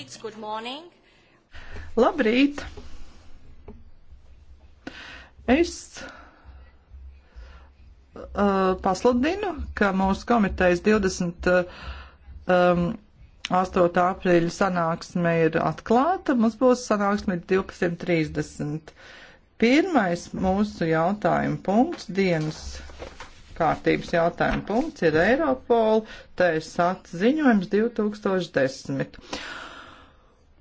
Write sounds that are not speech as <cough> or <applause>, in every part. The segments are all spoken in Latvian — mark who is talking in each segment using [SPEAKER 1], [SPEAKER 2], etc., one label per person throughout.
[SPEAKER 1] colleagues, good morning.
[SPEAKER 2] Labrīt! Es uh, pasludinu, ka mūsu komitejas 20. Um, 8. aprīļa sanāksme ir atklāta, mums būs sanāksme 12.30. Pirmais mūsu jautājuma punkts, dienas kārtības jautājuma punkts ir Eiropola, tā ir sats ziņojums 2010.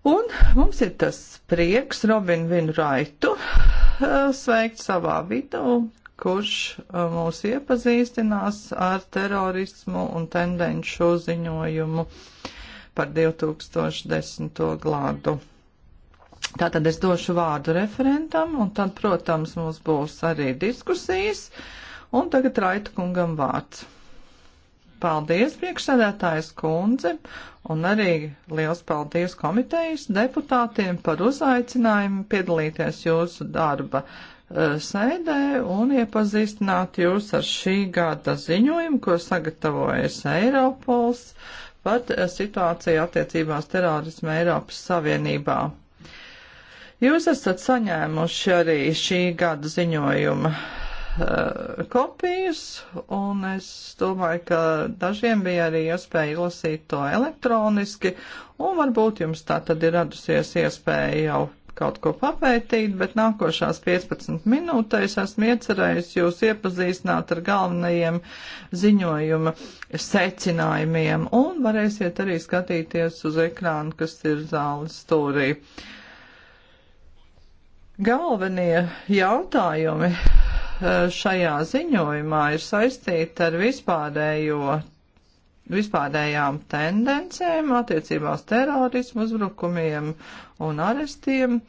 [SPEAKER 2] Un mums ir tas prieks Robinu Vinraitu eh, sveikt savā vidū, kurš eh, mūs iepazīstinās ar terorismu un tendenšu ziņojumu par 2010. glādu. Tātad es došu vārdu referentam, un tad, protams, mums būs arī diskusijas, un tagad Raita kungam vārds. Paldies, priekšsēdētājas kundze, un arī liels paldies komitejas deputātiem par uzaicinājumu piedalīties jūsu darba uh, sēdē un iepazīstināt jūs ar šī gada ziņojumu, ko sagatavojas Eiropols par uh, situāciju attiecībās terorismu Eiropas Savienībā. Jūs esat saņēmuši arī šī gada ziņojuma uh, kopijas, un es domāju, ka dažiem bija arī iespēja izlasīt to elektroniski, un varbūt jums tā tad ir radusies iespēja jau kaut ko papētīt, bet nākošās 15 minūtēs esmu iecerējis jūs iepazīstināt ar galvenajiem ziņojuma secinājumiem, un varēsiet arī skatīties uz ekrānu, kas ir zāles stūrī. Galvenie jautājumi šajā ziņojumā ir saistīta ar vispārējo vispārējām tendencēm attiecībā uz terorismu uzbrukumiem un arestiem.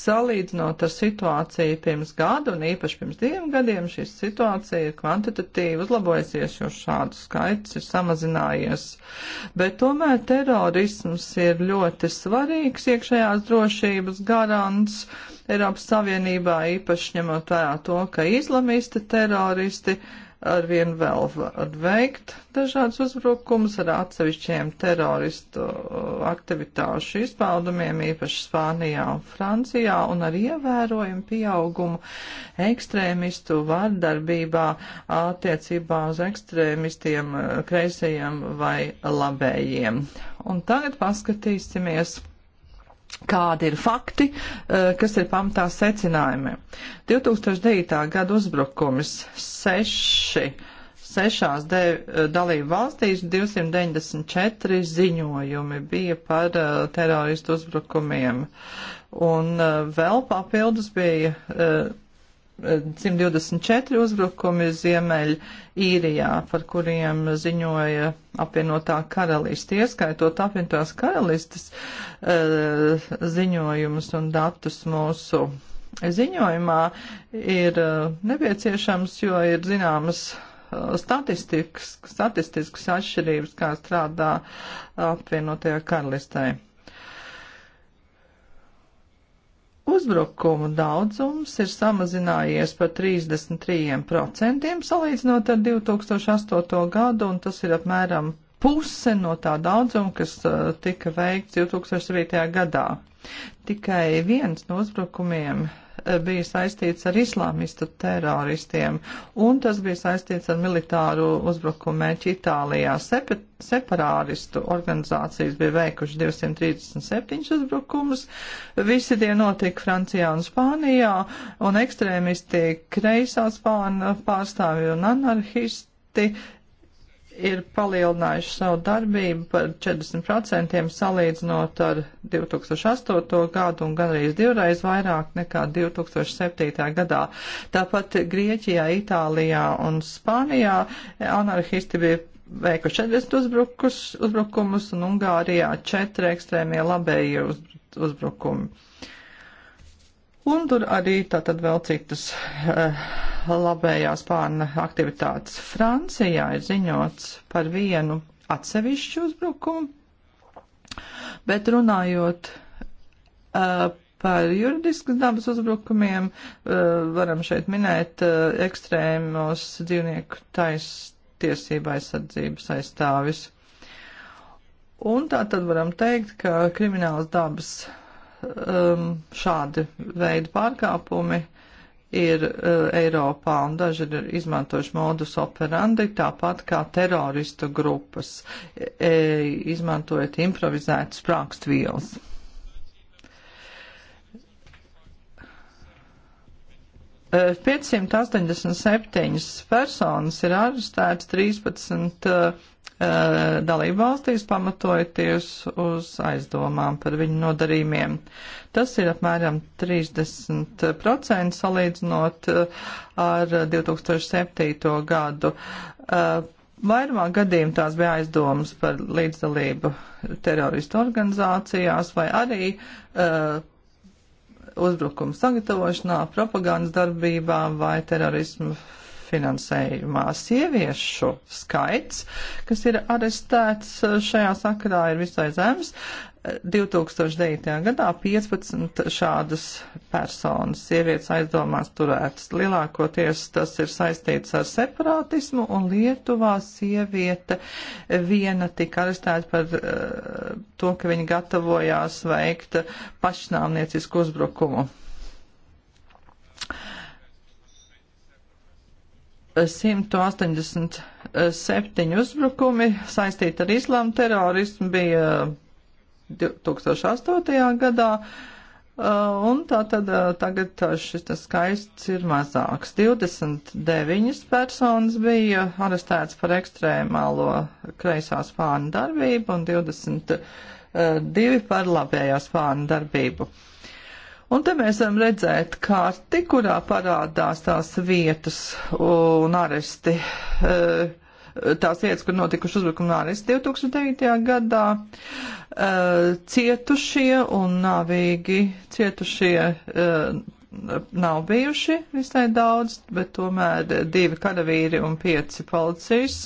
[SPEAKER 2] Salīdzinot ar situāciju pirms gada un īpaši pirms diviem gadiem, šī situācija ir kvantitatīvi uzlabojusies, jo šādu skaits ir samazinājies. Bet tomēr terorisms ir ļoti svarīgs iekšējās drošības garants Eiropas Savienībā, īpaši ņemot vērā to, ka islamisti teroristi arvien vēl var veikt dažādus uzbrukumus ar atsevišķiem teroristu aktivitāšu izpaudumiem, īpaši Spānijā un Francijā, un ar ievērojumu pieaugumu ekstrēmistu vardarbībā attiecībā uz ekstrēmistiem, eh, kreisajiem vai labējiem. Un tagad paskatīsimies kādi ir fakti, eh, kas ir pamatā secinājumi. 2009. gada uzbrukums seši, sešās de, eh, dalību valstīs 294 ziņojumi bija par eh, teroristu uzbrukumiem, un vēl papildus bija 124 uzbrukumi Ziemeļ īrijā, par kuriem ziņoja apvienotā karaliste, ieskaitot apvienotās karalistes eh, ziņojumus un datus mūsu ziņojumā, ir eh, nepieciešams, jo ir zināmas eh, statistikas, statistikas atšķirības, kā strādā apvienotajā karalistē. Uzbrukumu daudzums ir samazinājies par 33% salīdzinot ar 2008. gadu, un tas ir apmēram puse no tā daudzuma, kas uh, tika veikts 2009. gadā. Tikai viens no uzbrukumiem uh, bija saistīts ar islāmistu teroristiem, un tas bija saistīts ar militāru uzbrukumu mērķi Itālijā. Sepa separāristu organizācijas bija veikuši 237 uzbrukumus, visi tie notika Francijā un Spānijā, un ekstrēmisti kreisā Spāna pārstāvju un anarchisti ir palielinājuši savu darbību par 40% salīdzinot ar 2008. gadu un gan arī divreiz vairāk nekā 2007. gadā. Tāpat Grieķijā, Itālijā un Spānijā anarchisti bija veika 40 uzbrukus, uzbrukumus un Ungārijā 4 ekstrēmie labējie uz, uzbrukumi. Un tur arī tātad vēl citas uh, labējās pārna aktivitātes. Francijā ir ziņots par vienu atsevišķu uzbrukumu, bet runājot uh, par juridiskas dabas uzbrukumiem, uh, varam šeit minēt ekstrēmos dzīvnieku tais, tiesība aizsardzības aizstāvis. Un tā tad varam teikt, ka kriminālas dabas um, šādi veidi pārkāpumi ir uh, Eiropā un daži ir izmantojuši modus operandi, tāpat kā teroristu grupas, e, izmantojot improvizētas prākstvielas. Uh, e, 587 personas ir arestētas, 13 uh, Uh, dalību valstīs, pamatojoties uz aizdomām par viņu nodarījumiem. Tas ir apmēram 30% salīdzinot uh, ar 2007. gadu. Uh, vairumā gadījumā tās bija aizdomas par līdzdalību teroristu organizācijās vai arī uh, uzbrukumu sagatavošanā, propagandas darbībā vai terorismu finansējumā. Sieviešu skaits, kas ir arestēts šajā sakarā, ir visai zems. 2009. gadā 15 šādas personas sievietes aizdomās turētas. Lielākoties tas ir saistīts ar separātismu, un Lietuvā sieviete viena tika arestēta par uh, to, ka viņa gatavojās veikt pašnāvniecisku uzbrukumu. Uh, 187 uzbrukumi saistīti ar islāmu terorismu bija 2008. Uh, gadā, uh, un tā tad uh, tagad šis skaists ir mazāks. 29 personas bija arestēts par ekstrēmālo kreisā spāņu darbību un 22 par labējā spāņu darbību. Uh, Un te mēs varam redzēt karti, kurā parādās tās vietas un aresti, eh, tās vietas, kur notikuši uzbrukumi un aresti 2009. gadā, eh, cietušie un nāvīgi cietušie eh, nav bijuši visai daudz, bet tomēr divi karavīri un pieci policijas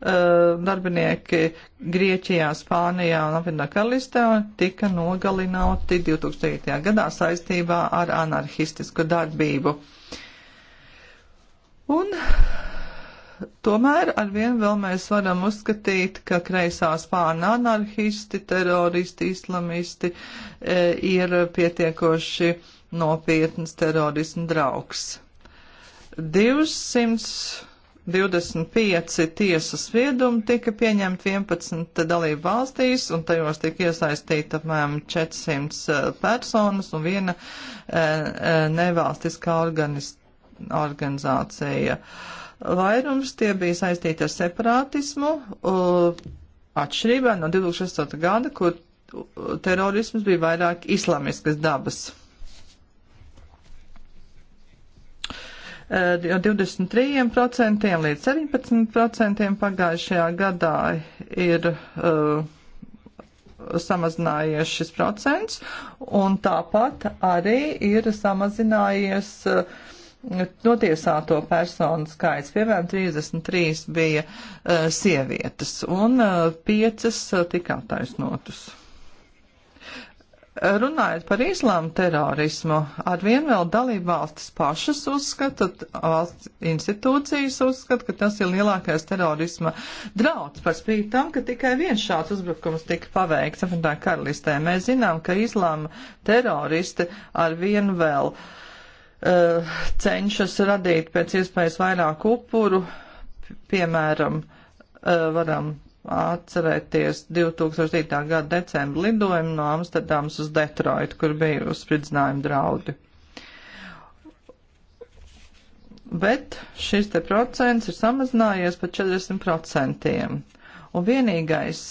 [SPEAKER 2] Eh, darbinieki Grieķijā, Spānijā un apvienotā karalistē tika nogalināti 2009. gadā saistībā ar anarhistisku darbību. Un tomēr arvien vēl mēs varam uzskatīt, ka kreisā spāna anarhisti, teroristi, islamisti e, ir pietiekoši nopietns terorismu draugs. 200 25 tiesas spriedumi tika pieņemti 11 dalību valstīs, un tajos tika iesaistīta apmēram 400 eh, personas un viena eh, eh, nevalstiskā organiz, organizācija. Vairums tie bija saistīti ar separātismu, atšķirībā no 2008. gada, kur terorisms bija vairāk islamiskas dabas. no 23% līdz 17% pagājušajā gadā ir uh, samazinājies šis procents, un tāpat arī ir samazinājies uh, notiesāto personu skaits. Piemēram, 33 bija uh, sievietes, un 5 tika attaisnotas. Runājot par islāmu terorismu, arvien vēl dalība valstis pašas uzskata, valsts institūcijas uzskata, ka tas ir lielākais terorisma drauds par spīti tam, ka tikai viens šāds uzbrukums tika paveikts Afrikā karalistē. Mēs zinām, ka islāma teroristi arvien vēl uh, cenšas radīt pēc iespējas vairāk upuru, piemēram, uh, varam atcerēties 2009. gada decembra lidojumu no Amsterdams uz Detroitu, kur bija uzspridzinājuma draudi. Bet šis te procents ir samazinājies par 40%. Un vienīgais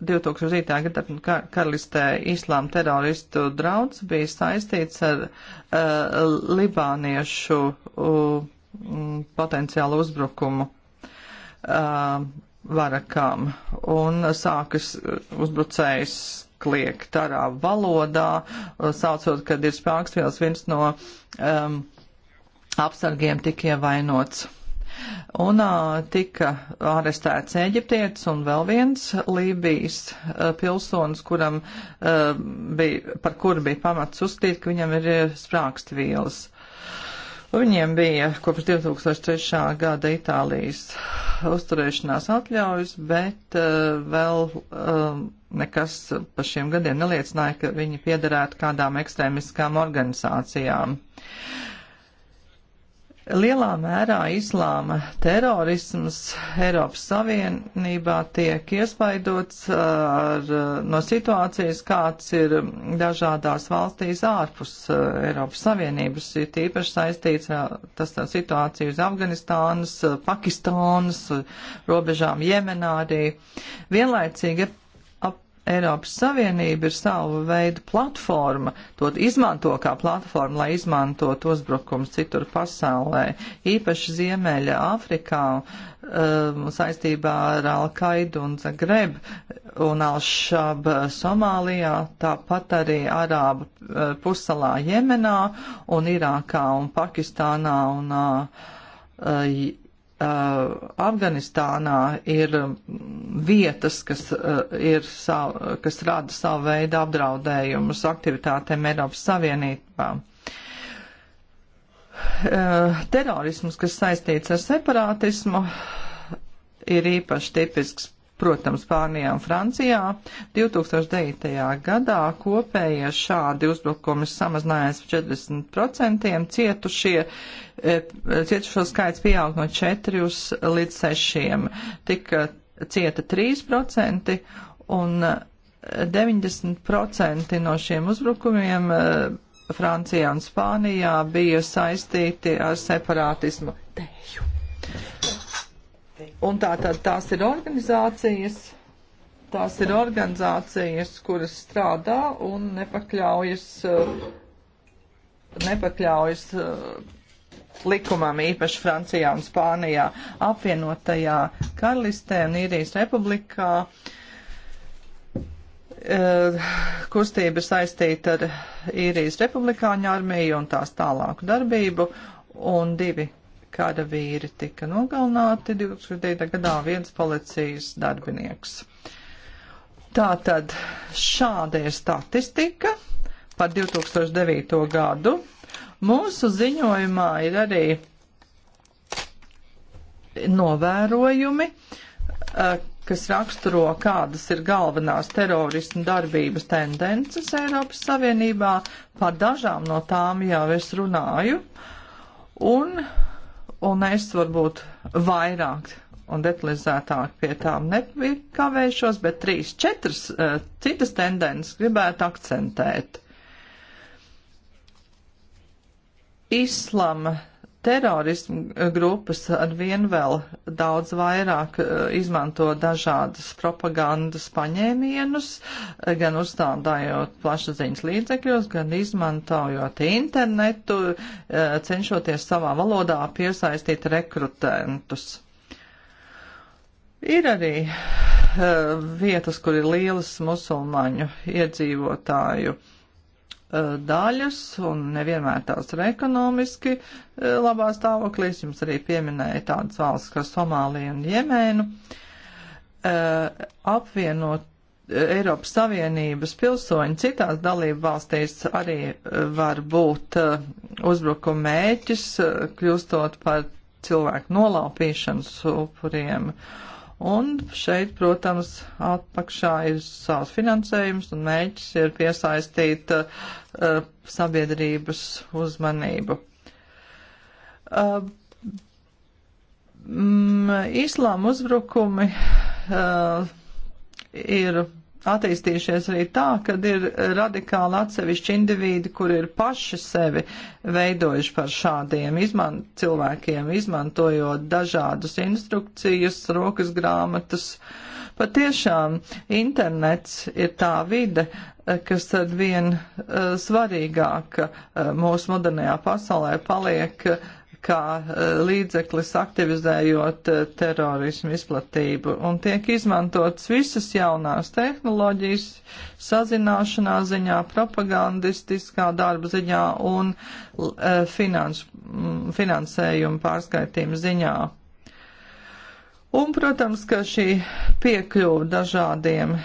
[SPEAKER 2] 2009. gada kar karalistē islām teroristu draudz bija saistīts ar uh, libāniešu uh, potenciālu uzbrukumu. Uh, varakam un sākas uh, uzbrucējs kliegt arā valodā, uh, saucot, kad ir spēkstvielas viens no um, apsargiem tik ievainots. Un uh, tika arestēts eģiptietis un vēl viens Lībijas uh, pilsonis, kuram uh, bija, par kuru bija pamats uzstīt, ka viņam ir sprākstvielas. Uh, Viņiem bija kopš 2003. gada Itālijas uzturēšanās atļaujas, bet uh, vēl uh, nekas pa šiem gadiem neliecināja, ka viņi piederētu kādām ekstrēmiskām organizācijām. Uh, Lielā mērā islāma terorisms Eiropas Savienībā tiek iespaidots uh, ar, uh, no situācijas, kāds ir dažādās valstīs ārpus uh, Eiropas Savienības. Ir tīpaši saistīts tas tā situācija uz Afganistānas, Pakistānas, robežām Jemenā arī. Vienlaicīgi ir Eiropas Savienība ir savu veidu platforma, to izmanto kā platforma, lai izmantotu uzbrukums citur pasaulē, īpaši Ziemeļa Āfrikā um, saistībā ar Al-Qaidu un Zagreb un Al-Shab Somālijā, tāpat arī Arābu uh, pusalā Jemenā un Irākā un Pakistānā un uh, uh Uh, Afganistānā ir vietas, kas, uh, ir sav, kas rada savu veidu apdraudējumus aktivitātēm Eiropas Savienībā. Uh, terorisms, kas saistīts ar separātismu, ir īpaši tipisks protams, Spānijā un Francijā. 2009. gadā kopējie šādi uzbrukumi samazinājās par 40%, cietušie, e, cietušo skaits pieaug no 4 līdz 6, tika cieta 3% un 90% no šiem uzbrukumiem e, Francijā un Spānijā bija saistīti ar separātismu. Teju. Un tā tad tās ir organizācijas, tās ir organizācijas, kuras strādā un nepakļaujas, nepakļaujas eh, likumam īpaši Francijā un Spānijā, apvienotajā karalistē un īrijas republikā. Eh, kustība saistīta ar īrijas republikāņu armiju un tās tālāku darbību un divi kara vīri tika nogalnāti 2009. gadā viens policijas darbinieks. Tātad šāda ir statistika par 2009. gadu. Mūsu ziņojumā ir arī novērojumi, eh, kas raksturo, kādas ir galvenās terorismu darbības tendences Eiropas Savienībā. Par dažām no tām jau es runāju. Un un es varbūt vairāk un detalizētāk pie tām nepikavēšos, bet trīs, četras uh, citas tendences gribētu akcentēt. Islama Terorismu eh, grupas ar vien vēl daudz vairāk eh, izmanto dažādas propagandas paņēmienus, eh, gan uzstādājot plašsaziņas līdzekļos, gan izmantojot internetu, cenšoties savā valodā piesaistīt rekrutentus. Ir arī vietas, kur ir lielas musulmaņu iedzīvotāju uh, Uh, daļas un nevienmēr tās ir ekonomiski uh, labā stāvoklī. Es jums arī pieminēju tādas valsts kā Somālija un Jemēnu. Uh, apvienot Eiropas Savienības pilsoņi citās dalību valstīs arī var būt uzbrukuma mēķis, kļūstot par cilvēku nolaupīšanas upuriem. Uh, Un šeit, protams, atpakšā ir savs finansējums un mēģis ir piesaistīt uh, uh, sabiedrības uzmanību. Uh, mm, Islāma uzbrukumi uh, ir attīstījušies arī tā, ka ir radikāli atsevišķi individi, kur ir paši sevi veidojuši par šādiem izman cilvēkiem, izmantojot dažādus instrukcijas, rokas grāmatas. Pat tiešām internets ir tā vide, kas ar vien uh, eh, svarīgāk uh, eh, mūsu modernajā pasaulē paliek uh, kā e, līdzeklis aktivizējot e, terorismu izplatību. Un tiek izmantotas visas jaunās tehnoloģijas sazināšanā ziņā, propagandistiskā darba ziņā un e, finans, finansējuma pārskaitījuma ziņā. Un, protams, ka šī piekļuva dažādiem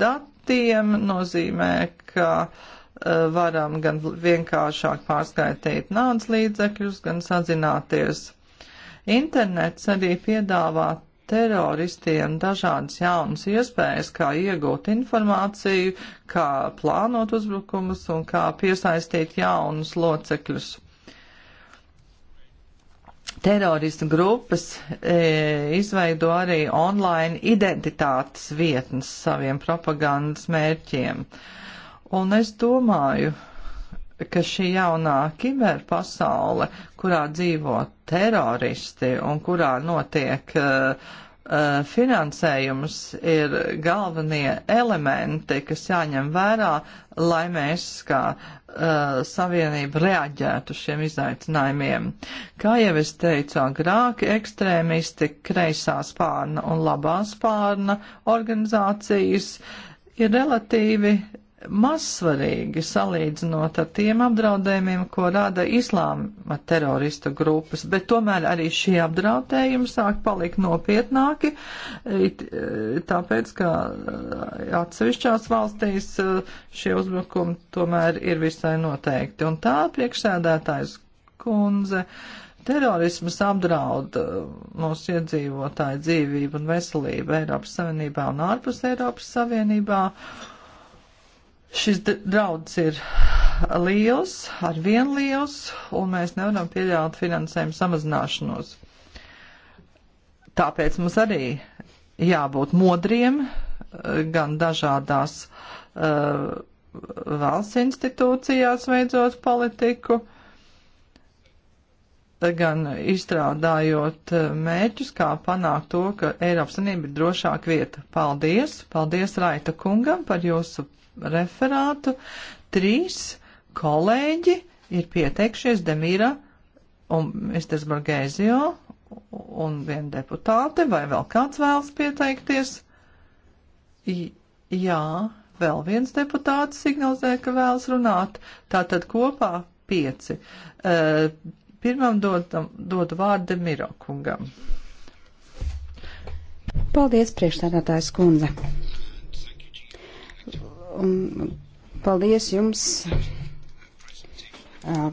[SPEAKER 2] datiem nozīmē, ka uh, Eh, varam gan vienkāršāk pārskaitīt naudas līdzekļus, gan sazināties. Internets arī piedāvā teroristiem dažādas jaunas iespējas, kā iegūt informāciju, kā plānot uzbrukumus un kā piesaistīt jaunus locekļus. Teroristu grupas e, izveido arī online identitātes vietnes saviem propagandas mērķiem. E, Un es domāju, ka šī jaunā kiberpasaule, kurā dzīvo teroristi un kurā notiek uh, uh, finansējums, ir galvenie elementi, kas jāņem vērā, lai mēs kā uh, savienība reaģētu šiem izaicinājumiem. Kā jau es teicu, agrāk ekstrēmisti, kreisā spārna un labā spārna organizācijas ir relatīvi mazsvarīgi salīdzinot ar tiem apdraudējumiem, ko rada islāma teroristu grupas, bet tomēr arī šie apdraudējumi sāk palikt nopietnāki, e, tāpēc, ka e, atsevišķās valstīs e, šie uzbrukumi tomēr ir visai noteikti. Un tā priekšsēdētājs kundze terorisms apdraud mūsu iedzīvotāju dzīvību un veselību Eiropas Savienībā un ārpus Eiropas Savienībā. Uh, Šis draudz ir liels, ar vien liels, un mēs nevaram pieļaut finansējumu samazināšanos. Tāpēc mums arī jābūt modriem eh, gan dažādās uh, valsts institūcijās veidzot politiku, eh, gan izstrādājot mērķus, kā panākt to, ka Eiropas Sanība ir drošāka vieta. Paldies! Paldies Raita kungam par jūsu referātu, trīs kolēģi ir pieteikšies Demīra un Mr. Borgēzio un viena deputāte, vai vēl kāds vēlas pieteikties? J jā, vēl viens deputāts signalizē, ka vēlas runāt. Tātad kopā pieci. Uh, pirmam dodam, dodu vārdu Demiro kungam.
[SPEAKER 3] Paldies, priekšstādātājs kundze. Un paldies jums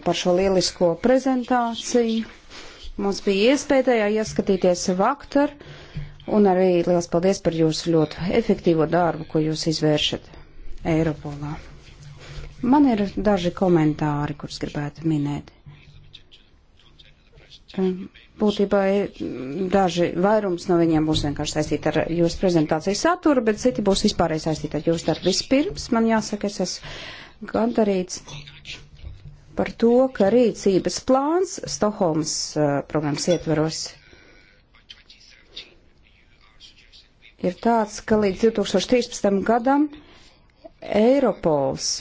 [SPEAKER 3] par šo lielisko prezentāciju. Mums bija iespēja tajā ieskatīties vakar, un arī liels paldies par jūsu ļoti efektīvo darbu, ko jūs izvēršat Eiropolā. Man ir daži komentāri, kurus gribētu minēt. Um, būtībā daži vairums no viņiem būs vienkārši saistīti ar jūsu prezentācijas saturu, bet citi būs vispārēji saistīti ar jūsu darbu. Vispirms man jāsaka, es esmu gandarīts par to, ka rīcības plāns Stokholmas uh, programmas ietveros ir tāds, ka līdz 2013. gadam Eiropols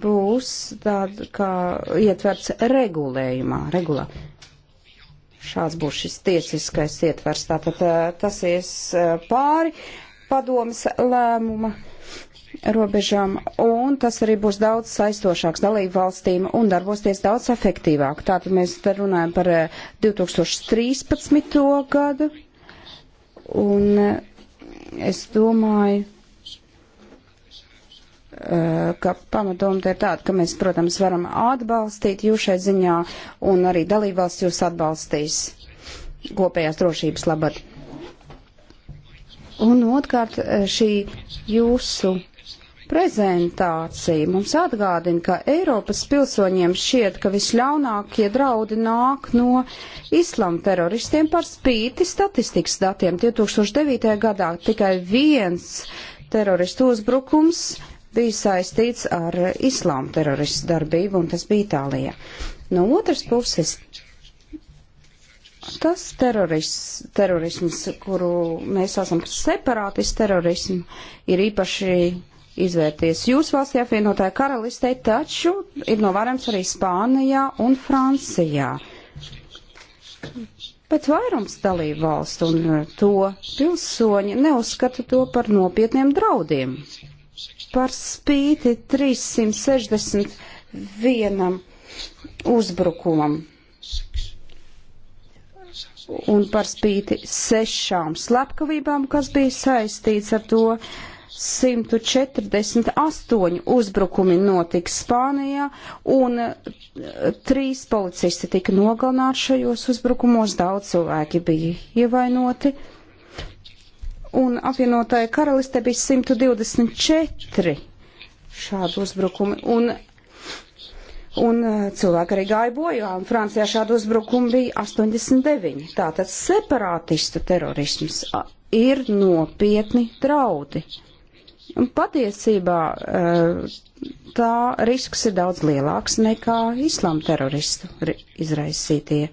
[SPEAKER 3] būs tāda kā ietverts regulējumā, regulā. Šāds būs šis tiesiskais ietvers. Tātad tas ies pāri padomas lēmuma robežām, un tas arī būs daudz saistošāks dalību valstīm un darbosies daudz efektīvāk. Tātad mēs te runājam par 2013. gadu, un es domāju, Eh, ka pamatoma te ir tāda, ka mēs, protams, varam atbalstīt jūs šai ziņā un arī dalībvalsts jūs atbalstīs kopējās drošības labad. Un otrkārt, eh, šī jūsu prezentācija mums atgādina, ka Eiropas pilsoņiem šķiet, ka visļaunākie draudi nāk no islama teroristiem par spīti statistikas datiem. 2009. gadā tikai viens teroristu uzbrukums bija saistīts ar islāma teroristu darbību, un tas bija Itālijā. No otras puses, tas teroris, terorisms, kuru mēs esam separātistu terorismu, ir īpaši izvērties jūsu valstī apvienotāja karalistē, taču ir novērams arī Spānijā un Francijā. Bet vairums dalību valstu un to pilsoņi neuzskata to par nopietniem draudiem par spīti 361 uzbrukumam un par spīti sešām slepkavībām, kas bija saistīts ar to, 148 uzbrukumi notika Spānijā, un eh, trīs policisti tika nogalināti šajos uzbrukumos, daudz cilvēki bija ievainoti un apvienotāja karaliste bija 124 šādu uzbrukumu. Un, un eh, cilvēki arī gāja bojā, un Francijā šādu uzbrukumu bija 89. Tātad separātistu terorisms ir nopietni draudi. Un patiesībā eh, tā risks ir daudz lielāks nekā islāma teroristu izraisītie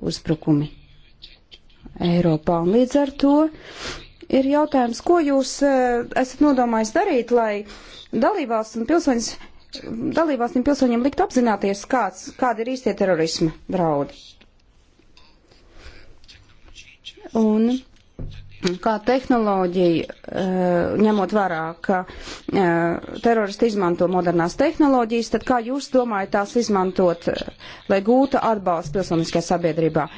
[SPEAKER 3] uzbrukumi Eiropā. Un līdz ar to ir jautājums, ko jūs eh, esat nodomājis darīt, lai dalībvalsts un pilsoņas. Dalībvalstīm pilsoņiem likt apzināties, kāds, kāda ir īstie terorisma draudi. Un kā tehnoloģija, eh, ņemot vērā, ka eh, teroristi izmanto modernās tehnoloģijas, tad kā jūs domājat tās izmantot, lai gūtu atbalstu pilsoniskajā sabiedrībā?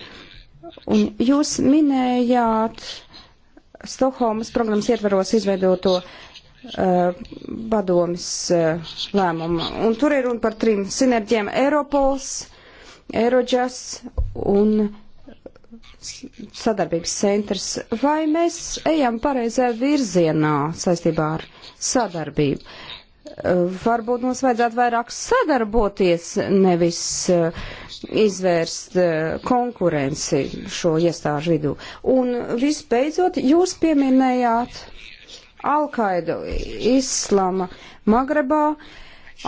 [SPEAKER 3] Un jūs minējāt Stokholmas programmas ietvaros izveidoto uh, padomis uh, lēmumu. Un tur ir runa par trim sinerģiem - Eiropols, Eirojas un sadarbības centrs. Vai mēs ejam pareizajā virzienā saistībā ar sadarbību? Uh, varbūt mums vajadzētu vairāk sadarboties, nevis uh, izvērst uh, konkurenci šo iestāžu vidū. Un visbeidzot, jūs pieminējāt Alkaidu islama Magrebā,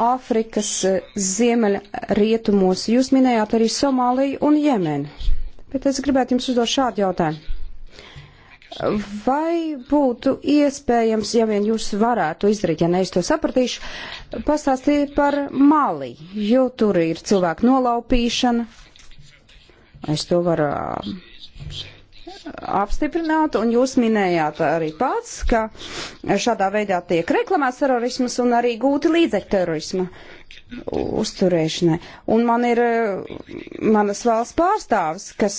[SPEAKER 3] Āfrikas uh, ziemeļa rietumos. Jūs minējāt arī Somāliju un Jemeni. Bet es gribētu jums uzdot šādu jautājumu. Vai būtu iespējams, ja vien jūs varētu izdarīt, ja ne es to sapratīšu, pastāstīt par Mali, jo tur ir cilvēku nolaupīšana. Es to varu apstiprināt, un jūs minējāt arī pats, ka šādā veidā tiek reklamēts terorismas un arī gūti līdzekļi terorisma uzturēšanai. Un man ir manas valsts pārstāvis, kas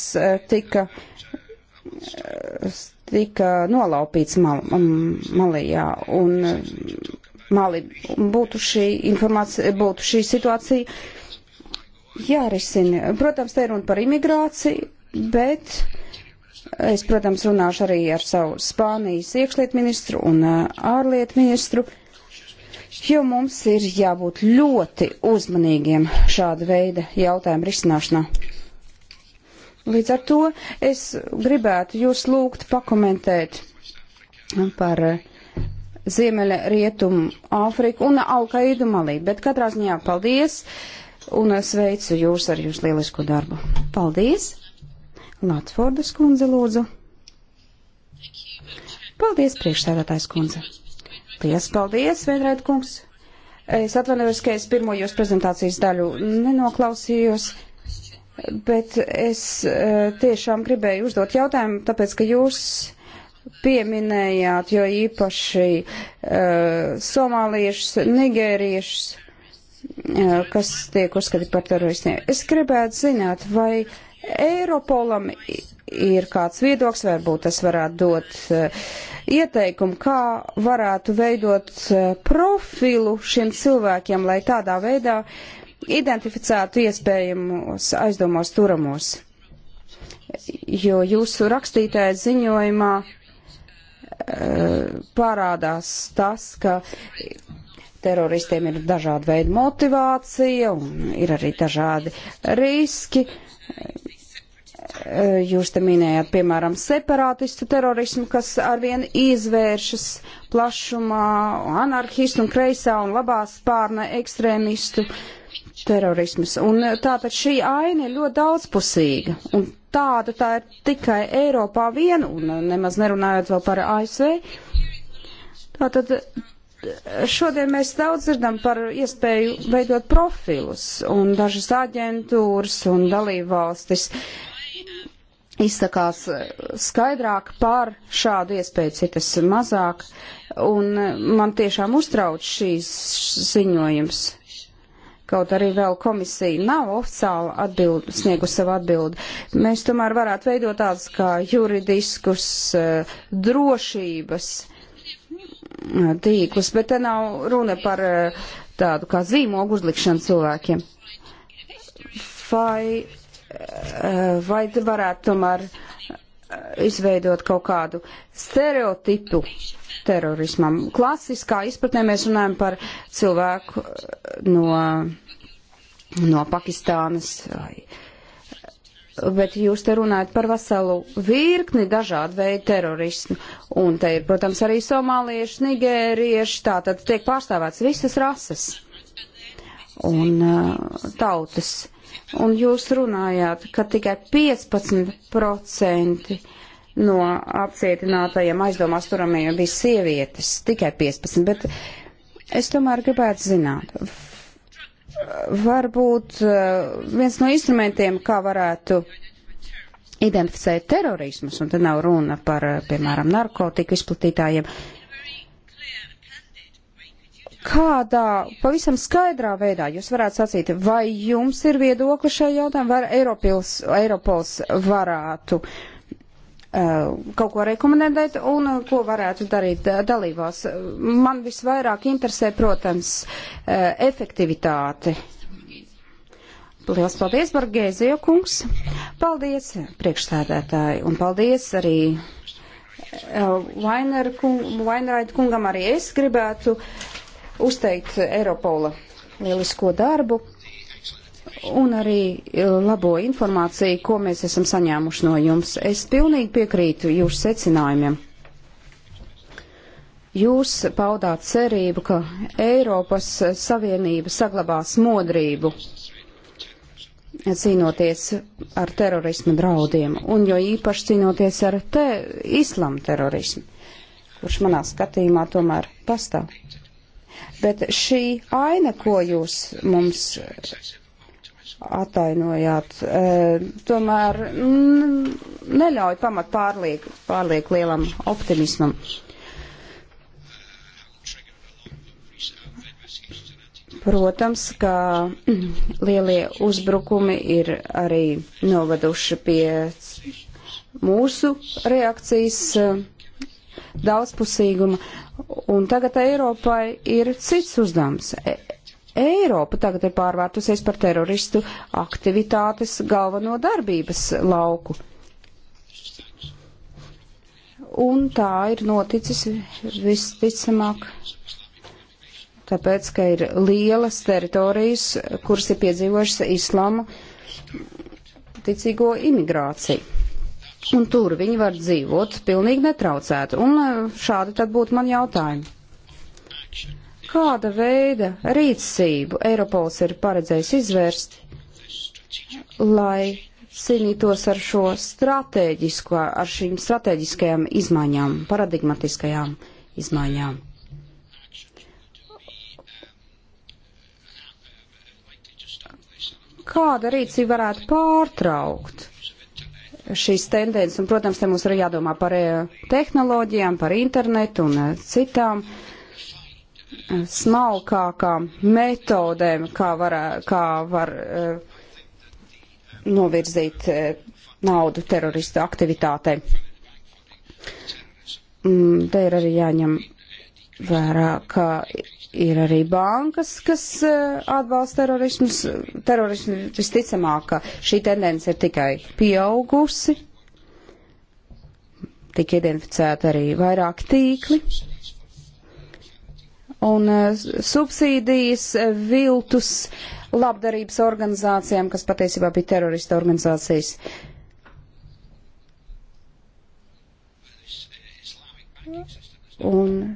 [SPEAKER 3] tika tika nolaupīts mal, Malijā. Un, eh, Mali būtu šī informācija, būtu šī situācija jārisina. Protams, te ir runa par imigrāciju, bet es, protams, runāšu arī ar savu Spānijas iekšlietu ministru un eh, ārlietu ministru, jo mums ir jābūt ļoti uzmanīgiem šāda veida jautājumu risināšanā. Līdz ar to es gribētu jūs lūgt pakomentēt par eh, Ziemeļa Rietumu Āfriku un Alkaidu Malī. Bet katrā ziņā paldies un eh, sveicu jūs ar jūsu lielisko darbu. Paldies! Latvārdas kundze lūdzu. Paldies, priekšsēdētājs kundze. Liels paldies, Vēnrēt kungs. Es atvainojos, ka es pirmo jūsu prezentācijas daļu nenoklausījos bet es eh, tiešām gribēju uzdot jautājumu, tāpēc, ka jūs pieminējāt, jo īpaši uh, somāliešus, nigēriešus, uh, kas tiek uzskatīti par teroristiem. Es gribētu zināt, vai Eiropolam ir kāds viedoklis, varbūt tas varētu dot uh, ieteikumu, kā varētu veidot uh, profilu šiem cilvēkiem, lai tādā veidā uh, identificētu iespējamos aizdomos turamos. Jo jūsu rakstītājā ziņojumā eh, parādās tas, ka teroristiem ir dažāda veida motivācija un ir arī dažādi riski. Eh, jūs te minējāt, piemēram, separātistu terorismu, kas arvien izvēršas plašumā, anarchistu un kreisā un labā spārna ekstrēmistu uh, terorismas. Un eh, tāpēc šī aina ir ļoti daudzpusīga. Un tāda tā ir tikai Eiropā vien, un eh, nemaz nerunājot vēl par ASV. Tātad eh, šodien mēs daudz dzirdam par iespēju veidot profilus, un dažas aģentūras un dalībvalstis izsakās skaidrāk par šādu iespēju, citas mazāk. Un man tiešām uztrauc šīs ziņojums, kaut arī vēl komisija nav oficiāli atbild, sniegu savu atbildi. Mēs tomēr varētu veidot tādus kā juridiskus eh, drošības eh, tīklus, bet te nav runa par eh, tādu kā zīmogu uzlikšanu cilvēkiem. Vai, vai varētu tomēr izveidot kaut kādu stereotipu terorismam. Klasiskā izpratnē mēs runājam par cilvēku eh, no, no Pakistānas. Bet jūs te runājat par veselu virkni dažādu veidu terorismu. Un te ir, protams, arī somālieši, nigērieši, tā tad tiek pārstāvēts visas rases un uh, tautas. Un jūs runājāt, ka tikai 15% no apcietinātajiem aizdomās turamajiem bija sievietes, tikai 15, bet es tomēr gribētu zināt, varbūt eh, viens no instrumentiem, kā varētu identificēt terorismus, un te nav runa par, eh, piemēram, narkotiku izplatītājiem, kādā pavisam skaidrā veidā jūs varētu sacīt, vai jums ir viedokli šajā jautājumā, vai Eiropils, Eiropols varētu uh, Uh, kaut ko rekomendēt un uh, ko varētu darīt uh, dalībās. Man visvairāk interesē, protams, efektivitāte. Lielas paldies, Bargēzija kungs. Paldies, priekšstādētāji, un paldies arī Vainera kung, Vaineraita kungam. Arī es gribētu uzteikt Eiropola lielisko darbu un arī e, labo informāciju, ko mēs esam saņēmuši no jums. Es pilnīgi piekrītu jūsu secinājumiem. Jūs paudāt cerību, ka Eiropas Savienība saglabās modrību cīnoties ar terorismu draudiem, un jo īpaši cīnoties ar te islamu terorismu, kurš manā skatījumā tomēr pastāv. Bet šī aina, ko jūs mums atainojāt. E, tomēr neļauj pamat pārliek, pārliek lielam optimismam. Protams, ka <clears throat> lielie uzbrukumi ir arī novaduši pie mūsu reakcijas e, daudzpusīguma, un tagad Eiropai ir cits uzdevums. E, Eiropa tagad ir pārvērtusies par teroristu aktivitātes galveno darbības lauku. Un tā ir noticis visticamāk, tāpēc, ka ir lielas teritorijas, kuras ir piedzīvojušas islāma ticīgo imigrāciju. Un tur viņi var dzīvot pilnīgi netraucēti. Un šādi tad būtu man jautājumi Kāda veida rīcību Eiropols ir paredzējis izvērst, lai cīnītos ar šo strateģisko, ar šīm strateģiskajām izmaiņām, paradigmatiskajām izmaiņām? Kāda rīcība varētu pārtraukt šīs tendences, un, protams, te mums ir jādomā par eh, tehnoloģijām, par internetu un eh, citām uh, smalkākām metodēm, kā var, kā var eh, novirzīt eh, naudu teroristu aktivitātei. Mm, te ir arī jāņem vērā, ka ir arī bankas, kas eh, atbalsta terorismus. Terorismu visticamāk, ka šī tendence ir tikai pieaugusi. Tik identificēta arī vairāk tīkli un e, subsīdijas e, viltus labdarības organizācijām, kas patiesībā bija terorista organizācijas. Un e,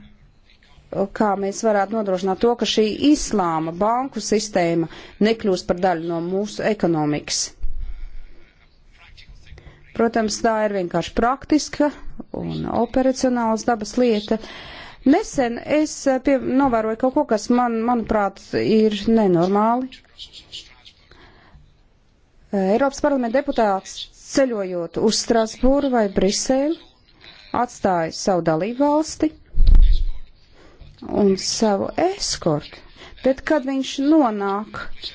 [SPEAKER 3] kā mēs varētu nodrošināt to, ka šī islāma banku sistēma nekļūst par daļu no mūsu ekonomikas. Protams, tā ir vienkārši praktiska un operacionāls dabas lieta. Uh, Nesen es eh, pie, novēroju kaut ko, kas man, manuprāt, ir nenormāli. Eh, Eiropas parlamenta deputāts ceļojot uz Strasbūru vai Briseli atstāja savu dalību valsti un savu eskortu. Bet kad viņš nonāk uh,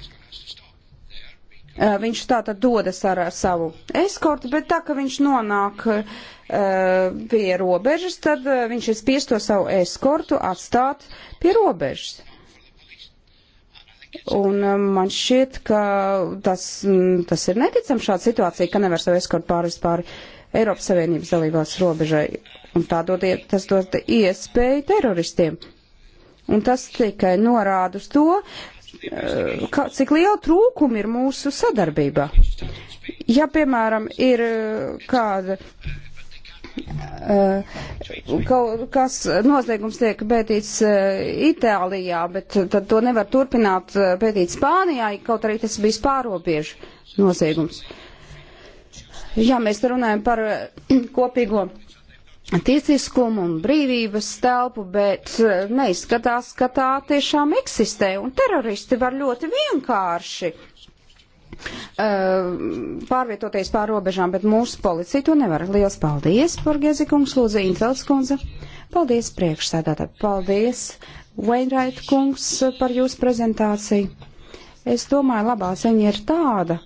[SPEAKER 3] Eh, viņš tātad dodas ar savu eskortu, bet tā, ka viņš nonāk eh, pie robežas, tad eh, viņš ir spiest to savu eskortu atstāt pie robežas. Un man šķiet, ka tas, mm, tas ir neticam šāda situācija, ka nevar savu eskortu pārvest pāri Eiropas Savienības dalībās robežai. Un tā dod, tas dod iespēju teroristiem. Un tas tikai norāda uz to, Eh, kā, cik liela trūkuma ir mūsu sadarbībā. Ja, piemēram, ir eh, kāda eh, kaut kas noziegums tiek pētīts Itālijā, bet tad to nevar turpināt pētīt Spānijā, kaut arī tas bija pārobežu noziegums. Jā, mēs runājam par kopīgo tiesiskumu un brīvības telpu, bet eh, neizskatās, ka tā tiešām eksistē. Un teroristi var ļoti vienkārši uh, pārvietoties pār robežām, bet mūsu policija to nevar. Liels paldies, Porgezi kungs, lūdzu, Intvelds kundze. Paldies, priekšsēdētāji. Paldies, Veinrait kungs, par jūsu prezentāciju. Es domāju, labā ziņa ir tāda,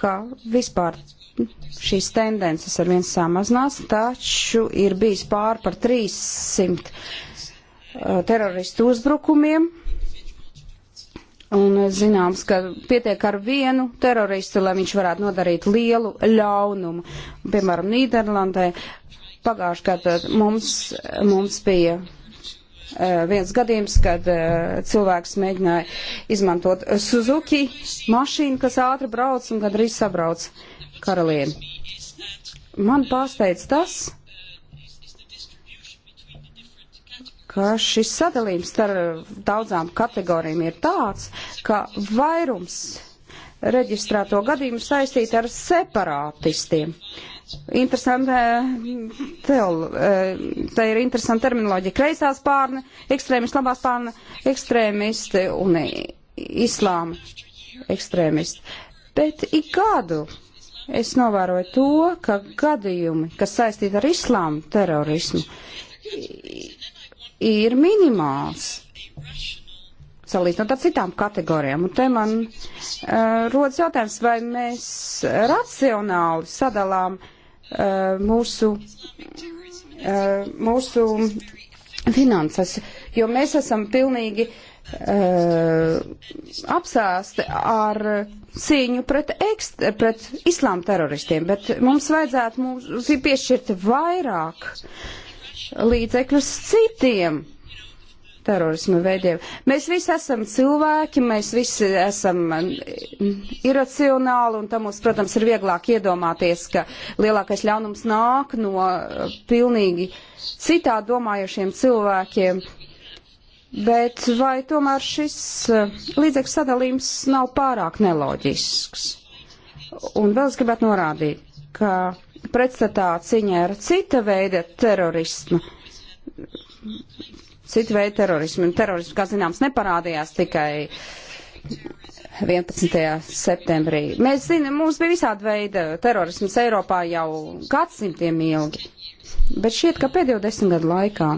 [SPEAKER 3] ka vispār šīs tendences ar viens samazinās, taču ir bijis pār par 300 teroristu uzbrukumiem. Un zināms, ka pietiek ar vienu teroristu, lai viņš varētu nodarīt lielu ļaunumu. Piemēram, Nīderlandē pagājušajā gadā mums, mums bija viens gadījums, kad cilvēks mēģināja izmantot Suzuki mašīnu, kas ātri brauc un gandrīz sabrauc. Uh, karalieni. Man pārsteidz tas, ka šis sadalījums starp daudzām kategorijām ir tāds, ka vairums reģistrēto gadījumu saistīti ar separātistiem. Interesanti, eh, teol, eh, tā ir interesanta terminoloģija. Kreisā spārna, ekstrēmisti, labā spārna, ekstrēmisti un islāma ekstrēmisti. Bet ik gadu es novēroju to, ka gadījumi, kas saistīti ar islāmu terorismu, ir minimāls salīdzinot ar citām kategorijām. Un te man uh, rodas jautājums, vai mēs racionāli sadalām uh, mūsu, uh, mūsu finanses, jo mēs esam pilnīgi uh, apsēsti ar. Uh, cīņu pret, ekst, pret islām teroristiem, bet mums vajadzētu mums piešķirt vairāk līdzekļus citiem terorismu veidiem. Mēs visi esam cilvēki, mēs visi esam iracionāli, un tam mums, protams, ir vieglāk iedomāties, ka lielākais ļaunums nāk no pilnīgi citā domājušiem cilvēkiem, Bet vai tomēr šis eh, līdzekļu sadalījums nav pārāk neloģisks? Un vēl es gribētu norādīt, ka pretstatā ciņā ar cita veida terorismu, cita veida terorismu, un terorismu, kā zināms, neparādījās tikai 11. septembrī. Mēs zinām, mums bija visāda veida terorisms Eiropā jau gadsimtiem ilgi, bet šķiet, ka pēdējo desmit gadu laikā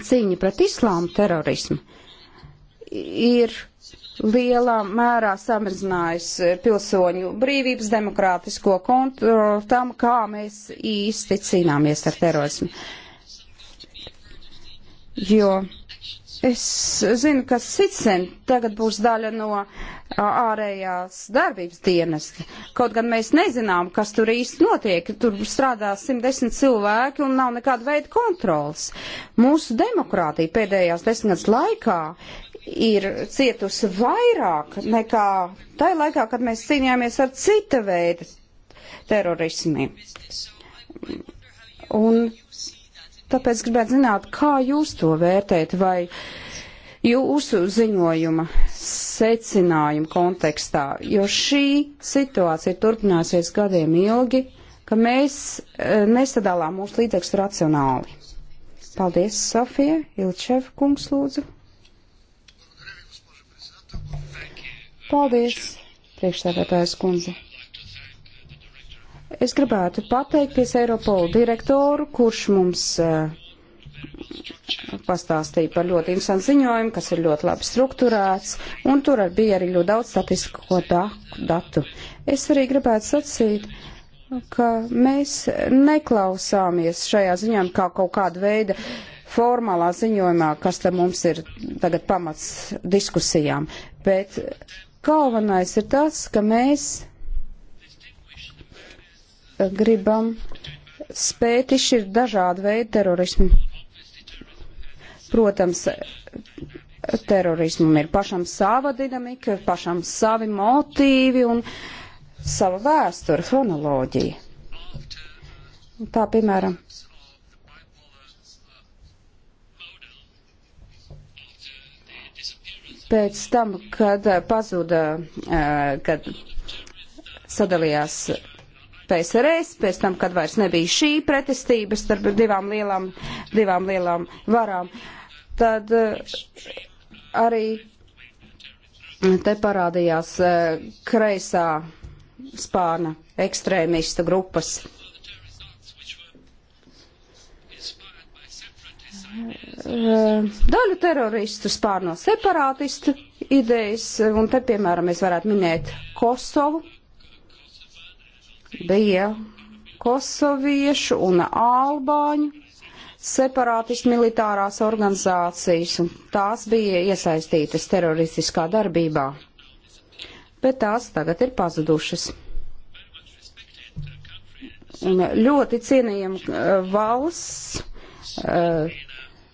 [SPEAKER 3] cīņa pret islāmu terorismu ir lielā mērā samazinājis eh, pilsoņu brīvības demokrātisko kontroli tam, kā mēs īsti cīnāmies ar terorismu. Jo es zinu, ka Sicen tagad būs daļa no uh, ārējās darbības dienesti. Kaut gan mēs nezinām, kas tur īsti notiek. Tur strādā 110 cilvēki un nav nekāda veida kontrols. Mūsu demokrātija pēdējās desmitgadus laikā ir cietusi vairāk nekā tajā laikā, kad mēs cīnījāmies ar cita veida terorismi. Un tāpēc gribētu zināt, kā jūs to vērtējat vai. Uh, jūsu ziņojuma secinājumu kontekstā, jo šī situācija turpināsies gadiem ilgi, ka mēs e, nesadalām mūsu līdzekļus racionāli. Paldies, Sofija. Ilčev kungs lūdzu. Paldies, priekšsēdētājs kundze. Es gribētu pateikties Eiropola direktoru, kurš mums uh, pastāstīja par ļoti interesantu ziņojumu, kas ir ļoti labi strukturēts, un tur ar bija arī ļoti daudz statistisko da datu. Es arī gribētu sacīt, ka mēs neklausāmies šajā ziņojumā kā kaut kāda veida formālā ziņojumā, kas te mums ir tagad pamats diskusijām, bet galvenais ir tas, ka mēs gribam spēt izšķirt dažādu veidu terorismu Protams, terorismam ir pašam sava dinamika, pašam savi motīvi un sava vēsture, chronoloģija. Tā piemēram. Pēc tam, kad pazuda, eh, kad sadalījās PSRS, pēc tam, kad vairs nebija šī pretestība starp divām lielām, divām lielām varām, uh, tad eh, arī te parādījās eh, kreisā spārna ekstrēmistu grupas. Eh, daļu teroristu spār no separātistu idejas, un te, piemēram, mēs varētu minēt Kosovu. Bija kosoviešu un albāņu separātistu militārās organizācijas, un tās bija iesaistītas teroristiskā darbībā, bet tās tagad ir pazudušas. Un ļoti cienījama eh, valsts eh,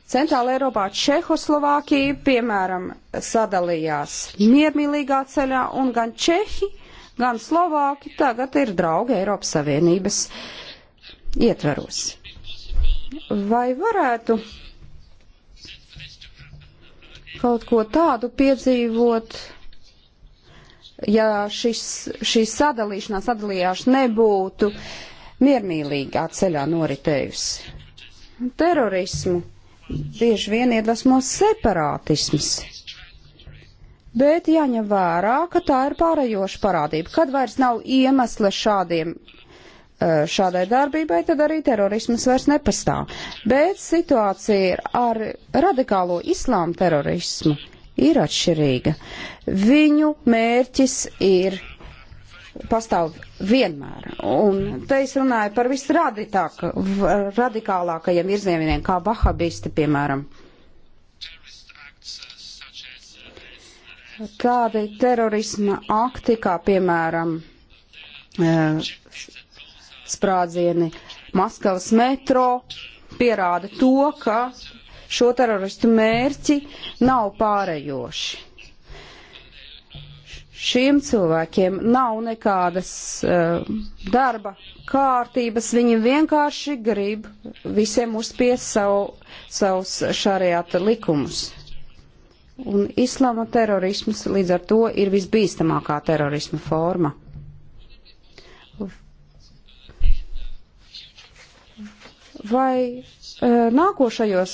[SPEAKER 3] Centrāla Eiropā Čehoslovākija, piemēram, sadalījās miermīlīgā ceļā, un gan Čehi, gan Slovāki tagad ir draugi Eiropas Savienības ietveros. Vai varētu kaut ko tādu piedzīvot, ja šis, šī sadalīšanās sadalījās nebūtu miermīlīgā ceļā noritējusi? Terorismu bieži vien iedvesmo separātisms. Bet jāņem vērā, ka tā ir pārējoša parādība, kad vairs nav iemesla šādiem Eh, šādai darbībai, tad arī terorismas vairs nepastāv. Bet situācija ar radikālo islāmu terorismu ir atšķirīga. Viņu mērķis ir pastāv vienmēr. Un te es runāju par visradikālākajiem virzieniem, kā vahabisti, piemēram. Tādi terorisma akti, kā piemēram eh, sprādzieni Maskavas metro pierāda to, ka šo teroristu mērķi nav pārējoši. Šiem cilvēkiem nav nekādas uh, darba kārtības, viņi vienkārši grib visiem uzspies savu, savus šariāta likumus. Un islama terorisms līdz ar to ir visbīstamākā terorisma forma. Vai e, nākošajos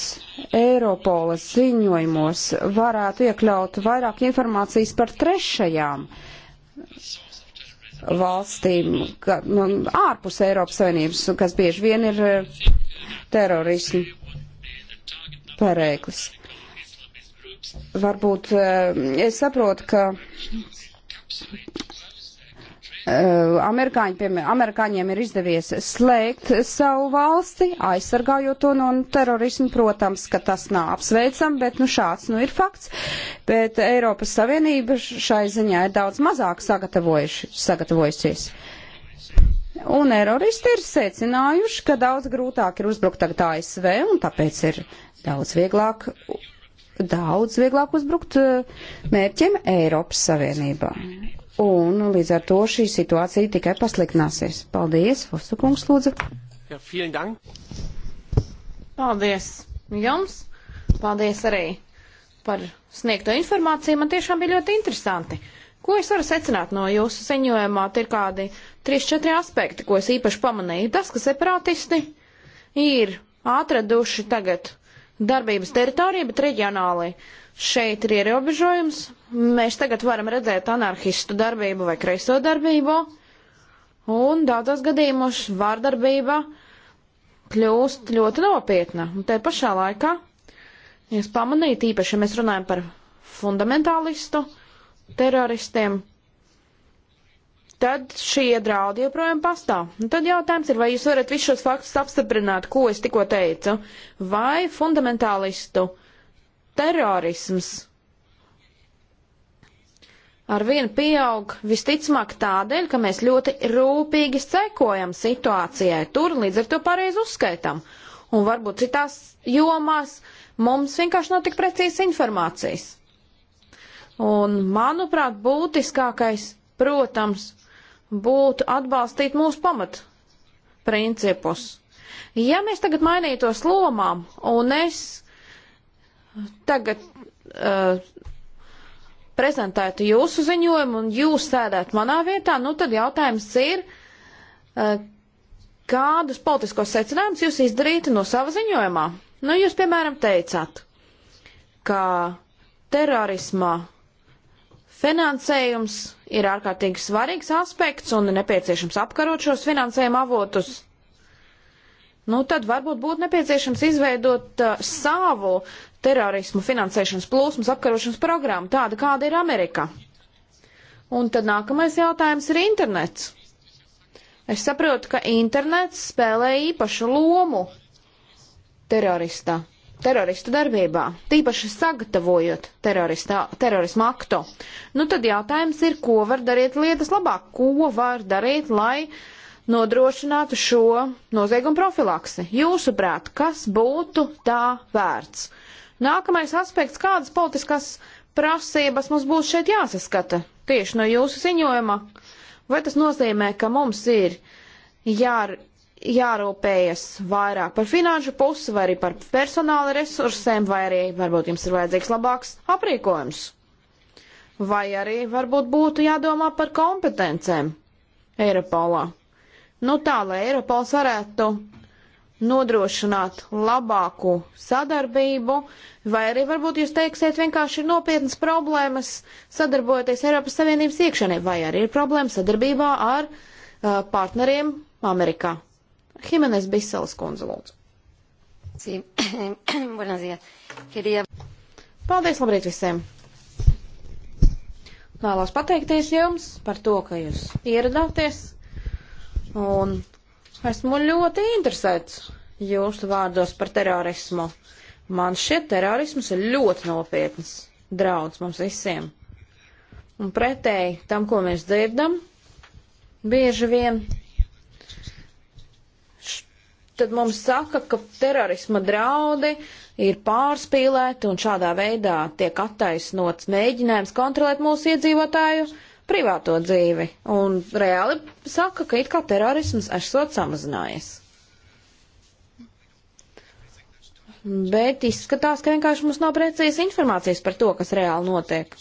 [SPEAKER 3] Eiropolas ziņojumos varētu iekļaut vairāk informācijas par trešajām valstīm ka, nu, ārpus Eiropas Savienības, kas bieži vien ir e, terorismu pareiklis? Varbūt e, es saprotu, ka Eh, amerikāņi, piemēram, amerikāņiem ir izdevies slēgt savu valsti, aizsargājot to no terorismu. Protams, ka tas nav apsveicam, bet nu, šāds nu, ir fakts. Bet Eiropas Savienība šai ziņā ir daudz mazāk sagatavojusies. Un teroristi ir secinājuši, ka daudz grūtāk ir uzbrukt tagad ASV, un tāpēc ir daudz vieglāk, daudz vieglāk uzbrukt eh, mērķiem Eiropas Savienībā. Un līdz ar to šī situācija tikai pasliktināsies. Paldies, Fostu kungs, lūdzu.
[SPEAKER 4] Ja,
[SPEAKER 1] Paldies jums. Paldies arī par sniegto informāciju. Man tiešām bija ļoti interesanti. Ko es varu secināt no jūsu ziņojumā? Tie ir kādi 3-4 aspekti, ko es īpaši pamanīju. Tas, ka separātisti ir atraduši tagad darbības teritoriju, bet reģionāli šeit ir ierobežojums, mēs tagad varam redzēt anarchistu darbību vai kreiso darbību, un daudzos gadījumos vārdarbība kļūst ļoti nopietna. Un te pašā laikā es pamanīju, tīpaši, ja mēs runājam par fundamentālistu teroristiem, tad šie draudi joprojām pastāv. Un tad jautājums ir, vai jūs varat visus šos faktus apstiprināt, ko es tikko teicu, vai fundamentālistu terorisms arvien pieaug visticamāk tādēļ, ka mēs ļoti rūpīgi sekojam situācijai tur un līdz ar to pareizi uzskaitam. Un varbūt citās jomās mums vienkārši nav tik precīzas informācijas. Un, manuprāt, būtiskākais, protams, būtu atbalstīt mūsu pamat principus. Ja mēs tagad mainītos lomām un es tagad uh, prezentētu jūsu ziņojumu un jūs sēdētu manā vietā, nu tad jautājums ir, eh, kādus politiskos secinājumus jūs izdarītu no sava ziņojumā? Nu, jūs, piemēram, teicāt, ka terorisma finansējums ir ārkārtīgi svarīgs aspekts un nepieciešams apkarot šos finansējuma avotus. Nu, tad varbūt būtu nepieciešams izveidot uh, savu terorismu finansēšanas plūsmas apkarošanas programmu, tāda kāda ir Amerika. Un tad nākamais jautājums ir internets. Es saprotu, ka internets spēlē īpašu lomu teroristā, teroristu darbībā, tīpaši sagatavojot terorismu aktu. Nu tad jautājums ir, ko var darīt lietas labāk, ko var darīt, lai nodrošinātu šo noziegumu profilaksi. Jūsuprāt, kas būtu tā vērts? Nākamais aspekts, kādas politiskās prasības mums būs šeit jāsaskata tieši no jūsu ziņojuma? Vai tas nozīmē, ka mums ir jār, jārūpējas vairāk par finanšu pusi, vai arī par personāla resursiem, vai arī varbūt jums ir vajadzīgs labāks aprīkojums? Vai arī varbūt būtu jādomā par kompetencēm Eiropolā? Nu tā, lai Eiropols varētu nodrošināt labāku sadarbību, vai arī varbūt jūs teiksiet vienkārši ir nopietnas problēmas sadarbojoties Eiropas Savienības iekšēnē, vai arī ir problēma sadarbībā ar uh, partneriem Amerikā. Himenes Biseles kundze lūdzu.
[SPEAKER 4] Sí. <clears throat> Buenos días. Quería...
[SPEAKER 1] Paldies, labrīt visiem! Vēlos pateikties jums par to, ka jūs ieradāties un Esmu ļoti interesēts jūsu vārdos par terorismu. Man šķiet, terorisms ir ļoti nopietns draudz mums visiem. Un pretēji tam, ko mēs dzirdam, bieži vien tad mums saka, ka terorisma draudi ir pārspīlēti un šādā veidā tiek attaisnots mēģinājums kontrolēt mūsu iedzīvotāju privāto dzīvi un reāli saka, ka it kā terorisms esot samazinājies. Bet izskatās, ka vienkārši mums nav precīzas informācijas par to, kas reāli notiek.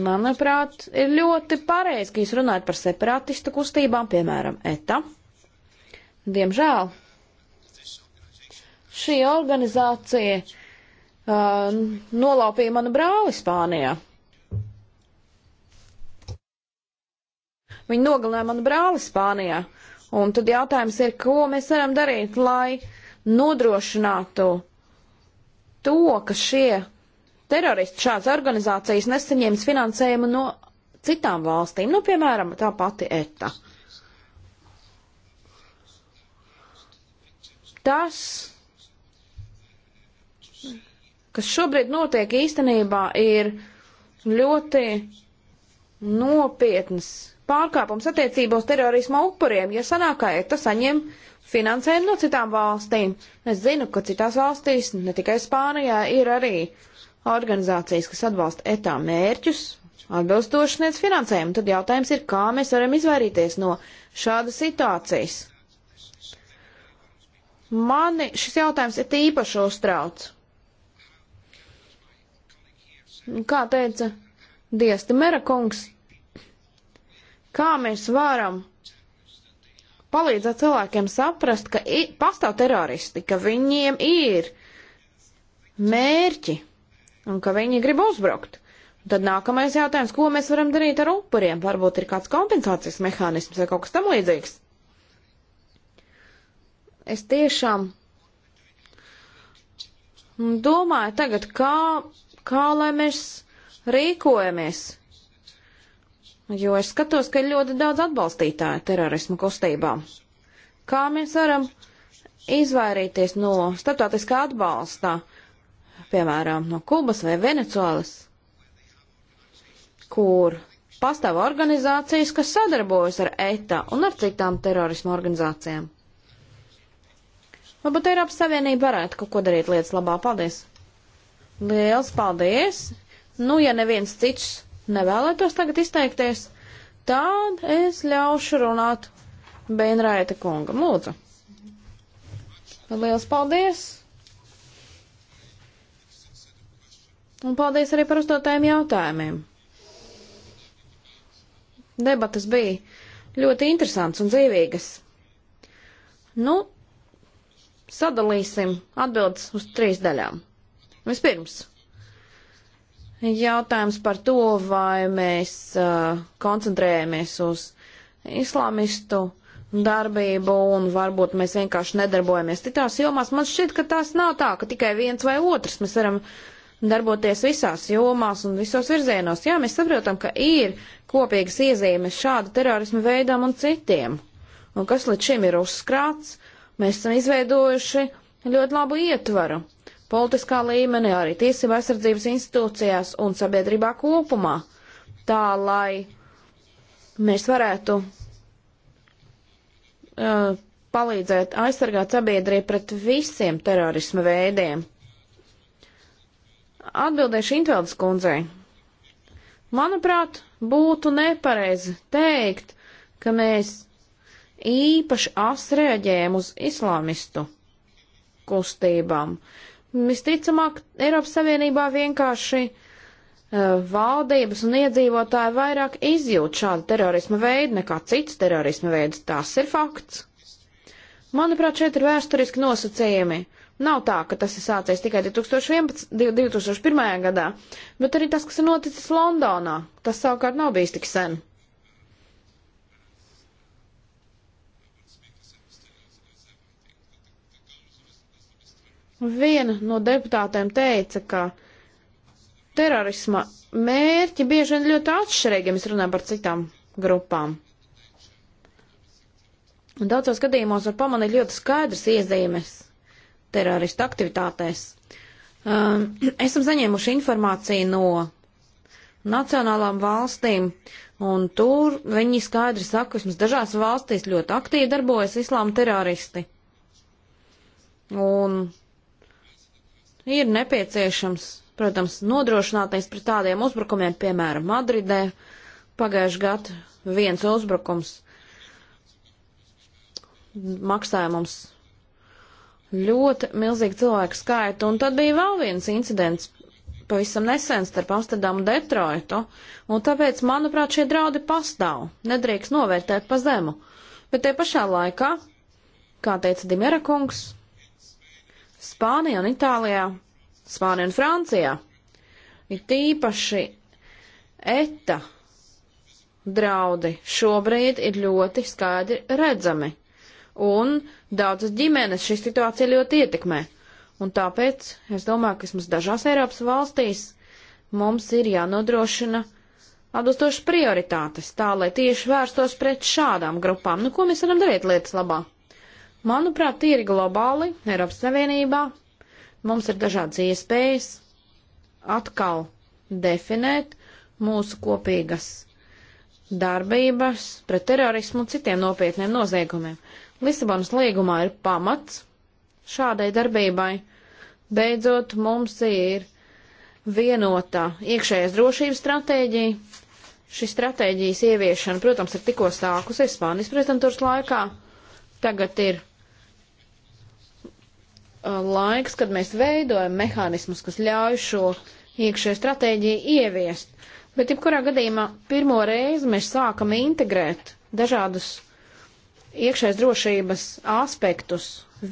[SPEAKER 1] Manuprāt, ir ļoti pareizi, ka jūs runājat par separatistu kustībām, piemēram, ETA. Diemžēl šī organizācija uh, nolaupīja manu brāli Spānijā. Viņi nogalināja manu brāli Spānijā. Un tad jautājums ir, ko mēs varam darīt, lai nodrošinātu to, ka šie teroristi šādas organizācijas nesaņems finansējumu no citām valstīm, nu, piemēram, tā pati ETA. Tas, kas šobrīd notiek īstenībā, ir ļoti nopietnas pārkāpums attiecībā uz terorismu upuriem, ja sanāk, ka ETA saņem finansējumu no citām valstīm. Es zinu, ka citās valstīs, ne tikai Spānijā, ir arī organizācijas, kas atbalsta ETA mērķus, atbilstoši sniedz finansējumu. Tad jautājums ir, kā mēs varam izvairīties no šādas situācijas. Mani šis jautājums ir īpaši uztrauc. Kā teica Diesta Merakungs, kā mēs varam palīdzēt cilvēkiem saprast, ka pastāv teroristi, ka viņiem ir mērķi un ka viņi grib uzbrukt. Un tad nākamais jautājums, ko mēs varam darīt ar upuriem? Varbūt ir kāds kompensācijas mehānisms vai kaut kas tam līdzīgs. Es tiešām domāju tagad, kā, kā lai mēs rīkojamies Jo es skatos, ka ir ļoti daudz atbalstītāju terorismu kustībām. Kā mēs varam izvairīties no starptautiskā atbalsta, piemēram, no Kubas vai Venecuēlas, kur pastāv organizācijas, kas sadarbojas ar ETA un ar citām terorismu organizācijām? Varbūt Eiropas Savienība varētu kaut ko darīt lietas labā. Paldies! Liels paldies! Nu, ja neviens cits nevēlētos tagad izteikties, tad es ļaušu runāt Beinraita kungam. Lūdzu. Liels paldies! Un paldies arī par uzdotajiem jautājumiem. Debatas bija ļoti interesants un dzīvīgas. Nu, sadalīsim atbildes uz trīs daļām. Vispirms, Jautājums par to, vai mēs uh, koncentrējamies uz islamistu darbību un varbūt mēs vienkārši nedarbojamies citās jomās. Man šķiet, ka tās nav tā, ka tikai viens vai otrs mēs varam darboties visās jomās un visos virzienos. Jā, mēs saprotam, ka ir kopīgas iezīmes šāda terorisma veidam un citiem. Un kas līdz šim ir uzskrāts, mēs esam izveidojuši ļoti labu ietvaru politiskā līmenī, arī tiesība aizsardzības institūcijās un sabiedrībā kopumā, tā lai mēs varētu uh, palīdzēt aizsargāt sabiedrību pret visiem terorisma veidiem. Atbildēšu Intveldes kundzei. Manuprāt, būtu nepareizi teikt, ka mēs īpaši asreaģējam uz islamistu kustībām. Uh, Visticamāk, Eiropas Savienībā vienkārši uh, valdības un iedzīvotāji vairāk izjūt šādu terorisma veidu nekā cits terorisma veids. Tas ir fakts. Manuprāt, šeit ir vēsturiski nosacījumi. Nav tā, ka tas ir sācies tikai 2011, 2001. gadā, bet arī tas, kas ir noticis Londonā, tas savukārt nav bijis tik sen. Viena no deputātēm teica, ka terorisma mērķi bieži vien ļoti atšķirīgi, ja mēs runājam par citām grupām. Un daudzos gadījumos var pamanīt ļoti skaidrs iezīmes teroristu aktivitātēs. Um, <clears throat> esam saņēmuši informāciju no nacionālām valstīm, un tur viņi skaidri saka, vismaz dažās valstīs ļoti aktīvi darbojas islāma teroristi. Un ir nepieciešams, protams, nodrošināties pret tādiem uzbrukumiem, piemēram, Madridē pagājuši gadu viens uzbrukums maksāja mums ļoti milzīgu cilvēku skaitu, un tad bija vēl viens incidents pavisam nesen starp Amsterdamu un Detroitu, un tāpēc, manuprāt, šie draudi pastāv, nedrīkst novērtēt pa zemu. Bet te pašā laikā, kā teica Dimera kungs, Spānijā un Itālijā, Spānijā un Francijā ir tīpaši eta draudi šobrīd ir ļoti skaidri redzami, un daudzas ģimenes šī situācija ļoti ietekmē. Un tāpēc es domāju, ka vismaz dažās Eiropas valstīs mums ir jānodrošina atbilstoši prioritātes tā, lai tieši vērstos pret šādām grupām. Nu, ko mēs varam darīt lietas labā? Manuprāt, tīri globāli, Eiropas Savienībā, mums ir dažādas iespējas atkal definēt mūsu kopīgas darbības pret terorismu un citiem nopietniem noziegumiem. Lisabonas līgumā ir pamats šādai darbībai. Beidzot, mums ir vienotā iekšējās drošības stratēģija. Šī stratēģijas ieviešana, protams, ir tikko sākusies Spānijas prezidentūras laikā. Tagad ir Uh, laiks, kad mēs veidojam mehānismus, kas ļauj šo iekšējo stratēģiju ieviest. Bet, jebkurā gadījumā, pirmo reizi mēs sākam integrēt dažādus iekšējas drošības aspektus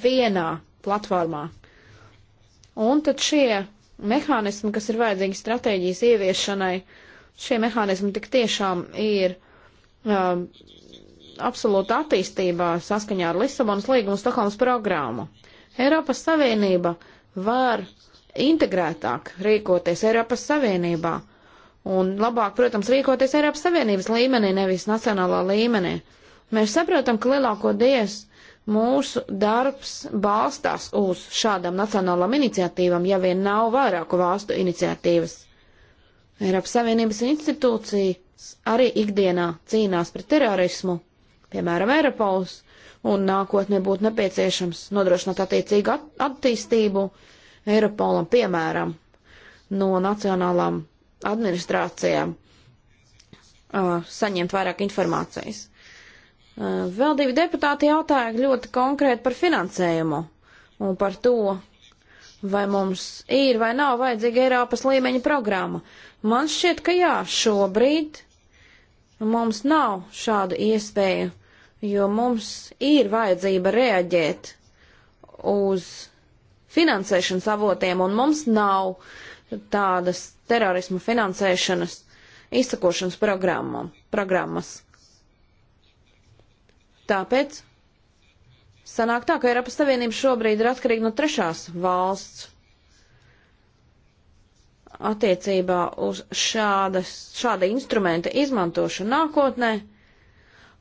[SPEAKER 1] vienā platformā. Un tad šie mehānismi, kas ir vajadzīgi stratēģijas ieviešanai, šie mehānismi tik tiešām ir um, absolūta attīstībā saskaņā ar Lisabonas līgumu Stokholmas programmu. Uh, Eiropas Savienība var integrētāk rīkoties Eiropas Savienībā un labāk, protams, rīkoties Eiropas Savienības līmenī, nevis nacionālā līmenī. Mēs saprotam, ka lielākoties mūsu darbs balstās uz šādām nacionālām iniciatīvām, ja vien nav vairāku valstu iniciatīvas. Eiropas Savienības institūcijas arī ikdienā cīnās pret terorismu, piemēram, Eiropols, un nākotnē būtu nepieciešams nodrošināt attiecīgu at attīstību Eiropolam, piemēram, no nacionālām administrācijām uh, saņemt vairāk informācijas. Uh, vēl divi deputāti jautāja ļoti konkrēti par finansējumu un par to, vai mums ir vai nav vajadzīga Eiropas līmeņa programma. Man šķiet, ka jā, šobrīd mums nav šādu iespēju jo mums ir vajadzība reaģēt uz finansēšanas avotiem, un mums nav tādas terorismu finansēšanas izsakošanas programmas. Tāpēc sanāk tā, ka Eiropas Savienība šobrīd ir atkarīga no trešās valsts attiecībā uz šādas, šāda instrumenta izmantošanu nākotnē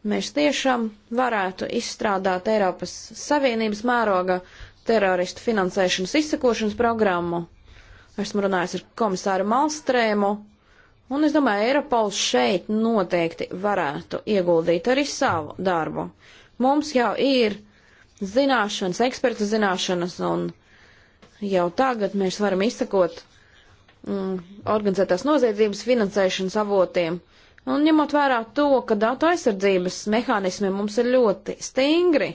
[SPEAKER 1] mēs tiešām varētu izstrādāt Eiropas Savienības mēroga teroristu finansēšanas izsakošanas programmu. Esmu runājis ar komisāru Malstrēmu, un es domāju, Eiropols šeit noteikti varētu ieguldīt arī savu darbu. Mums jau ir zināšanas, eksperta zināšanas, un jau tagad mēs varam izsakot mm, organizētās noziedzības finansēšanas avotiem. Uh, Un ņemot vērā to, ka datu aizsardzības mehānismi mums ir ļoti stingri,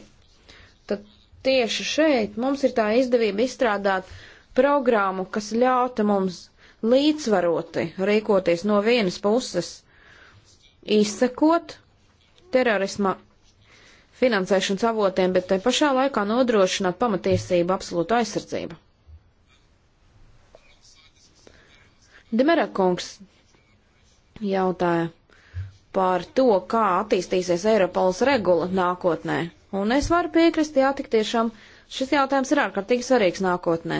[SPEAKER 1] tad tieši šeit mums ir tā izdevība izstrādāt programmu, kas ļauta mums līdzvaroti rīkoties no vienas puses, izsekot terorisma finansēšanas avotiem, bet te pašā laikā nodrošināt pamatiesību absolūtu aizsardzību. Demerakungs jautāja par to, kā attīstīsies Eiropols regula nākotnē. Un es varu piekrist, jā, tik tiešām šis jautājums ir ārkārtīgi svarīgs nākotnē.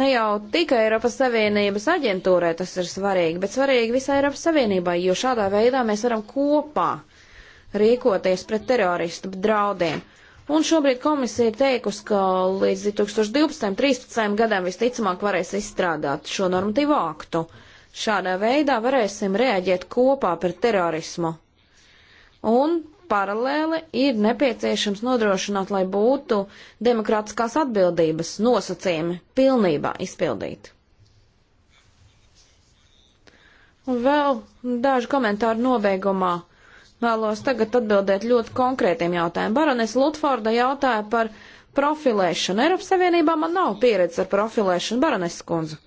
[SPEAKER 1] Ne jau tikai Eiropas Savienības aģentūrai tas ir svarīgi, bet svarīgi visai Eiropas Savienībai, jo šādā veidā mēs varam kopā rīkoties pret teroristu draudiem. Un šobrīd komisija ir teikusi, ka līdz 2012. un 2013. gadam visticamāk varēs izstrādāt šo normatīvu aktu. Uh, Šādā veidā varēsim reaģēt kopā pret terorismu. Un paralēli ir nepieciešams nodrošināt, lai būtu demokrātiskās atbildības nosacījumi pilnībā izpildīti. Un vēl daži komentāri nobeigumā. Vēlos tagad atbildēt ļoti konkrētiem jautājumiem. Baronis Lutforda jautāja par profilēšanu. Eiropas Savienībā man nav pieredzes ar profilēšanu, Baronis Skundze.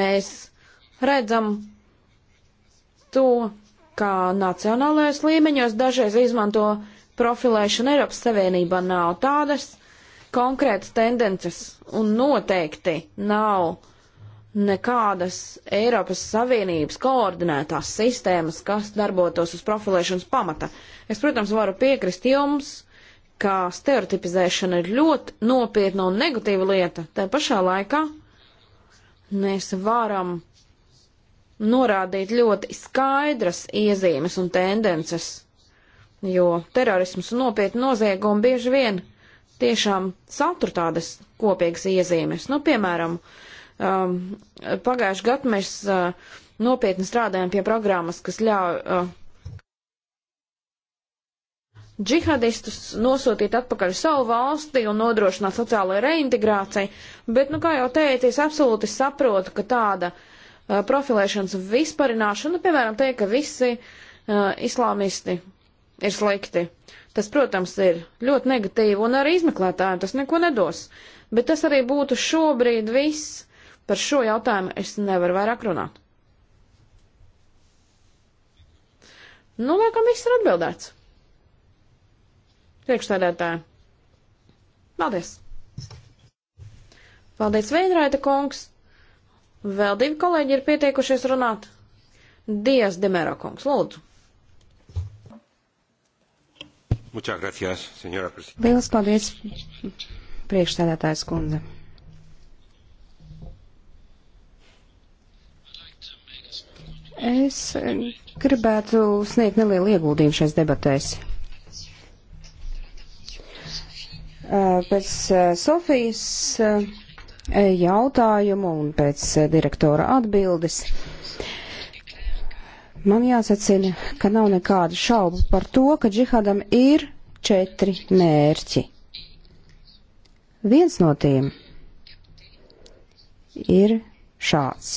[SPEAKER 1] Mēs redzam to, kā nacionālajos līmeņos dažreiz izmanto profilēšana Eiropas Savienībā nav tādas konkrētas tendences un noteikti nav nekādas Eiropas Savienības koordinētās sistēmas, kas darbotos uz profilēšanas pamata. Es, protams, varu piekrist jums, ka stereotipizēšana ir ļoti nopietna un negatīva lieta. Tā pašā laikā mēs varam norādīt ļoti skaidras iezīmes un tendences, jo terorisms un nopietni noziegumi bieži vien tiešām satur tādas kopīgas iezīmes. Nu, piemēram, um, pagājuši gadu mēs uh, nopietni strādājam pie programmas, kas ļauj uh, džihadistus nosūtīt atpakaļ savu valsti un nodrošināt sociālo reintegrāciju, bet, nu, kā jau teicu, es absolūti saprotu, ka tāda uh, Uh, profilēšanas vispārināšanu, piemēram, teikt, ka visi uh, islāmisti ir slikti. Tas, protams, ir ļoti negatīvi un arī izmeklētājiem tas neko nedos. Bet tas arī būtu šobrīd viss. Par šo jautājumu es nevaru vairāk runāt. Nu, laikam viss ir atbildēts. Priekšstādētāji. Paldies! Paldies, Veinraita kungs! Vēl divi kolēģi ir pieteikušies runāt. Dievs, Demēra
[SPEAKER 3] kungs, lūdzu.
[SPEAKER 2] Muchas gracias, señora
[SPEAKER 3] presidenta. Lielas paldies, priekšstādātājs kundze. Es gribētu sniegt nelielu ieguldījumu šais debatēs. Pēc Sofijas jautājumu un pēc eh, direktora atbildes. Man jāsacina, ka nav nekādu šaubu par to, ka džihādam ir četri mērķi. Viens no tiem ir šāds.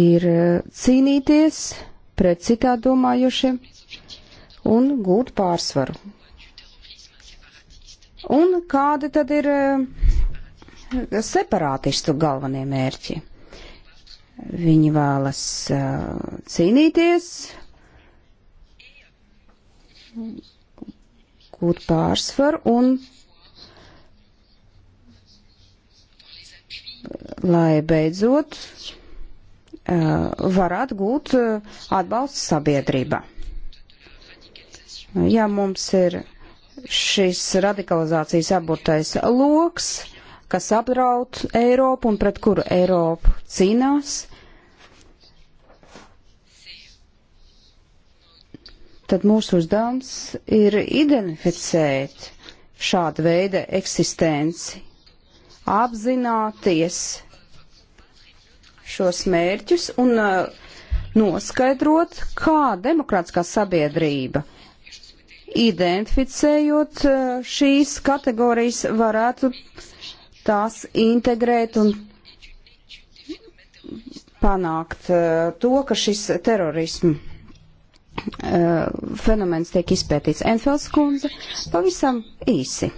[SPEAKER 3] Ir eh, cīnīties pret citā domājušiem un gūt pārsvaru. Un kādi tad ir eh, separātistu galvenie mērķi? Viņi vēlas eh, cīnīties, gūt pārsvaru un eh, lai beidzot varētu gūt atbalstu sabiedrībā. Ja mums ir šis radikalizācijas aburtais loks, kas apdraud Eiropu un pret kuru Eiropu cīnās. Tad mūsu uzdevums ir identificēt šāda veida eksistenci, apzināties šos mērķus un uh, noskaidrot, kā demokrātiskā sabiedrība uh, identificējot e, šīs kategorijas, varētu tās integrēt un panākt e, to, ka šis terorismu e, fenomens tiek izpētīts. Enfels kundze, pavisam īsi.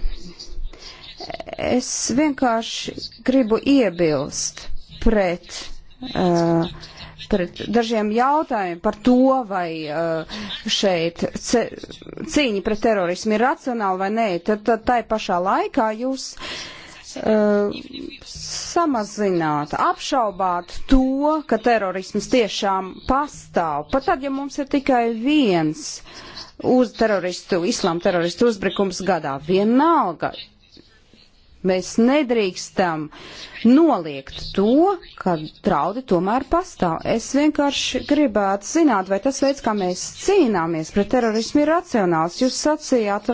[SPEAKER 3] Es vienkārši gribu iebilst pret uh, pret dažiem jautājumiem par to, vai uh, šeit cīņa pret terorismu ir racionāla vai nē, tad, tad tai pašā laikā jūs uh, samazināt, apšaubāt to, ka terorisms tiešām pastāv. Pat tad, ja mums ir tikai viens uz teroristu, islām teroristu uzbrukums gadā, vienalga Mēs nedrīkstam noliegt to, ka draudi tomēr pastāv. Es vienkārši gribētu zināt, vai tas veids, kā mēs cīnāmies pret terorismu, ir racionāls. Jūs sacījāt,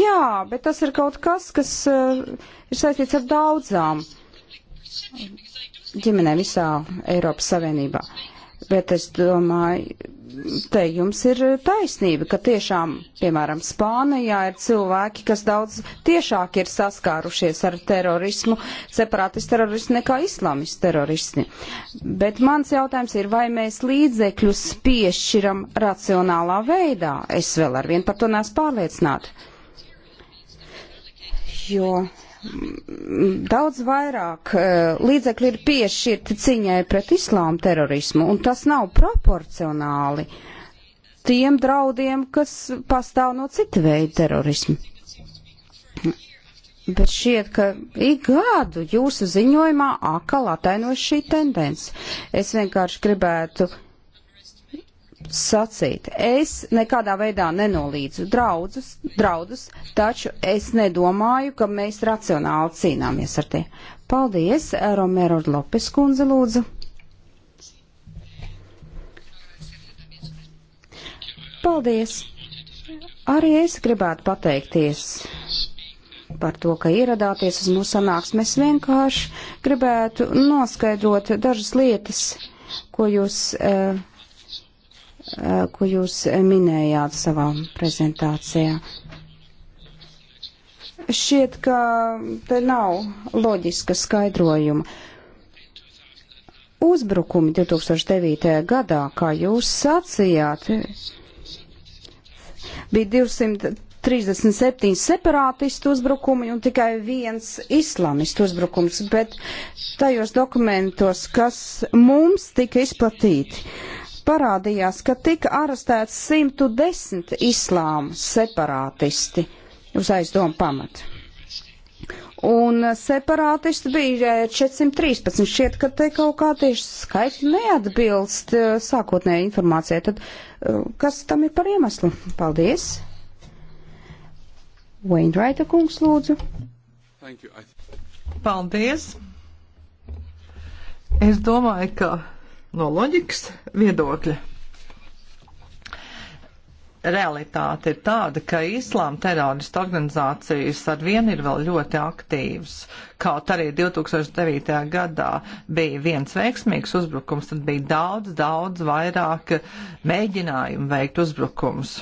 [SPEAKER 3] jā, bet tas ir kaut kas, kas uh, ir saistīts ar daudzām ģimenēm visā Eiropas Savienībā. Bet es domāju, te jums ir taisnība, ka tiešām, piemēram, Spānijā ir cilvēki, kas daudz tiešāk ir saskārušies ar terorismu, separātistu teroristu nekā islamistu teroristi. Bet mans jautājums ir, vai mēs līdzekļus piešķiram racionālā veidā? Es vēl arvien par to neesmu pārliecināta. Jo daudz vairāk eh, līdzekļu ir piešķirti ciņai pret islāmu terorismu, un tas nav proporcionāli tiem draudiem, kas pastāv no cita veida terorismu. Bet šķiet, ka ik gadu jūsu ziņojumā atkal atainojas šī tendence. Es vienkārši gribētu uh, sacīt. Es nekādā veidā nenolīdzu draudzus, draudus, taču es nedomāju, ka mēs racionāli cīnāmies ar tie. Paldies, Romero Lopes kundze lūdzu. Paldies! Arī es gribētu pateikties par to, ka ieradāties uz mūsu sanāksmi. Es vienkārši gribētu noskaidrot dažas lietas, ko jūs uh, Eh, ko jūs minējāt savā prezentācijā. Šķiet, ka te nav loģiska skaidrojuma. Uzbrukumi 2009. gadā, kā jūs sacījāt, bija 237 separātistu uzbrukumi un tikai viens islamistu uzbrukums, bet tajos dokumentos, kas mums tika izplatīti, parādījās, ka tika arestēts 110 islāma separātisti uz aizdomu pamatu. Un separātisti bija 413. Eh, Šķiet, ka te kaut kā tieši skaitļi neatbilst eh, sākotnēji informācijai. Tad eh, kas tam ir par iemeslu? Paldies. Wainwrighta kungs
[SPEAKER 2] lūdzu. Paldies. Es domāju, ka no loģikas viedokļa realitāte ir tāda, ka islāma teroristu organizācijas ar vienu ir vēl ļoti aktīvas. Kaut arī 2009. gadā bija viens veiksmīgs uzbrukums, tad bija daudz, daudz vairāk mēģinājumu veikt uzbrukums.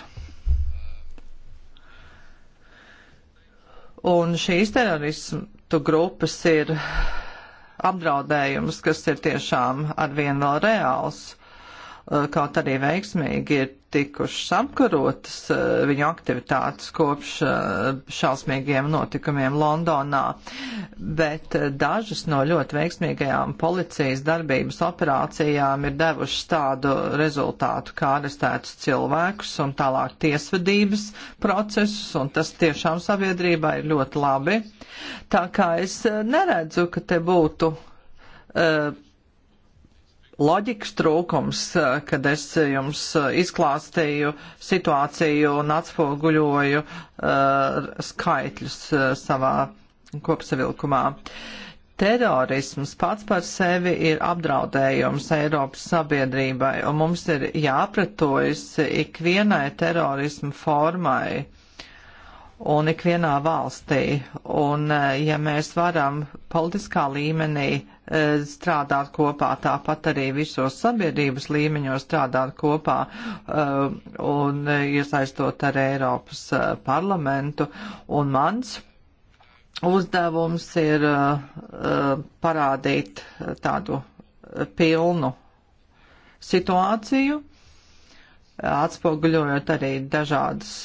[SPEAKER 2] Un šīs teroristu grupas ir apdraudējumus, kas ir tiešām arvien vēl reāls, eh, kaut arī veiksmīgi ir tikušas apkarotas eh, viņu aktivitātes kopš eh, šausmīgiem notikumiem Londonā, bet eh, dažas no ļoti veiksmīgajām policijas darbības operācijām ir devušas tādu rezultātu, kā arestētus cilvēkus un tālāk tiesvedības procesus, un tas tiešām sabiedrībā ir ļoti labi. Tā kā es neredzu, ka te būtu uh, loģikas trūkums, kad es jums izklāstīju situāciju un atspoguļoju uh, skaitļus uh, savā kopsavilkumā. Terorisms pats par sevi ir apdraudējums Eiropas sabiedrībai, un mums ir jāpretojas ikvienai terorismu formai un ikvienā valstī. Un, eh, ja mēs varam politiskā līmenī E, strādāt kopā, tāpat arī visos sabiedrības līmeņos strādāt kopā e, un iesaistot ar Eiropas e, parlamentu. Un mans uzdevums ir parādīt tādu pilnu situāciju, atspoguļojot arī dažādas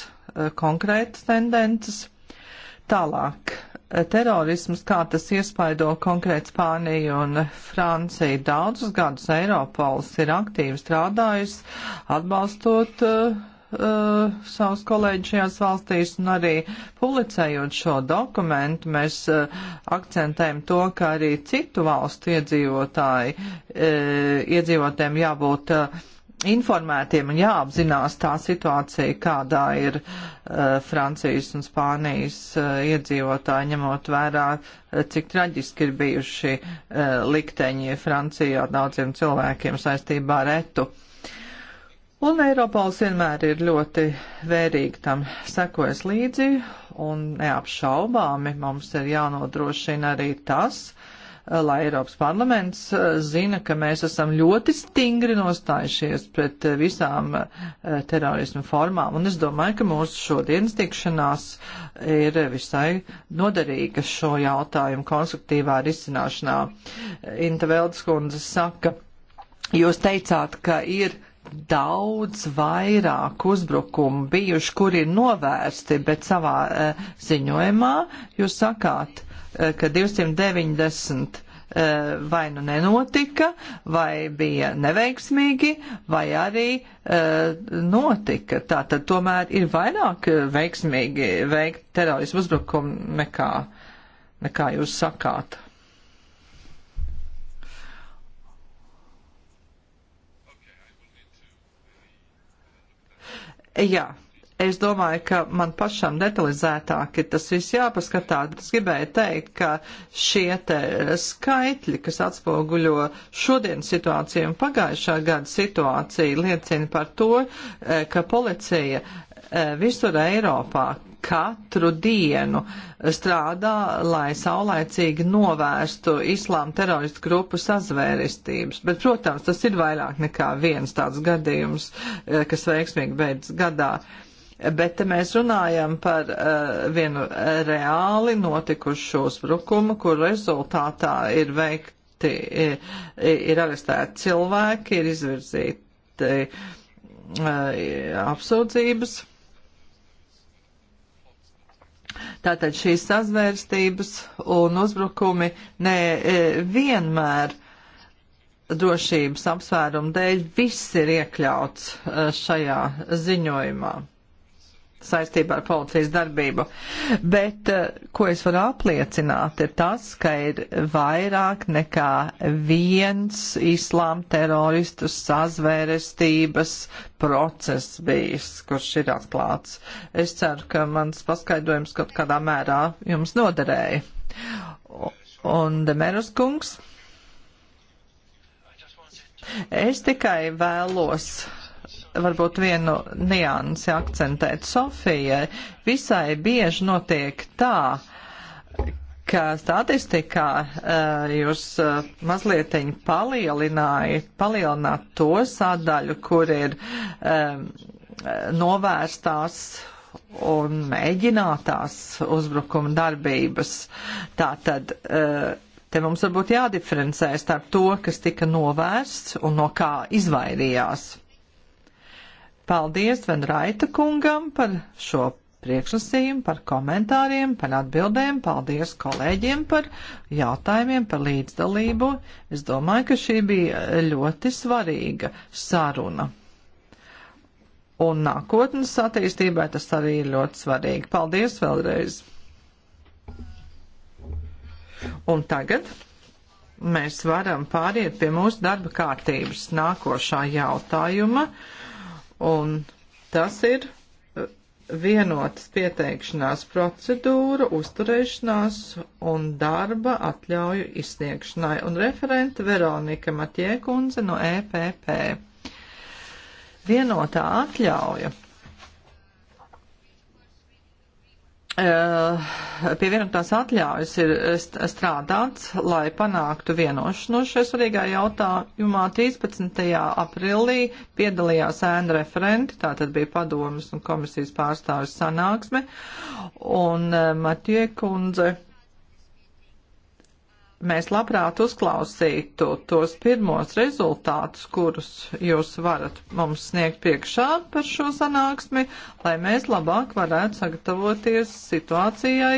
[SPEAKER 2] konkrētas tendences Tālāk, terorisms, kā tas iespaido konkrēt Spāniju un Franciju. Daudzus gadus Eiropols ir aktīvi strādājis, atbalstot uh, Uh, savus kolēģus šajās valstīs un arī publicējot šo dokumentu, mēs uh, akcentējam to, ka arī citu valstu iedzīvotāji, uh, iedzīvotēm jābūt uh, informētiem un jāapzinās tā situācija, kādā ir uh, Francijas un Spānijas uh, iedzīvotāji, ņemot vērā, uh, cik traģiski ir bijuši uh, likteņi Francijā daudziem cilvēkiem saistībā ar etu. Un Eiropols vienmēr ir ļoti vērīgi tam sekojas līdzi, un neapšaubāmi mums ir jānodrošina arī tas, lai Eiropas parlaments eh, zina, ka mēs esam ļoti stingri nostājušies pret eh, visām eh, terorismu formām. Un es domāju, ka mūsu šodienas tikšanās ir visai noderīga šo jautājumu konstruktīvā risināšanā. Inta Veldskundze saka, jūs teicāt, ka ir daudz vairāk uzbrukumu bijuši, kuri ir novērsti, bet savā e, ziņojumā jūs sakāt, Eh, ka 290 eh, vai nu nenotika, vai bija neveiksmīgi, vai arī uh, notika. Tātad tomēr ir vairāk veiksmīgi veikt terorismu uzbrukumu nekā, nekā jūs sakāt. Jā. Yeah Es domāju, ka man pašam detalizētāk ir tas viss jāpaskatā, bet es gribēju teikt, ka šie te skaitļi, kas atspoguļo šodienas situāciju un pagājušā gada situāciju, liecina par to, eh, ka policija eh, visur Eiropā katru dienu strādā, lai saulēcīgi novērstu islāma teroristu grupu sazvērestības. Bet, protams, tas ir vairāk nekā viens tāds gadījums, eh, kas veiksmīgi beidz gadā. Uh, bet te mēs runājam par uh, vienu reāli notikušu uzbrukumu, kur rezultātā ir veikti, ir, eh, ir arestēti cilvēki, ir izvirzīti uh, apsūdzības. Tātad šīs sazvērstības un uzbrukumi ne vienmēr drošības apsvērumu dēļ viss ir iekļauts šajā ziņojumā saistībā ar policijas darbību. Bet, eh, ko es varu apliecināt, ir tas, ka ir vairāk nekā viens islām teroristu sazvērestības process bijis, kurš ir atklāts. Es ceru, ka mans paskaidrojums kaut kādā mērā jums noderēja. Un Demeras kungs. Es tikai vēlos varbūt vienu niansi akcentēt Sofijai. Visai bieži notiek tā, ka statistikā uh, jūs uh, mazliet palielinājat, palielināt to sadaļu, kur ir um, novērstās un mēģinātās uzbrukuma darbības. Tātad uh, te mums varbūt jādiferencē starp to, kas tika novērsts un no kā izvairījās. Paldies Van Raita kungam par šo priekšlasījumu, par komentāriem, par atbildēm. Paldies kolēģiem par jautājumiem, par līdzdalību. Es domāju, ka šī bija ļoti svarīga saruna. Un nākotnes attīstībai tas arī ir ļoti svarīgi. Paldies vēlreiz! Un tagad mēs varam pāriet pie mūsu darba kārtības nākošā jautājuma. Uh, Un tas ir uh, vienotas pieteikšanās procedūra, uzturēšanās un darba atļauju izsniegšanai, un referenta Veronika Matjēkundze no EPP. Vienotā atļauja Eh, pie vienotās atļaujas ir eh, strādāts, lai panāktu vienošanos šajā svarīgā jautājumā. 13. aprīlī piedalījās ēna referenti, tātad bija padomas un komisijas pārstāvis sanāksme, un eh, Matie kundze mēs labprāt uzklausītu tos pirmos rezultātus, kurus jūs varat mums sniegt priekšā par šo sanāksmi, lai mēs labāk varētu sagatavoties situācijai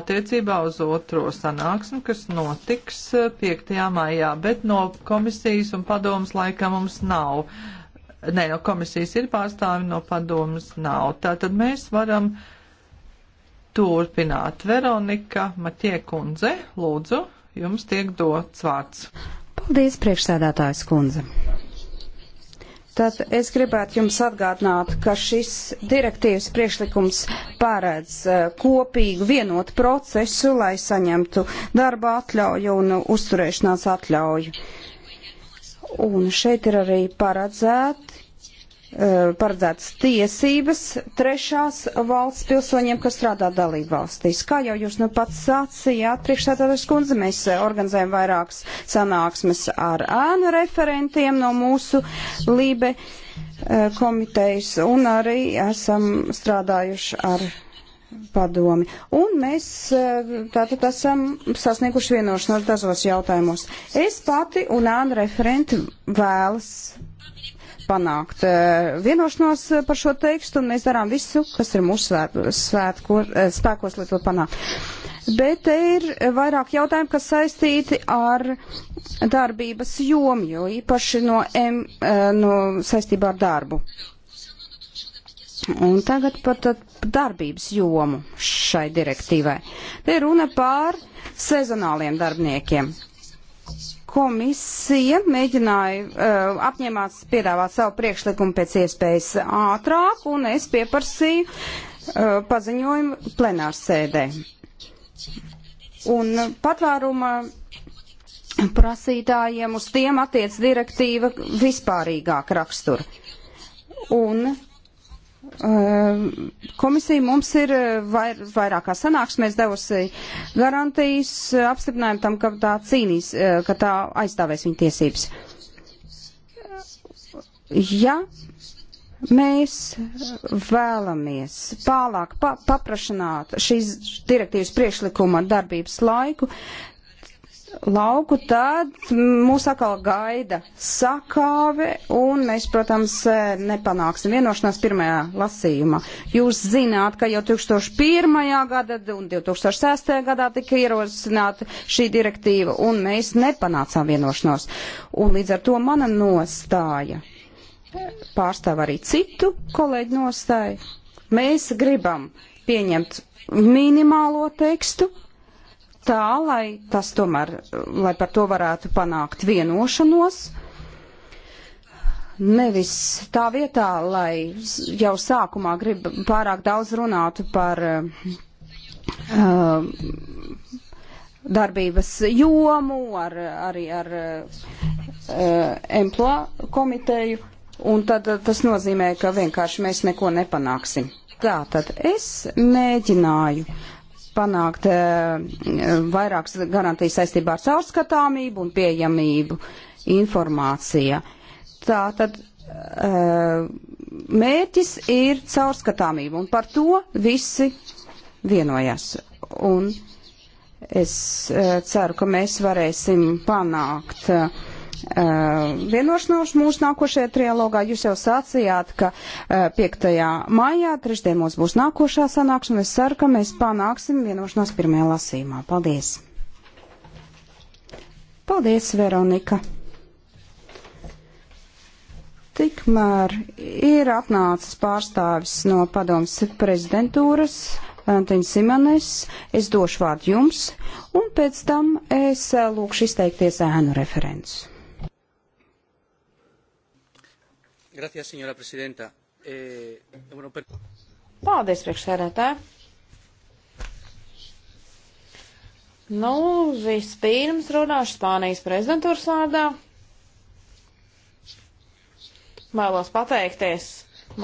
[SPEAKER 2] attiecībā uz otro sanāksmi, kas notiks 5. Eh, maijā, bet no komisijas un padomas laika mums nav. Nē, no komisijas ir pārstāvi, no padomas nav. Tātad mēs varam turpināt. Veronika Matie kundze, lūdzu jums tiek dots vārds. Paldies,
[SPEAKER 3] priekšsēdētājs kundze. Tad es gribētu jums atgādināt, ka šis direktīvas priekšlikums pārēdz eh, kopīgu vienotu procesu, lai saņemtu darba atļauju un uzturēšanās atļauju. Un šeit ir arī paredzēti Eh, paredzētas tiesības trešās valsts pilsoņiem, kas strādā dalību valstīs. Kā jau jūs nu pats sacījāt, priekšsētātais kundze, mēs eh, organizējam vairākas sanāksmes ar ēnu referentiem no mūsu lībe eh, komitejas un arī esam strādājuši ar padomi. Un mēs tātad esam sasnieguši vienošanos dažos jautājumos. Es pati un ēnu referenti vēlas panākt eh, vienošanos eh, par šo tekstu, un mēs darām visu, kas ir mūsu svētko, eh, spēkos, lai to panākt. Bet te ir vairāk jautājumu, kas saistīti ar darbības jomu, jo īpaši no, M, no saistībā ar darbu. Un tagad par darbības jomu šai direktīvai. Te ir runa pār sezonāliem darbniekiem. Komisija mēģināja uh, apņēmās piedāvāt savu priekšlikumu pēc iespējas ātrāk, un es pieprasīju uh, paziņojumu plenārsēdē. Un patvēruma prasītājiem uz tiem attiec direktīva vispārīgāk rakstura. Un Uh, komisija mums ir uh, vair, vairākā sanāksmēs devusi garantijas uh, apstiprinājumu tam, ka tā cīnīs, ka tā aizstāvēs viņa tiesības. Ja mēs vēlamies pārlāk pa paprašanāt šīs direktīvas priekšlikuma darbības laiku, lauku, tad mūs atkal gaida sakāve, un mēs, protams, nepanāksim vienošanās pirmajā lasījumā. Jūs zināt, ka jau 2001. gada un 2006. gadā tika ierosināta šī direktīva, un mēs nepanācām vienošanos. Un līdz ar to mana nostāja pārstāv arī citu kolēģu nostāju. Mēs gribam pieņemt minimālo tekstu, tā, lai tas tomēr, lai par to varētu panākt vienošanos. Nevis tā vietā, lai jau sākumā grib pārāk daudz runātu par uh, darbības jomu, ar, arī ar uh, emplo komiteju, un tad uh, tas nozīmē, ka vienkārši mēs neko nepanāksim. Tātad es mēģināju uh, panākt eh, vairākas garantijas saistībā ar caurskatāmību un pieejamību informācija. Tā tad eh, mērķis ir caurskatāmība un par to visi vienojas. Un es eh, ceru, ka mēs varēsim panākt uh, Eh, vienošanos mūsu nākošajā trialogā. Jūs jau sacījāt, ka 5. Eh, maijā, trešdien mums būs nākošā sanākšana. Es ceru, ka mēs panāksim vienošanos pirmajā lasīmā. Paldies! Paldies, Veronika! Tikmēr ir atnācis pārstāvis no padomas prezidentūras. Antiņa Simanes, es došu vārdu jums, un pēc tam es eh, lūkšu izteikties ēnu referents.
[SPEAKER 4] Gracias, senora prezidenta. E, eh, bueno, per... Paldies,
[SPEAKER 1] priekšsēdētāji. Nu, vispirms runāšu Spānijas prezidentūras vārdā. Vēlos pateikties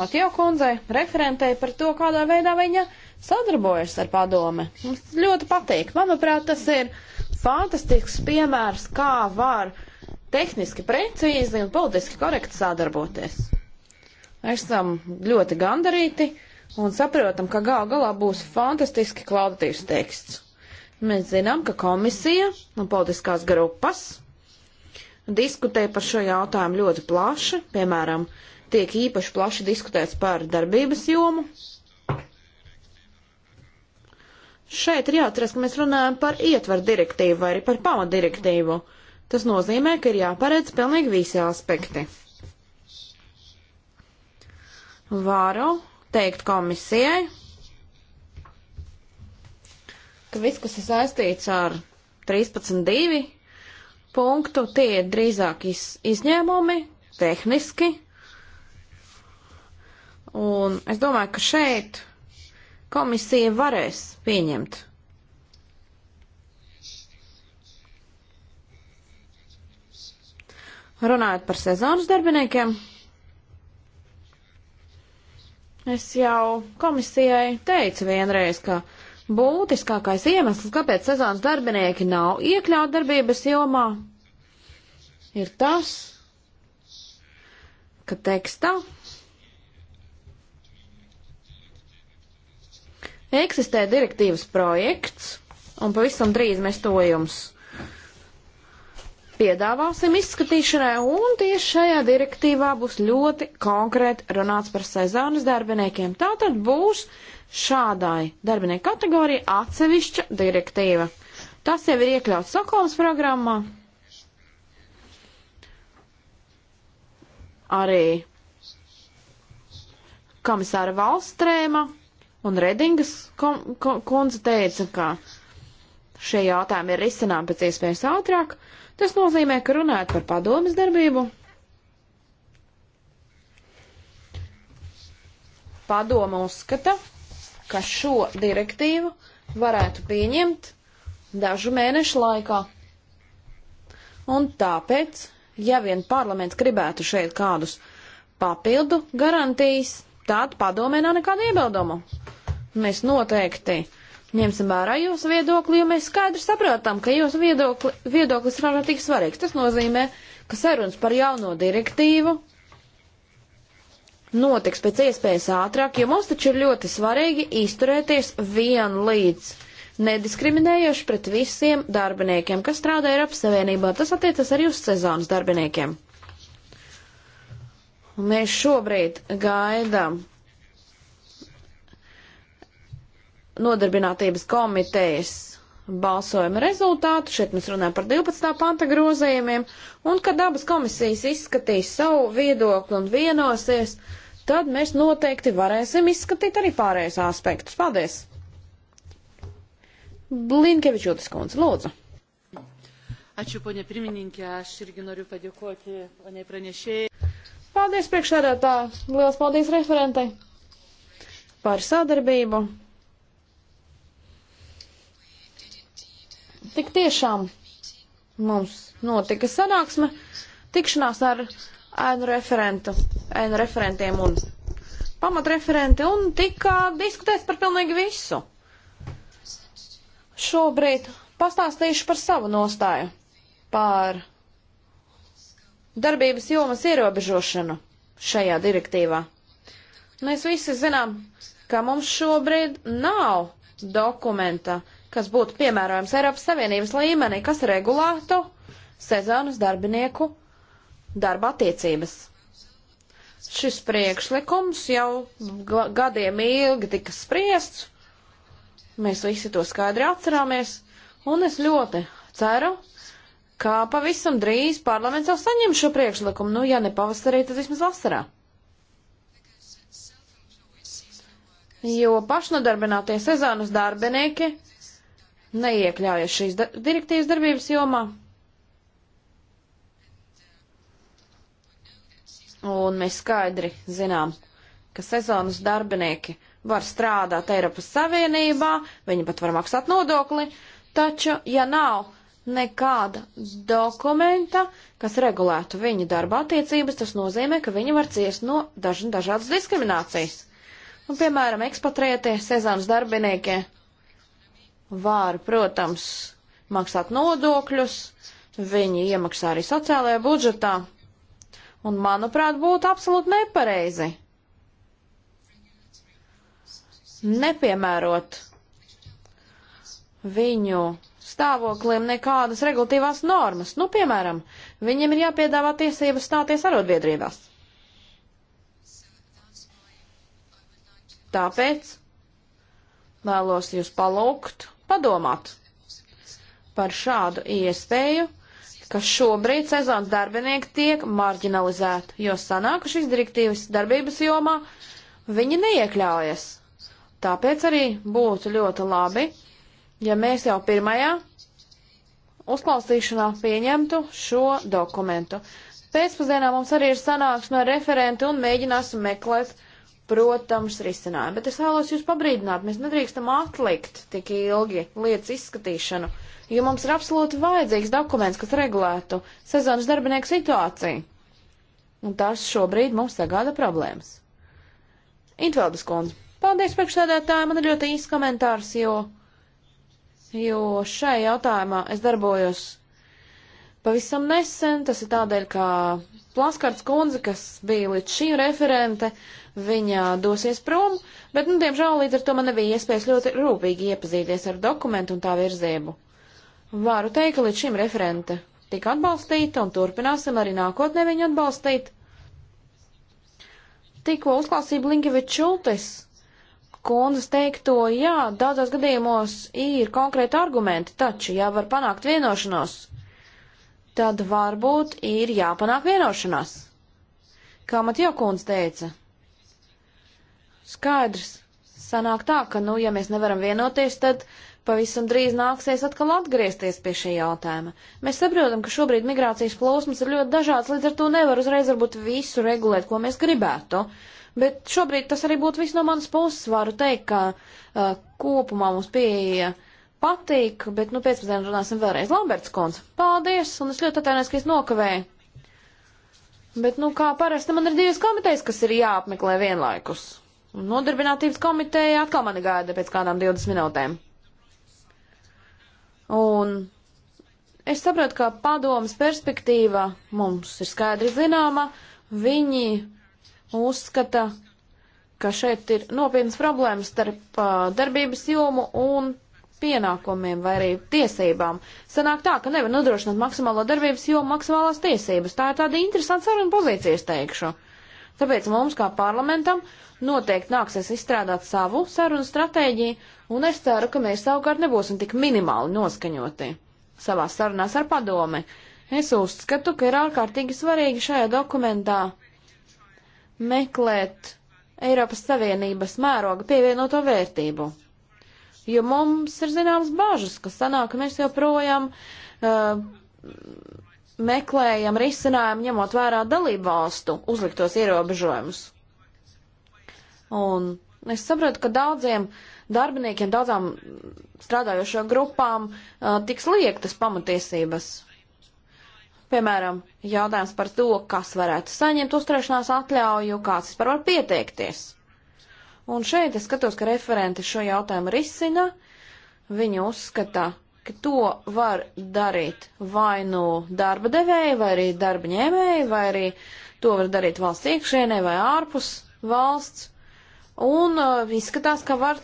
[SPEAKER 1] Matijo kundzei, referentei par to, kādā veidā viņa sadarbojas ar padome. Mums ļoti patīk. Manuprāt, tas ir fantastisks piemērs, kā var uh, tehniski precīzi un politiski korekti sadarboties. Esam ļoti gandarīti un saprotam, ka gal galā būs fantastiski kvalitatīvs teksts. Mēs zinām, ka komisija un politiskās grupas diskutē par šo jautājumu ļoti plaši, piemēram, tiek īpaši plaši diskutēts par darbības jomu. Šeit ir jāatceras, ka mēs runājam par ietvaru direktīvu vai arī par pamadirektīvu. direktīvu Tas nozīmē, ka ir jāparedz pilnīgi visi aspekti. Varu teikt komisijai, ka viss, kas ir saistīts ar 13.2 punktu, tie ir drīzāk iz, izņēmumi, tehniski. Un es domāju, ka šeit komisija varēs pieņemt Runājot par sezonas darbiniekiem, es jau komisijai teicu vienreiz, ka būtiskākais iemesls, kāpēc sezonas darbinieki nav iekļaut darbības jomā, ir tas, ka tekstā eksistē direktīvas projekts, un pavisam drīz mēs to jums piedāvāsim izskatīšanai, un tieši šajā direktīvā būs ļoti konkrēti runāts par sezonas darbiniekiem. Tā tad būs šādai darbinieku kategorijai atsevišķa direktīva. Tas jau ir iekļauts Stokholmas programmā. Arī komisāra Valstrēma un Redingas kundze teica, ka šie jautājumi ir risināmi pēc iespējas ātrāk. Tas nozīmē, ka runājot par padomas darbību, padoma uzskata, ka šo direktīvu varētu pieņemt dažu mēnešu laikā. Un tāpēc, ja vien parlaments gribētu šeit kādus papildu garantijas, tad padomē nav nekāda iebildumu. Mēs noteikti ņemsim vērā jūsu viedokli, jo mēs skaidri saprotam, ka jūsu viedokli, viedoklis ir ārkārtīgi svarīgs. Tas nozīmē, ka sarunas par jauno direktīvu notiks pēc iespējas ātrāk, jo mums taču ir ļoti svarīgi izturēties vienlīdz nediskriminējoši pret visiem darbiniekiem, kas strādā Eiropas Savienībā. Tas attiecas arī uz sezonas darbiniekiem. Mēs šobrīd gaidām nodarbinātības komitejas balsojuma rezultātu. Šeit mēs runājam par 12. panta grozījumiem. Un, kad abas komisijas izskatīs savu viedokli un vienosies, tad mēs noteikti varēsim izskatīt arī pārējais aspektus. Paldies! Blinkevičotis kundze, lūdzu.
[SPEAKER 2] Ačiū, ponie pirmininkė, aš irgi noriu padėkoti, ponie pranešėjai.
[SPEAKER 1] Paldies priekšsēdētā, liels paldies referentai par sadarbību. Tik tiešām mums notika sanāksme, tikšanās ar ēnu referentu, ēnu referentiem un pamatreferenti un tika diskutēts par pilnīgi visu. Šobrīd pastāstīšu par savu nostāju, par darbības jomas ierobežošanu šajā direktīvā. Mēs visi zinām, ka mums šobrīd nav dokumenta, uh, kas būtu piemērojams Eiropas Savienības līmenī, kas regulētu sezonas darbinieku darba attiecības. Šis priekšlikums jau gadiem ilgi tika spriests, mēs visi to skaidri atcerāmies, un es ļoti ceru, ka pavisam drīz parlaments jau saņem šo priekšlikumu, nu, ja ne pavasarī, tad vismaz vasarā. Jo pašnodarbinātie sezonas darbinieki neiekļaujas šīs da direktīvas darbības jomā. Un mēs skaidri zinām, ka sezonas darbinieki var strādāt Eiropas Savienībā, viņi pat var maksāt nodokli, taču, ja nav nekāda dokumenta, kas regulētu viņa darba attiecības, tas nozīmē, ka viņi var ciest no daž dažādas diskriminācijas. Un, piemēram, ekspatriētie sezonas darbinieki var, protams, maksāt nodokļus, viņi iemaksā arī sociālajā budžetā, un, manuprāt, būtu absolūti nepareizi nepiemērot viņu stāvoklim nekādas regulatīvās normas. Nu, piemēram, viņiem ir jāpiedāvā tiesības stāties arotbiedrībās. Tāpēc vēlos jūs palūgt padomāt par šādu iespēju, ka šobrīd sezonas darbinieki tiek marginalizēti, jo sanāk šīs direktīvas darbības jomā viņi neiekļaujas. Tāpēc arī būtu ļoti labi, ja mēs jau pirmajā uzklausīšanā pieņemtu šo dokumentu. Pēcpusdienā mums arī ir sanāksme ar referentu un mēģināsim meklēt protams, risinājumu. Bet es vēlos jūs pabrīdināt, mēs nedrīkstam atlikt tik ilgi lietas izskatīšanu, jo mums ir absolūti vajadzīgs dokuments, kas regulētu sezonas darbinieku situāciju. Un tas šobrīd mums sagāda problēmas. Intveldes kundze, paldies priekšsēdētāji, man ir ļoti īsts komentārs, jo, jo šai jautājumā es darbojos pavisam nesen. Tas ir tādēļ, ka Plaskārts kundze, kas bija līdz šī referente, viņa dosies prom, bet, nu, diemžēl līdz ar to man nebija iespējas ļoti rūpīgi iepazīties ar dokumentu un tā virzību. Varu teikt, ka līdz šim referente tika atbalstīta un turpināsim arī nākotnē viņu atbalstīt. Tikko uzklausīja Blinkevičs Šultes kundzes teikto, jā, daudzos gadījumos ir konkrēti argumenti, taču, ja var panākt vienošanos, tad varbūt ir jāpanāk vienošanās. Kā Matija Kunz teica, skaidrs, sanāk tā, ka, nu, ja mēs nevaram vienoties, tad pavisam drīz nāksies atkal atgriezties pie šī jautājuma. Mēs saprotam, ka šobrīd migrācijas plūsmas ir ļoti dažādas, līdz ar to nevar uzreiz varbūt visu regulēt, ko mēs gribētu. Bet šobrīd tas arī būtu viss no manas puses. Varu teikt, ka uh, kopumā mums pieeja uh, patīk, bet nu pēcpusdienā runāsim vēlreiz. Lamberts kundz, paldies, un es ļoti atvainojos, ka es nokavēju. Bet, nu, kā parasti man ir divas komitejas, kas ir jāapmeklē vienlaikus. Un nodarbinātības komiteja atkal mani gaida pēc kādām 20 minūtēm. Un es saprotu, ka padomas perspektīva mums ir skaidri zināma. Viņi uzskata, ka šeit ir nopietnas problēmas starp uh, darbības jomu un pienākumiem vai arī tiesībām. Sanāk tā, ka nevar nodrošināt maksimālo darbības, jo maksimālās tiesības. Tā ir tāda interesanta saruna pozīcijas teikšu. Tāpēc mums kā parlamentam noteikti nāksies izstrādāt savu sarunu stratēģiju, un es ceru, ka mēs savukārt nebūsim tik minimāli noskaņoti savā sarunās ar padomi. Es uzskatu, ka ir ārkārtīgi svarīgi šajā dokumentā meklēt Eiropas Savienības mēroga pievienoto vērtību jo mums ir zināmas bažas, ka sanāk, ka mēs joprojām uh, meklējam risinājumu ņemot vērā dalību valstu uzliktos ierobežojumus. Un es saprotu, ka daudziem darbiniekiem, daudzām strādājošo grupām uh, tiks liektas pamatiesības. Piemēram, jautājums par to, kas varētu saņemt uzturēšanās atļauju, kāds vispār var pieteikties. Un šeit es skatos, ka referenti šo jautājumu risina. Viņi uzskata, ka to var darīt vai nu darba devēji, vai arī darba ņēmēji, vai arī to var darīt valsts iekšēnē vai ārpus valsts. Un uh, izskatās, ka var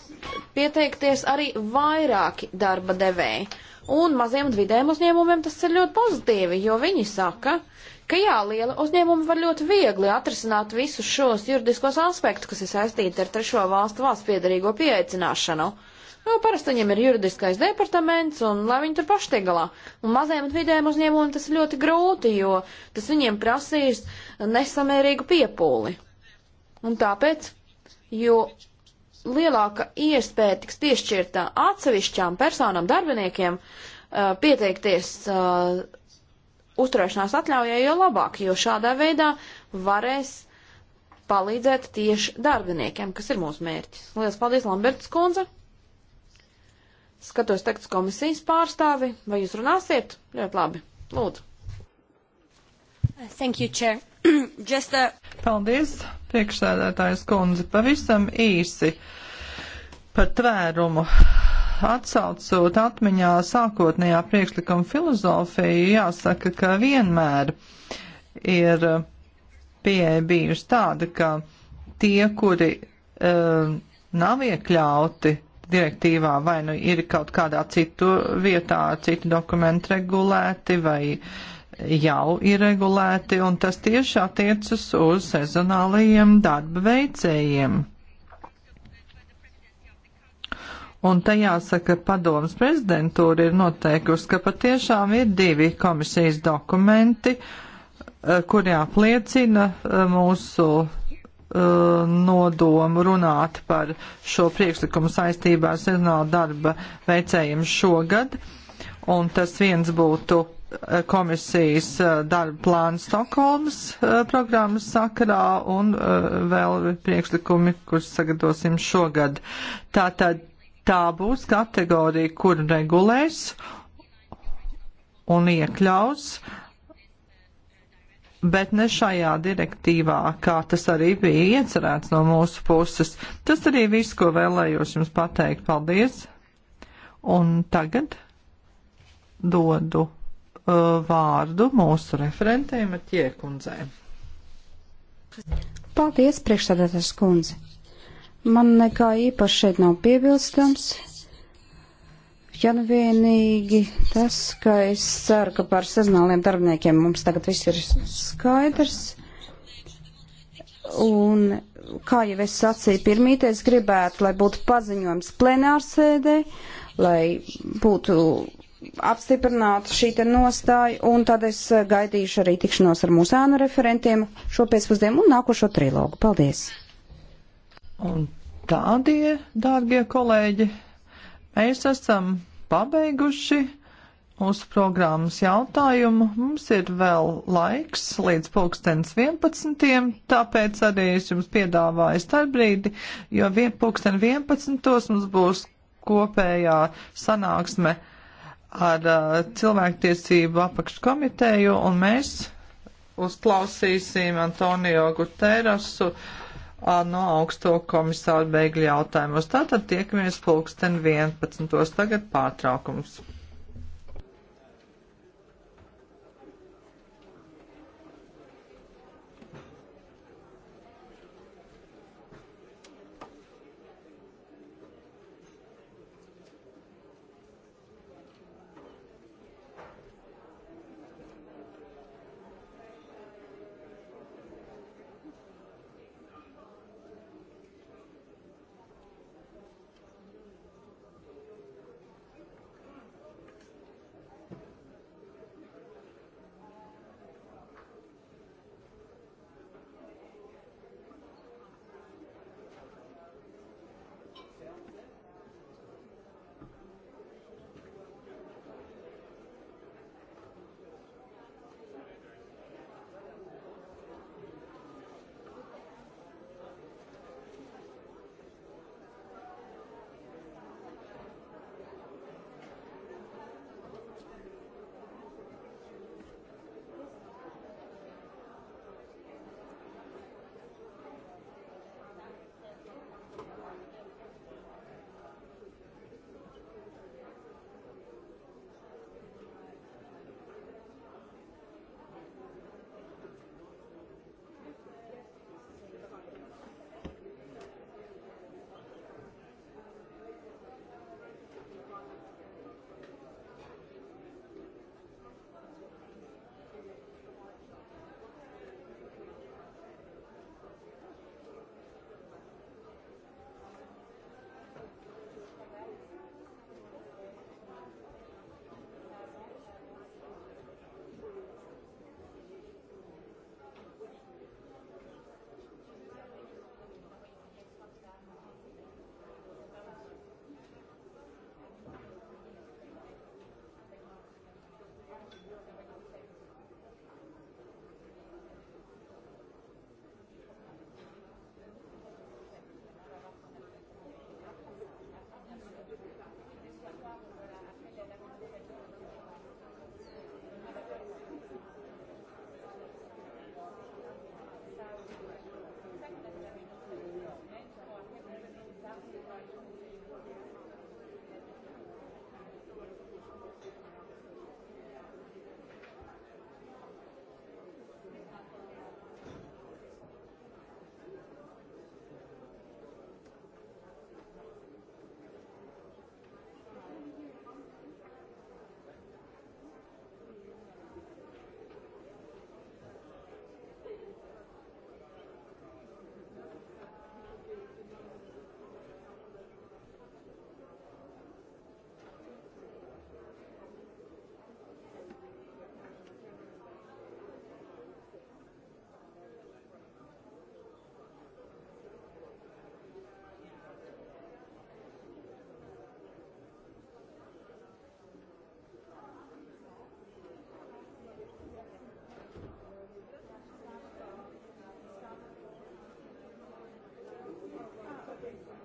[SPEAKER 1] pieteikties arī vairāki darba devēji. Un maziem un vidējiem uzņēmumiem tas ir ļoti pozitīvi, jo viņi saka, ka jā, liela uzņēmuma var ļoti viegli atrisināt visus šos juridiskos aspektus, kas ir saistīti ar trešo valstu valsts piedarīgo pieaicināšanu. Nu, parasti viņiem ir juridiskais departaments, un lai viņi tur paši tiek galā. Un mazajiem un vidējiem uzņēmumiem tas ir ļoti grūti, jo tas viņiem prasīs nesamērīgu piepūli. Un tāpēc, jo lielāka iespēja tiks piešķirta atsevišķām personām, darbiniekiem, uh, pieteikties uh, uzturēšanās atļaujai, jo labāk, jo šādā veidā varēs palīdzēt tieši darbiniekiem, kas ir mūsu mērķis. Lielas paldies, Lamberts kundze! Skatos tekstu komisijas pārstāvi, vai jūs runāsiet? Ļoti labi, lūdzu. Thank you, Chair. <clears throat>
[SPEAKER 2] Just a... Paldies, priekšsēdētājs kundze, pavisam īsi par tvērumu atsaucot atmiņā sākotnējā priekšlikuma filozofiju, jāsaka, ka vienmēr ir pieeja bijusi tāda, ka tie, kuri uh, nav iekļauti direktīvā vai nu ir kaut kādā citu vietā, citu dokumentu regulēti vai jau ir regulēti, un tas tieši attiecas uz sezonālajiem darba veicējiem. Un te jāsaka, padomas prezidentūra ir noteikusi, ka patiešām ir divi komisijas dokumenti, eh, kuri apliecina eh, mūsu eh, nodomu runāt par šo priekšlikumu saistībā ar sezonālu darba veicējiem šogad. Un tas viens būtu komisijas darba plāns Stokholmas programmas sakarā un vēl priekšlikumi, kurus sagatavosim šogad. Tātad tā būs kategorija, kur regulēs un iekļaus, bet ne šajā direktīvā, kā tas arī bija iecerēts no mūsu puses. Tas arī viss, ko vēlējos jums pateikt. Paldies! Un tagad dodu uh, vārdu mūsu referentēm ar tiekundzēm.
[SPEAKER 3] Paldies, priekšstādātājs kundze! Man nekā īpaši šeit nav piebilstams. Ja nu vienīgi tas, ka es ceru, ka par sezonāliem darbiniekiem mums tagad viss ir skaidrs. Un, kā jau es sacīju, pirmīties gribētu, lai būtu paziņojums plenārsēdē, lai būtu apstiprināta šī nostāja, un tad es gaidīšu arī tikšanos ar mūsu ēnu referentiem šo pēcpusdienu un nākošo trilogu. Paldies!
[SPEAKER 2] Un tādie, dārgie kolēģi, mēs esam pabeiguši mūsu programmas jautājumu. Mums ir vēl laiks līdz pulkstens 11. Tāpēc arī es jums piedāvāju starpbrīdi, jo pulksten 11. mums būs kopējā sanāksme ar uh, cilvēktiesību apakškomiteju un mēs uzklausīsim Antonio Guterrasu. Uh, no augsto komisāru bēgļu jautājumos. Tātad tiekamies pulksten 11. Tagad pārtraukums.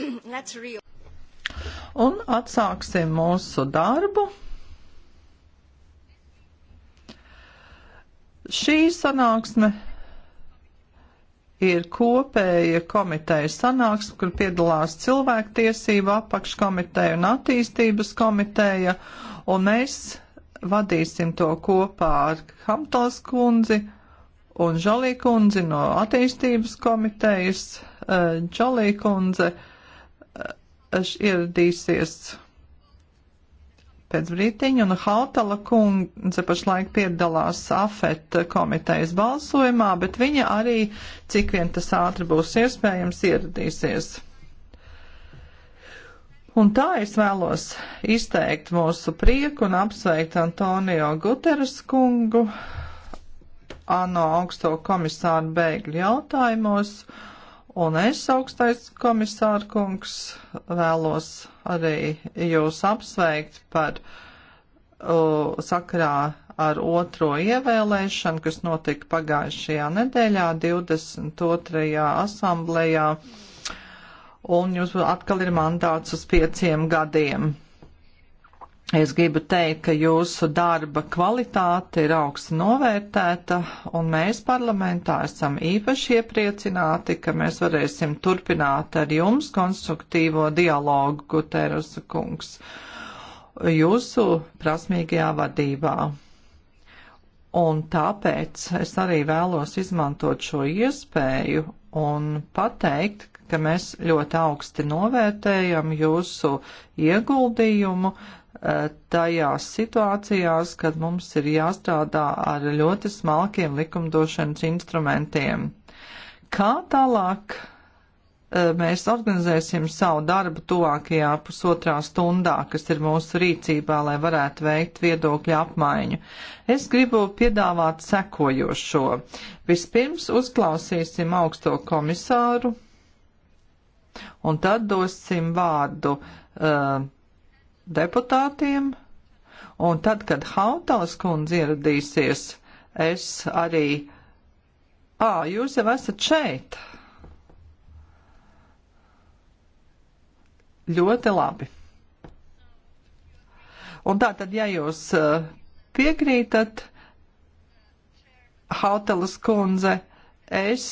[SPEAKER 2] <clears throat> Un atsāksim mūsu darbu. Šī sanāksme ir kopēja komiteja sanāksme, kur piedalās cilvēktiesība apakškomiteja un attīstības komiteja, un mēs vadīsim to kopā ar Hamtals kundzi un Žalī kundzi no attīstības komitejas. Eh, Čolī kundze eh, ieradīsies pēc brītiņa, un Hautala kundze pašlaik piedalās AFET komitejas balsojumā, bet viņa arī, cik vien tas ātri būs iespējams, ieradīsies. Un tā es vēlos izteikt mūsu prieku un apsveikt Antonio Guteres kungu, ANO augsto komisāru bēgļu jautājumos Un es, augstais komisārkungs, vēlos arī jūs apsveikt par uh, sakrā ar otro ievēlēšanu, kas notika pagājušajā nedēļā 22. asamblējā. Un jūs atkal ir mandāts uz pieciem gadiem. Es gribu teikt, ka jūsu darba kvalitāte ir augsti novērtēta, un mēs parlamentā esam īpaši iepriecināti, ka mēs varēsim turpināt ar jums konstruktīvo dialogu, Guteras kungs, jūsu prasmīgajā vadībā. Un tāpēc es arī vēlos izmantot šo iespēju un pateikt, ka mēs ļoti augsti novērtējam jūsu ieguldījumu tajās situācijās, kad mums ir jāstrādā ar ļoti smalkiem likumdošanas instrumentiem. Kā tālāk e, mēs organizēsim savu darbu tuvākajā pusotrā stundā, kas ir mūsu rīcībā, lai varētu veikt viedokļu apmaiņu. Es gribu piedāvāt sekojošo. Vispirms uzklausīsim augsto komisāru un tad dosim vārdu uh, deputātiem, un tad, kad Hautalas kundze ieradīsies, es arī. Ā, jūs jau esat šeit! Ļoti labi. Un tā tad, ja jūs piekrītat, Hautelas kundze, es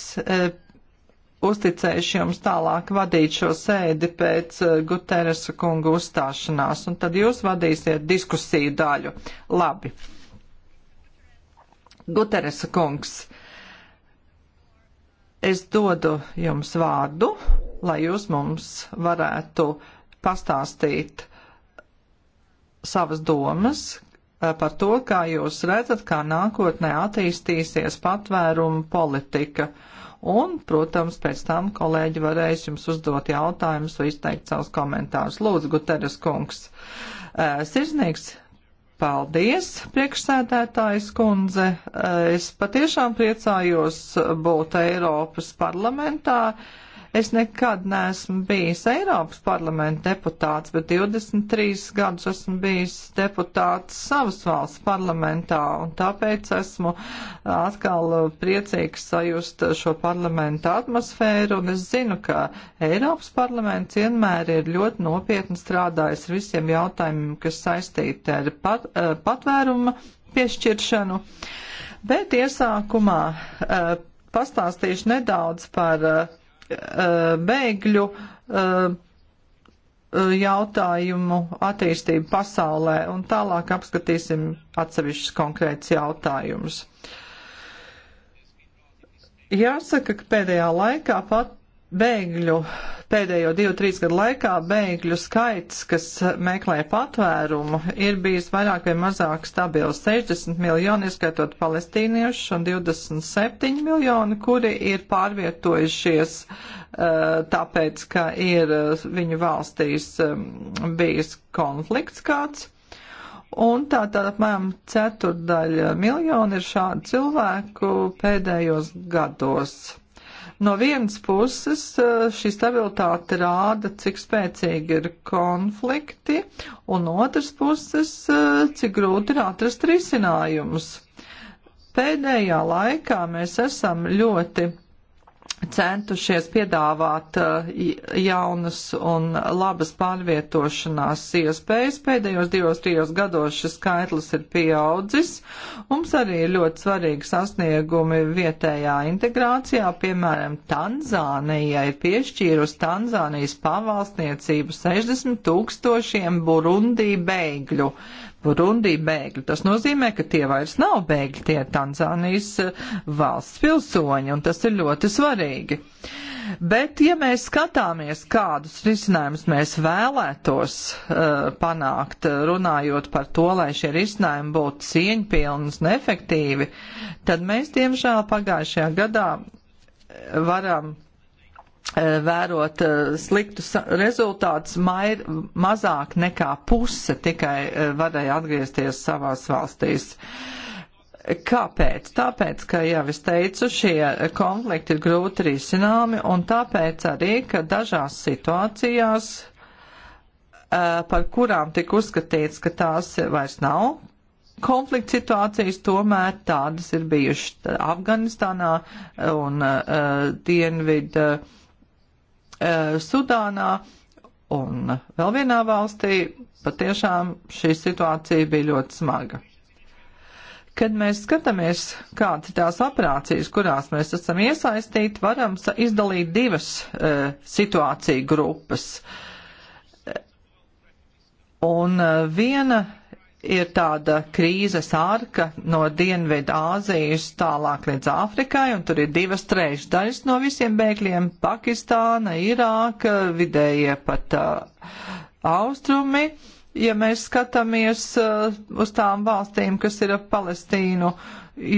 [SPEAKER 2] uzticējuši jums tālāk vadīt šo sēdi pēc eh, Guteresa kunga uzstāšanās, un tad jūs vadīsiet diskusiju daļu. Labi. Guteresa kungs, es dodu jums vārdu, lai jūs mums varētu pastāstīt savas domas, eh, par to, kā jūs redzat, kā nākotnē attīstīsies patvērumu politika. Un, protams, pēc tam kolēģi varēs jums uzdot jautājumus vai izteikt savus komentārus. Lūdzu, Guteres kungs. Sirsnīgs Paldies, priekšsēdētājs kundze. Es patiešām priecājos būt Eiropas parlamentā. Es nekad neesmu bijis Eiropas parlamenta deputāts, bet 23 gadus esmu bijis deputāts savas valsts parlamentā, un tāpēc esmu uh, atkal uh, priecīgs sajust šo parlamenta atmosfēru, un es zinu, ka Eiropas parlaments vienmēr ir ļoti nopietni strādājis ar visiem jautājumiem, kas saistīti ar pat, uh, patvēruma piešķiršanu. Bet iesākumā pastāstīšu nedaudz par uh, Uh, bēgļu uh, uh, jautājumu attīstību pasaulē un tālāk apskatīsim atsevišķus konkrētus jautājumus. Jāsaka, ka pēdējā laikā pat bēgļu pēdējo divu, trīs gadu laikā bēgļu skaits, kas meklē patvērumu, ir bijis vairāk vai mazāk stabils. 60 miljoni, ieskaitot palestīniešus, un 27 miljoni, kuri ir pārvietojušies eh, tāpēc, ka ir eh, viņu valstīs eh, bijis konflikts kāds. Un tā tad apmēram ceturdaļa miljoni ir šādu cilvēku pēdējos gados. No vienas puses eh, šī stabilitāte rāda, cik spēcīgi ir konflikti, un otras puses, eh, cik grūti ir atrast risinājumus. Pēdējā laikā mēs esam ļoti centušies piedāvāt uh, jaunas un labas pārvietošanās iespējas. Pēdējos divos, trijos gados šis skaitlis ir pieaudzis. Mums arī ir ļoti svarīgi sasniegumi vietējā integrācijā. Piemēram, Tanzānija ir piešķīrusi Tanzānijas pavalstniecību 60 tūkstošiem Burundī bēgļu. Burundī bēgļi. Tas nozīmē, ka tie vairs nav bēgļi, tie ir Tanzānijas eh, valsts pilsoņi, un tas ir ļoti svarīgi. Bet, ja mēs skatāmies, kādus risinājumus mēs vēlētos uh, panākt, eh, runājot par to, lai šie risinājumi būtu cieņpilni un efektīvi, tad mēs, diemžēl, pagājušajā gadā varam Eh, vērot eh, sliktus rezultātus, mair, mazāk nekā puse tikai eh, varēja atgriezties savās valstīs. Kāpēc? Tāpēc, ka jau es teicu, šie konflikti ir grūti risināmi un tāpēc arī, ka dažās situācijās, par kurām tik uzskatīts, ka tās vairs nav konflikta situācijas, tomēr tādas ir bijušas Afganistānā un uh, Dienvidu. Uh, Uh, Sudānā un vēl vienā valstī patiešām šī situācija bija ļoti smaga. Kad mēs skatāmies, kādas ir tās operācijas, kurās mēs esam iesaistīti, varam izdalīt divas e, situāciju grupas. Un uh, viena ir tāda krīzes arka no Dienvidu Āzijas tālāk līdz Āfrikai, un tur ir divas trešdaļas no visiem bēgļiem - Pakistāna, Irāka, vidējie pat uh, austrumi. Ja mēs skatāmies uh, uz tām valstīm, kas ir ap Palestīnu,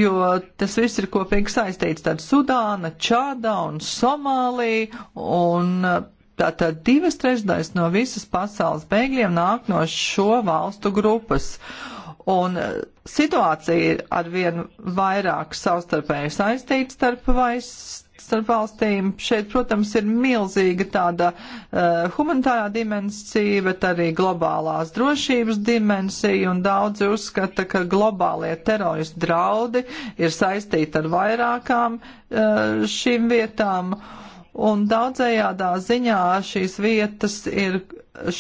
[SPEAKER 2] jo tas viss ir kopīgi saistīts, tad Sudāna, Čāda un Somālija, un uh, Tātad divas trešdaļas no visas pasaules bēgļiem nāk no šo valstu grupas. Un e, situācija ir arvien vairāk savstarpēji saistīta starp, vais, starp valstīm. Šeit, protams, ir milzīga tāda uh, humanitārā dimensija, bet arī globālās drošības dimensija, un daudzi uzskata, ka globālie teroristu draudi ir saistīti ar vairākām uh, šīm vietām. Uh, Un daudzējādā ziņā šīs vietas ir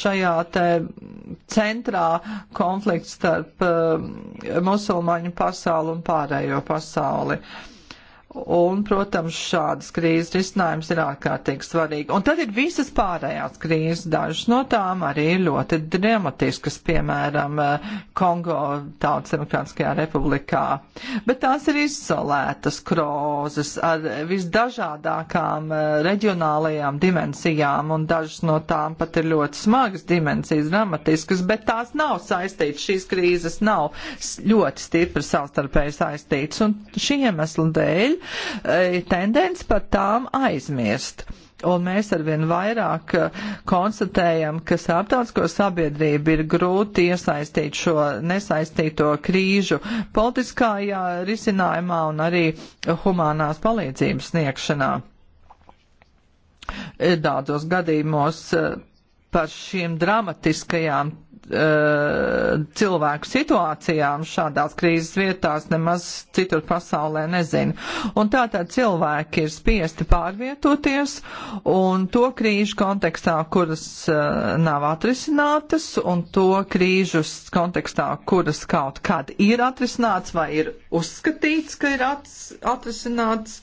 [SPEAKER 2] šajā te centrā konflikts starp uh, musulmaņu pasauli un pārējo pasauli. Uh, Un, protams, šādas krīzes risinājums ir ārkārtīgi svarīgi. Un tad ir visas pārējās krīzes, dažas no tām arī ir ļoti dramatiskas, piemēram, eh, Kongo Tautas Demokrātiskajā republikā. Bet tās ir izolētas krozes ar visdažādākām eh, reģionālajām dimensijām, un dažas no tām pat ir ļoti smagas dimensijas, dramatiskas, bet tās nav saistītas, šīs krīzes nav ļoti stipri savstarpēji saistītas. Un šī iemesla dēļ ir eh, tendence par tām aizmirst. Un mēs arvien vairāk eh, konstatējam, ka starptautisko sabiedrību ir grūti iesaistīt šo nesaistīto krīžu politiskajā risinājumā un arī humānās palīdzības sniegšanā. Eh, daudzos gadījumos par šīm dramatiskajām Uh, cilvēku situācijām šādās krīzes vietās nemaz citur pasaulē nezinu. Un tātad cilvēki ir spiesti pārvietoties un to krīžu kontekstā, kuras uh, nav atrisinātas un to krīžus kontekstā, kuras kaut kad ir atrisināts vai ir uzskatīts, ka ir atrisināts,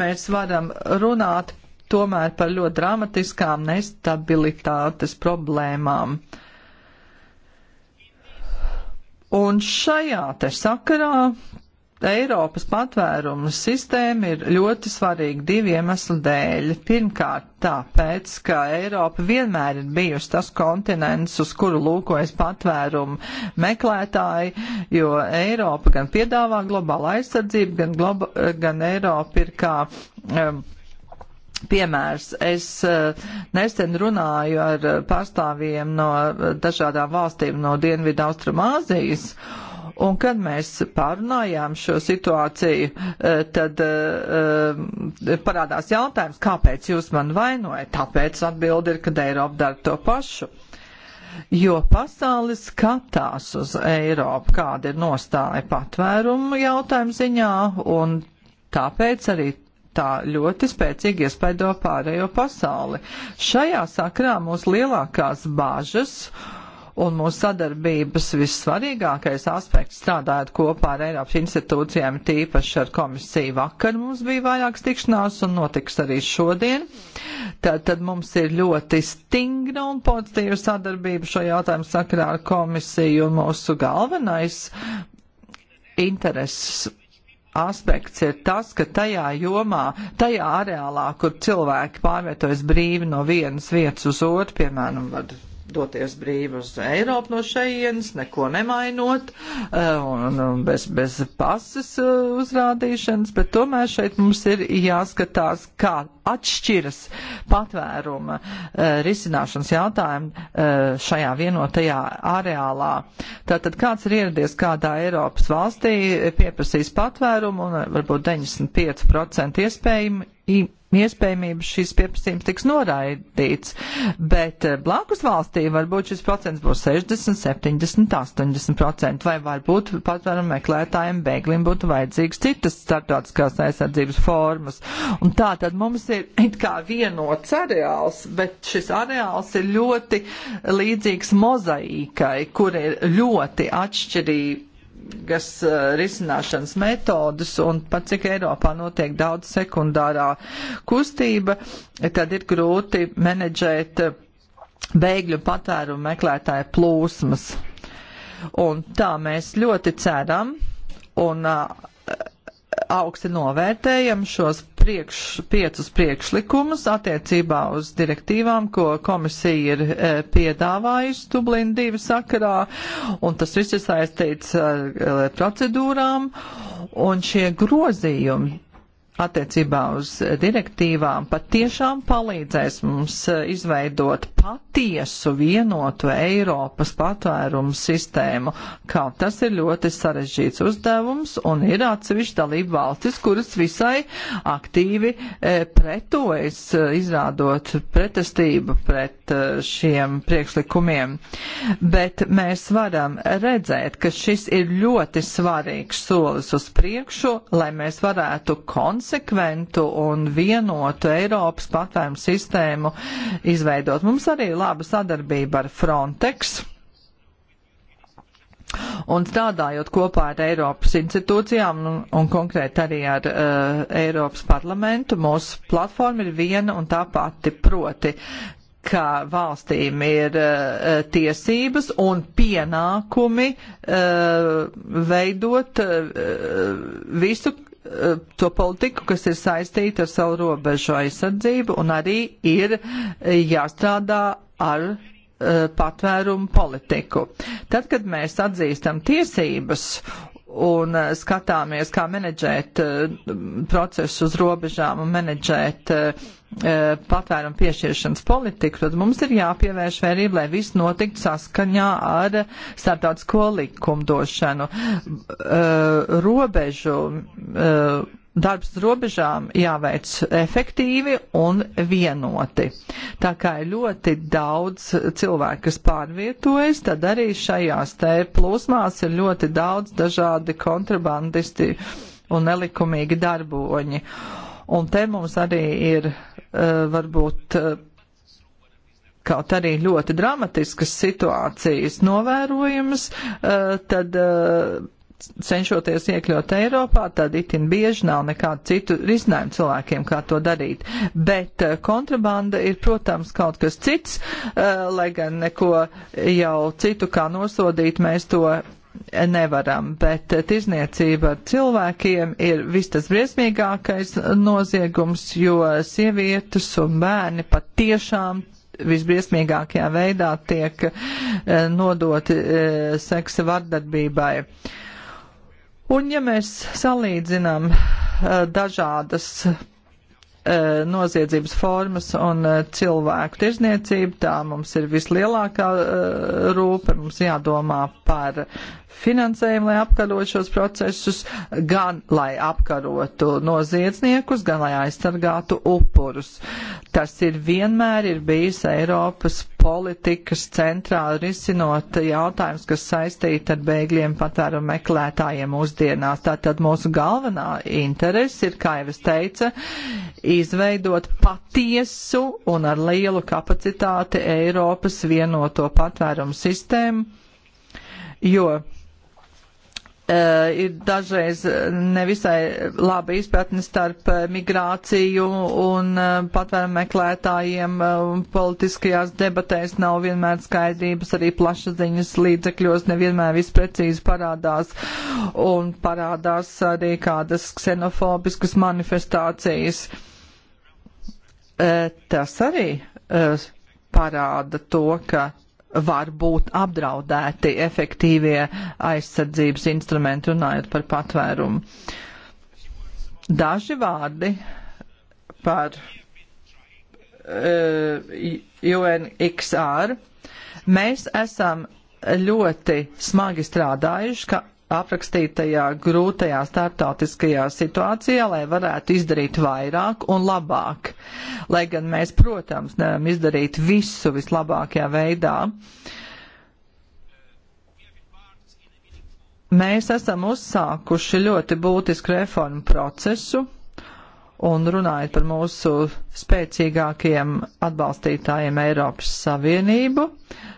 [SPEAKER 2] mēs varam runāt tomēr par ļoti dramatiskām nestabilitātes problēmām. Uh, Un šajā te sakarā Eiropas patvērumu sistēma ir ļoti svarīga divu iemeslu dēļ. Pirmkārt, tāpēc, ka Eiropa vienmēr ir bijusi tas kontinents, uz kuru lūkojas patvērumu meklētāji, jo Eiropa gan piedāvā globālu aizsardzību, gan, globa, gan Eiropa ir kā. Um, Piemērs. Es eh, nesen runāju ar pārstāvjiem no dažādām valstīm no Dienvidu Austrumāzijas. Un kad mēs pārunājām šo situāciju, eh, tad eh, parādās jautājums, kāpēc jūs man vainojat? Tāpēc atbildi ir, ka Eiropa dara to pašu jo pasauli skatās uz Eiropu, kāda ir nostāja patvērumu jautājumu ziņā, un tāpēc arī tā ļoti spēcīgi iespaido pārējo pasauli. Šajā sakrā mūsu lielākās bažas un mūsu sadarbības vissvarīgākais aspekts strādājot kopā ar Eiropas institūcijām, tīpaši ar komisiju. Vakar mums bija vairākas tikšanās un notiks arī šodien. Tad, tad mums ir ļoti stingra un pozitīva sadarbība šo jautājumu sakarā ar komisiju un mūsu galvenais intereses aspekts ir tas, ka tajā jomā, tajā areālā, kur cilvēki pārvietojas brīvi no vienas vietas uz otru, piemēram, var doties brīvi uz Eiropu no šejienes, neko nemainot, eh, un, un bez, bez pasas eh, uzrādīšanas, bet tomēr šeit mums ir jāskatās, kā atšķiras patvēruma eh, risināšanas jautājumi šajā vienotajā areālā. Tātad kāds ir ieradies kādā Eiropas valstī, pieprasīs patvērumu un varbūt 95% iespējami iespējamība šis pieprasījums tiks noraidīts, bet eh, blakus valstī varbūt šis procents būs 60, 70, 80 procenti, vai varbūt patvērumu meklētājiem bēglim būtu vajadzīgs citas starptautiskās aizsardzības formas. Un tā tad mums ir it kā vienots areāls, bet šis areāls ir ļoti līdzīgs mozaīkai, kur ir ļoti atšķirīgi kopīgas eh, risināšanas metodas un pat cik Eiropā notiek daudz sekundārā kustība, tad ir grūti menedžēt eh, bēgļu patērumu meklētāju plūsmas. Un tā mēs ļoti ceram un eh, augsti novērtējam šos priekš, piecus priekšlikumus attiecībā uz direktīvām, ko komisija ir e, piedāvājusi Dublin 2 sakarā, un tas viss ir saistīts ar e, procedūrām, un šie grozījumi attiecībā uz direktīvām patiešām palīdzēs mums e, izveidot patiesu vienotu Eiropas patvērumu sistēmu, kā tas ir ļoti sarežģīts uzdevums un ir atsevišķi dalību valstis, kuras visai aktīvi e, pretojas, e, izrādot pretestību pret šiem priekšlikumiem. Bet mēs varam redzēt, ka šis ir ļoti svarīgs solis uz priekšu, lai mēs varētu konstatēt, konsekventu un vienotu Eiropas patvērumu sistēmu izveidot. Mums arī ir laba sadarbība ar Frontex. Un strādājot kopā ar Eiropas institūcijām un, un konkrēti arī ar uh, Eiropas parlamentu, mūsu platforma ir viena un tā pati proti ka valstīm ir uh, tiesības un pienākumi uh, veidot uh, visu, Eh, to politiku, kas ir saistīta ar savu robežu aizsardzību un arī ir jāstrādā ar eh, patvērumu politiku. Tad, kad mēs atzīstam tiesības un eh, skatāmies, kā menedžēt procesu uz robežām un menedžēt uh, E, patvērumu piešķiršanas politiku, tad mums ir jāpievērš vērība, lai viss notiktu saskaņā ar starptautisko likumdošanu. E, robežu e, darbs robežām jāveic efektīvi un vienoti. Tā kā ir ļoti daudz cilvēku, kas pārvietojas, tad arī šajās te plūsmās ir ļoti daudz dažādi kontrabandisti un nelikumīgi darboņi. Un te mums arī ir Eh, varbūt eh, kaut arī ļoti dramatiskas situācijas novērojamas, eh, tad cenšoties iekļaut Eiropā, tad itin bieži nav nekādu citu risinājumu cilvēkiem, kā to darīt. Bet kontrabanda ir, protams, kaut kas cits, lai gan neko jau citu kā nosodīt mēs to nevaram, bet tirzniecība ar cilvēkiem ir viss tas briesmīgākais noziegums, jo sievietes un bērni patiešām visbriesmīgākajā veidā tiek eh, nodoti eh, seksa vardarbībai. Un ja mēs salīdzinām eh, dažādas Eh, noziedzības formas un eh, cilvēku tirzniecību. Tā mums ir vislielākā eh, rūpe. Mums jādomā par finansējumu, lai apkarot šos procesus, gan lai apkarotu noziedzniekus, gan lai aizsargātu upurus. Tas ir vienmēr ir bijis Eiropas politikas centrā risinot jautājumus, kas saistīti ar bēgļiem patvērumu meklētājiem mūsdienās. Tātad mūsu galvenā interese ir, kā jau es teicu, izveidot patiesu un ar lielu kapacitāti Eiropas vienoto patvērumu sistēmu, jo Eh, ir dažreiz eh, nevisai laba izpratne starp eh, migrāciju un patvērumu meklētājiem. Politiskajās debatēs nav vienmēr skaidrības, arī plašsaziņas līdzekļos nevienmēr viss precīzi parādās un parādās arī kādas ksenofobiskas manifestācijas. Tas arī parāda to, ka var būt apdraudēti efektīvie aizsardzības instrumenti, runājot par patvērumu. Daži vārdi par uh, eh, UNXR. Mēs esam ļoti smagi strādājuši, ka aprakstītajā grūtajā startautiskajā situācijā, lai varētu izdarīt vairāk un labāk. Lai gan mēs, protams, nevaram izdarīt visu vislabākajā veidā. Mēs esam uzsākuši ļoti būtisku reformu procesu un runājot par mūsu spēcīgākajiem atbalstītājiem Eiropas Savienību. Uh,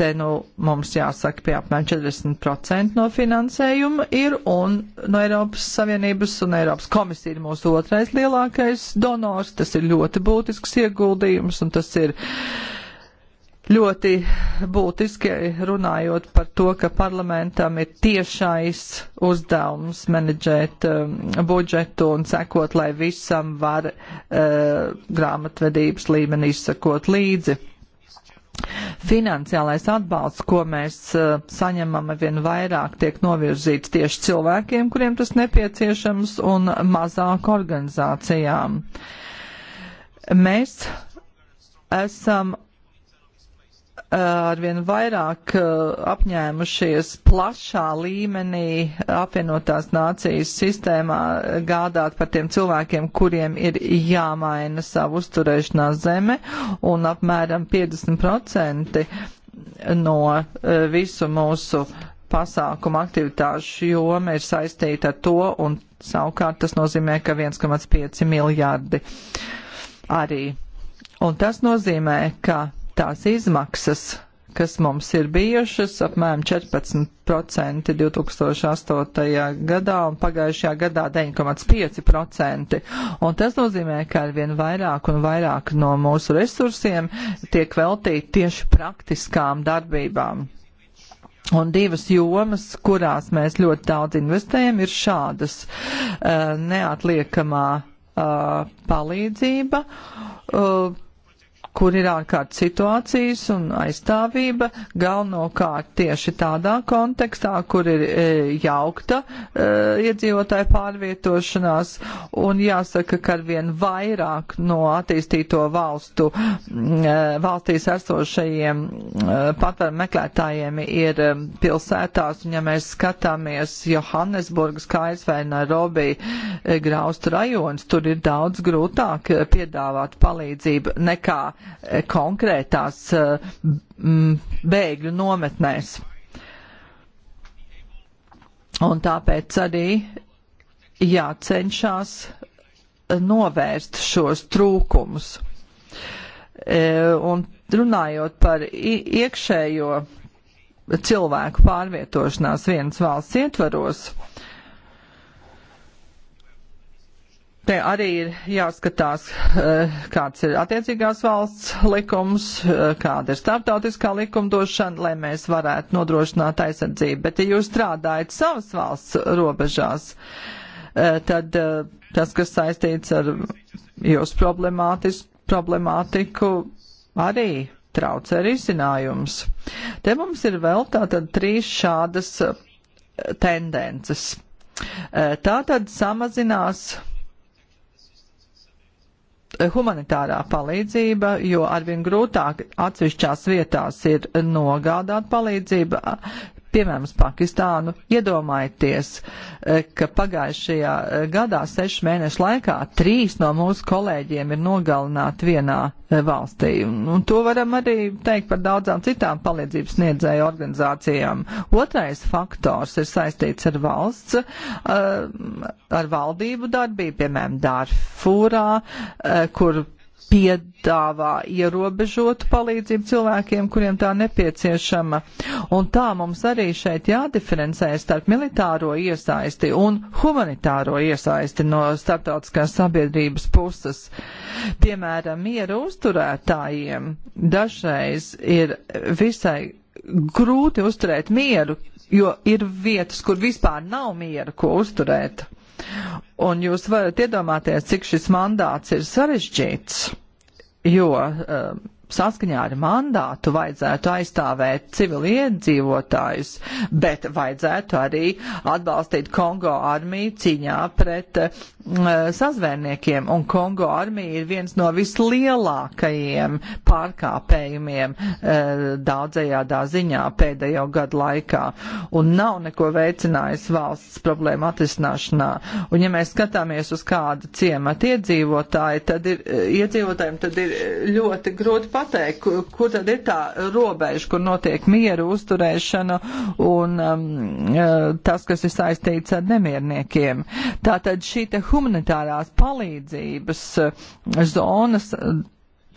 [SPEAKER 2] Te nu mums jāsaka, pie apmēram 40% no finansējuma ir, un no Eiropas Savienības un Eiropas komisija ir mūsu otrais lielākais donors. Tas ir ļoti būtisks ieguldījums, un tas ir ļoti būtiski runājot par to, ka parlamentam ir tiešais uzdevums menedžēt um, budžetu un sekot, lai visam var uh, grāmatvedības līmeni izsakot līdzi finansiālais atbalsts, ko mēs uh, saņemam vien vairāk, tiek novirzīts tieši cilvēkiem, kuriem tas nepieciešams, un mazāk organizācijām. Mēs esam arvien vairāk uh, apņēmušies plašā līmenī apvienotās nācijas sistēmā gādāt par tiem cilvēkiem, kuriem ir jāmaina savu uzturēšanās zeme, un apmēram 50% no uh, visu mūsu pasākumu aktivitāšu joma ir saistīta ar to, un savukārt tas nozīmē, ka 1,5 miljardi arī. Un tas nozīmē, ka tās izmaksas, kas mums ir bijušas, apmēram 14% 2008. gadā un pagājušajā gadā 9,5%. Un tas nozīmē, ka arvien vairāk un vairāk no mūsu resursiem tiek veltīti tieši praktiskām darbībām. Un divas jomas, kurās mēs ļoti daudz investējam, ir šādas uh, neatliekamā uh, palīdzība, uh, kur ir ārkārt situācijas un aizstāvība, galvenokārt tieši tādā kontekstā, kur ir e, jaukta e, iedzīvotāja pārvietošanās, un jāsaka, ka arvien vairāk no attīstīto valstu e, valstīs esošajiem e, patvērumu meklētājiem ir e, pilsētās, un ja mēs skatāmies Johannesburgas, KSV, Nairobi, e, Graustu rajonus, tur ir daudz grūtāk e, piedāvāt palīdzību nekā Eh, konkrētās eh, bēgļu nometnēs. Un tāpēc arī jācenšas novērst šos trūkumus. Eh, un runājot par iekšējo cilvēku pārvietošanās vienas valsts ietvaros, Te arī ir jāskatās, eh, kāds ir attiecīgās valsts likums, eh, kāda ir starptautiskā likumdošana, lai mēs varētu nodrošināt aizsardzību. Bet, ja jūs strādājat savas valsts robežās, eh, tad tas, kas saistīts ar jūsu problemātiku, arī traucē risinājums. Te mums ir vēl tātad trīs šādas tendences. Tātad samazinās humanitārā palīdzība, jo arvien grūtāk atsevišķās vietās ir nogādāt palīdzību, piemēram, uz Pakistānu. Iedomājieties, eh, ka pagājušajā eh, gadā, sešu mēnešu laikā, trīs no mūsu kolēģiem ir nogalināti vienā eh, valstī. Un to varam arī teikt par daudzām citām palīdzības sniedzēju organizācijām. Otrais faktors ir saistīts ar valsts, ar valdību darbību, piemēram, Dārfūrā, kur piedāvā ierobežotu palīdzību cilvēkiem, kuriem tā nepieciešama. Un tā mums arī šeit jādiferencē starp militāro iesaisti un humanitāro iesaisti no starptautiskās sabiedrības puses. Piemēram, miera uzturētājiem dažreiz ir visai grūti uzturēt mieru, jo ir vietas, kur vispār nav miera, ko uzturēt. Un jūs varat iedomāties, cik šis mandāts ir sarežģīts, jo uh, saskaņā ar mandātu vajadzētu aizstāvēt civiliedzīvotājus, bet vajadzētu arī atbalstīt Kongo armiju cīņā pret uh, sazvērniekiem, un Kongo armija ir viens no vislielākajiem pārkāpējumiem uh, eh, daudzajādā ziņā pēdējo gadu laikā, un nav neko veicinājis valsts problēmu atrisināšanā. Un ja mēs skatāmies uz kādu ciematu iedzīvotāju, tad ir, eh, iedzīvotājiem tad ir ļoti grūti pateikt, pateikt, kur, kur tad ir tā robeža, kur notiek mieru uzturēšana un um, eh, tas, kas ir saistīts ar nemierniekiem. Tātad šī te humanitārās palīdzības eh, zonas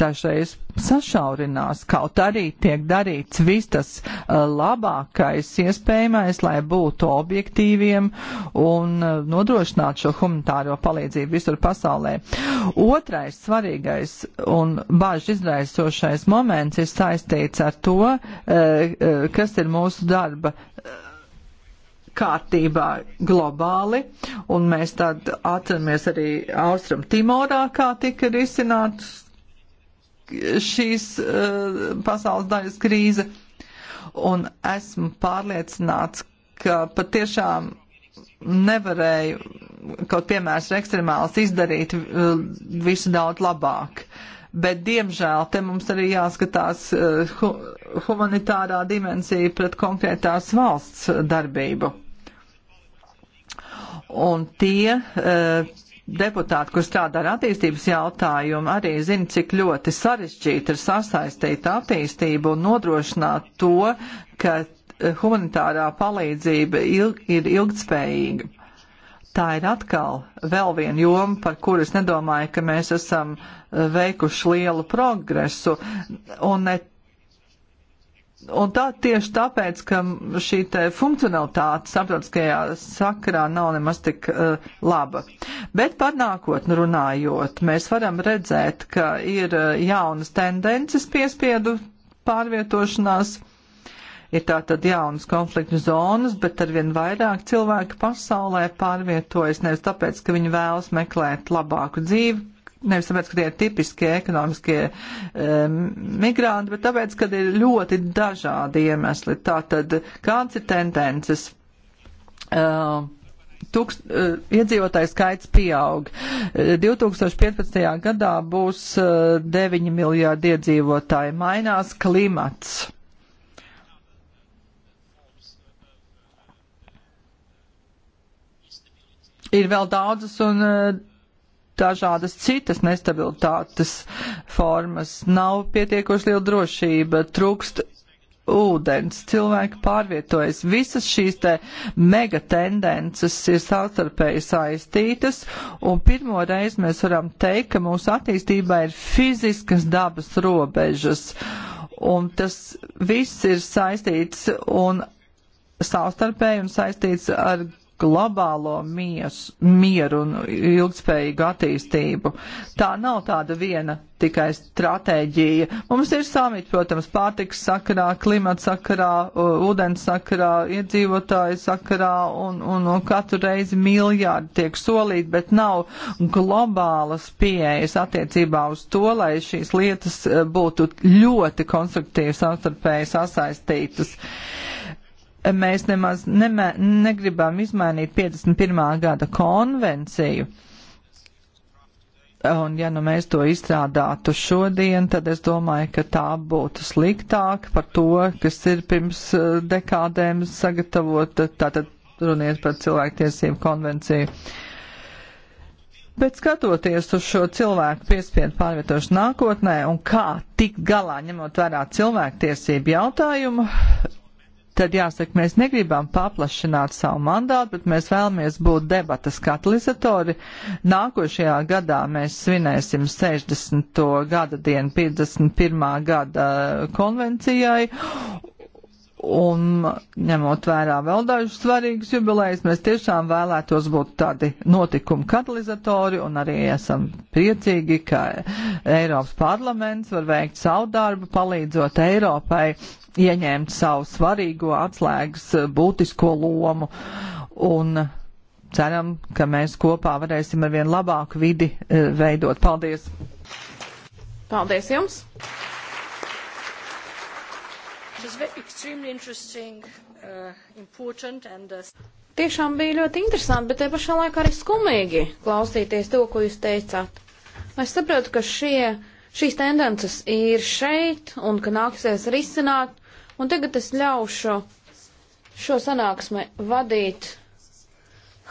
[SPEAKER 2] dažreiz sašaurinās, kaut arī tiek darīts viss tas eh, labākais iespējamais, lai būtu objektīviem un eh, nodrošinātu šo humanitāro palīdzību visur pasaulē. Otrais svarīgais un bāži izraisošais moments ir saistīts ar to, eh, kas ir mūsu darba kārtībā globāli, un mēs tad atceramies arī Austrum Timorā, kā tika risināts šīs uh, pasaules daļas krīze. Un esmu pārliecināts, ka patiešām nevarēju kaut piemērs ekstremāls izdarīt uh, visu daudz labāk. Bet, diemžēl, te mums arī jāskatās uh, hu humanitārā dimensija pret konkrētās valsts darbību. Un tie uh, deputāti, kur strādā ar attīstības jautājumu, arī zina, cik ļoti sarežģīti ir sasaistīt attīstību un nodrošināt to, ka eh, humanitārā palīdzība ilg ir ilgtspējīga. Tā ir atkal vēl viena joma, par kuru es nedomāju, ka mēs esam eh, veikuši lielu progresu. Un ne Un tā tieši tāpēc, ka šī te funkcionalitāte starptautiskajā sakarā nav nemaz tik uh, laba. Bet par nākotni runājot, mēs varam redzēt, ka ir eh, jaunas tendences piespiedu pārvietošanās, ir tātad jaunas konfliktu zonas, bet arvien vairāk cilvēki pasaulē pārvietojas nevis tāpēc, ka viņi vēlas meklēt labāku dzīvi, nevis tāpēc, ka tie ir tipiskie ekonomiskie um, migranti, bet tāpēc, ka ir ļoti dažādi iemesli. Tātad, kāds ir tendences? Uh, Tūkst, uh, eh, iedzīvotāju skaits pieaug. 2015. Eh, gadā būs uh, eh, 9 miljārdi iedzīvotāji. Mainās klimats. Ir vēl daudzas un uh, dažādas citas nestabilitātes formas, nav pietiekoši liela drošība, trūkst ūdens, cilvēki pārvietojas. Visas šīs te mega tendences ir savstarpēji saistītas, un pirmo reizi mēs varam teikt, ka mūsu attīstībā ir fiziskas dabas robežas, un tas viss ir saistīts un savstarpēji un saistīts ar globālo mies, mieru un ilgspējīgu attīstību. Tā nav tāda viena tikai stratēģija. Mums ir samiti, protams, pārtiks sakarā, klimata sakarā, ūdens sakarā, iedzīvotāju sakarā, un, un, un katru reizi miljārdi tiek solīti, bet nav globālas pieejas attiecībā uz to, lai šīs lietas e, būtu ļoti konstruktīvi savstarpēji sasaistītas. Uh, mēs nemaz nemē, negribam izmainīt 51. gada konvenciju. Un ja nu mēs to izstrādātu šodien, tad es domāju, ka tā būtu sliktāk par to, kas ir pirms uh, dekādēm sagatavota, tātad runiet par cilvēktiesību konvenciju. Bet skatoties uz šo cilvēku piespiedu pārvietošu nākotnē un kā tikt galā ņemot vērā cilvēktiesību jautājumu, tad jāsaka, mēs negribam paplašināt savu mandātu, bet mēs vēlamies būt debatas katalizatori. Nākošajā gadā mēs svinēsim 60. gada dienu 51. gada konvencijai. Un ņemot vērā vēl dažus svarīgus jubilejus, mēs tiešām vēlētos būt tādi notikumu katalizatori un arī esam priecīgi, ka Eiropas parlaments var veikt savu darbu, palīdzot Eiropai ieņēmt savu svarīgo atslēgas eh, būtisko lomu. Un ceram, ka mēs kopā varēsim ar vien labāku vidi eh, veidot. Paldies!
[SPEAKER 1] Paldies jums!
[SPEAKER 2] Uh, uh,
[SPEAKER 1] Tiešām bija ļoti interesanti, bet te pašā laikā arī skumīgi klausīties to, ko jūs teicāt. Es saprotu, ka šie, šīs tendences ir šeit un ka nāksies risināt Un tagad es ļaušu šo sanāksmi vadīt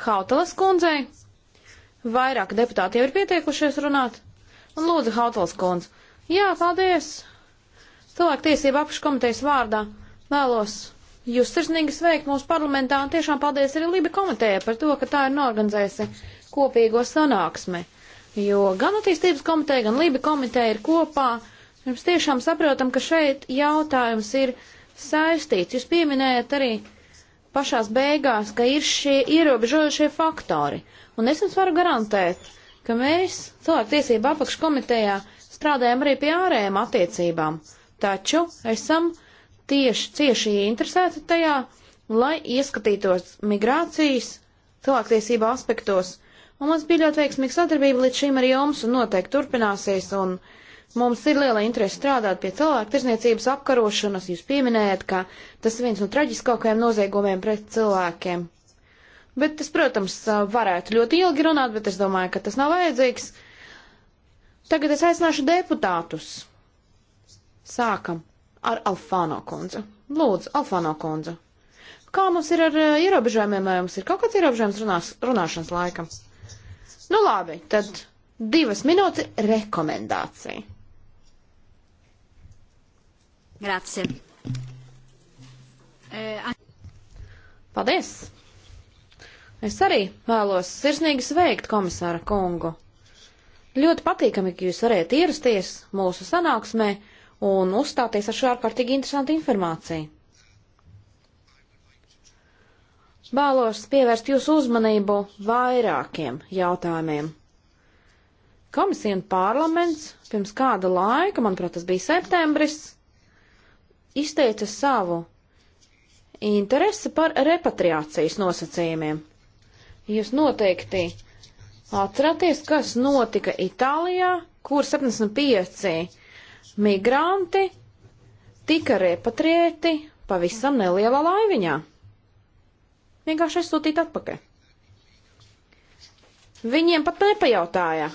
[SPEAKER 1] Hautalas kundzei. Vairāk deputāti jau ir pieteikušies runāt. Un lūdzu, Hautalas kundze. Jā, paldies! Cilvēktiesība apškomitejas vārdā vēlos jūs sirsnīgi sveikt mūsu parlamentā un tiešām paldies arī Libi komitejai par to, ka tā ir norganizējusi kopīgo sanāksmi. Jo gan attīstības komiteja, gan Libi komiteja ir kopā. Mums tiešām saprotam, ka šeit jautājums ir saistīts. Jūs pieminējat arī pašās beigās, ka ir šie ierobežojošie faktori. Un es jums varu garantēt, ka mēs cilvēku tiesību apakškomitejā strādājam arī pie ārējām attiecībām, taču esam tieši cieši interesēti tajā, lai ieskatītos migrācijas cilvēktiesību aspektos, un mums bija ļoti veiksmīga sadarbība līdz šim ar jums, un noteikti turpināsies, un uh, Mums ir liela interese strādāt pie cilvēku tirzniecības apkarošanas. Jūs pieminējat, ka tas ir viens no traģiskākajiem noziegumiem pret cilvēkiem. Bet es, protams, varētu ļoti ilgi runāt, bet es domāju, ka tas nav vajadzīgs. Tagad es aicināšu deputātus. Sākam ar Alfāno kundzi. Lūdzu, Alfāno kundzi. Kā mums ir ar ierobežojumiem, vai mums ir kaut kāds ierobežojums runās, runāšanas laikam? Nu labi, tad divas minūtes rekomendācija. Grazie. Eh, Paldies! Es arī vēlos sirsnīgi sveikt komisāra kungu. Ļoti patīkami, ka jūs varējat ierasties mūsu sanāksmē un uzstāties ar šo ārkārtīgi interesantu informāciju. Vēlos pievērst jūsu uzmanību vairākiem jautājumiem. Komisija un parlaments pirms kāda laika, manuprāt, tas bija septembris, izteica savu interesi par repatriācijas nosacījumiem. Jūs noteikti atceraties, kas notika Itālijā, kur 75 migranti tika repatriēti pavisam nelielā laiviņā. Vienkārši aizsūtīt atpakaļ. Viņiem pat nepajautāja,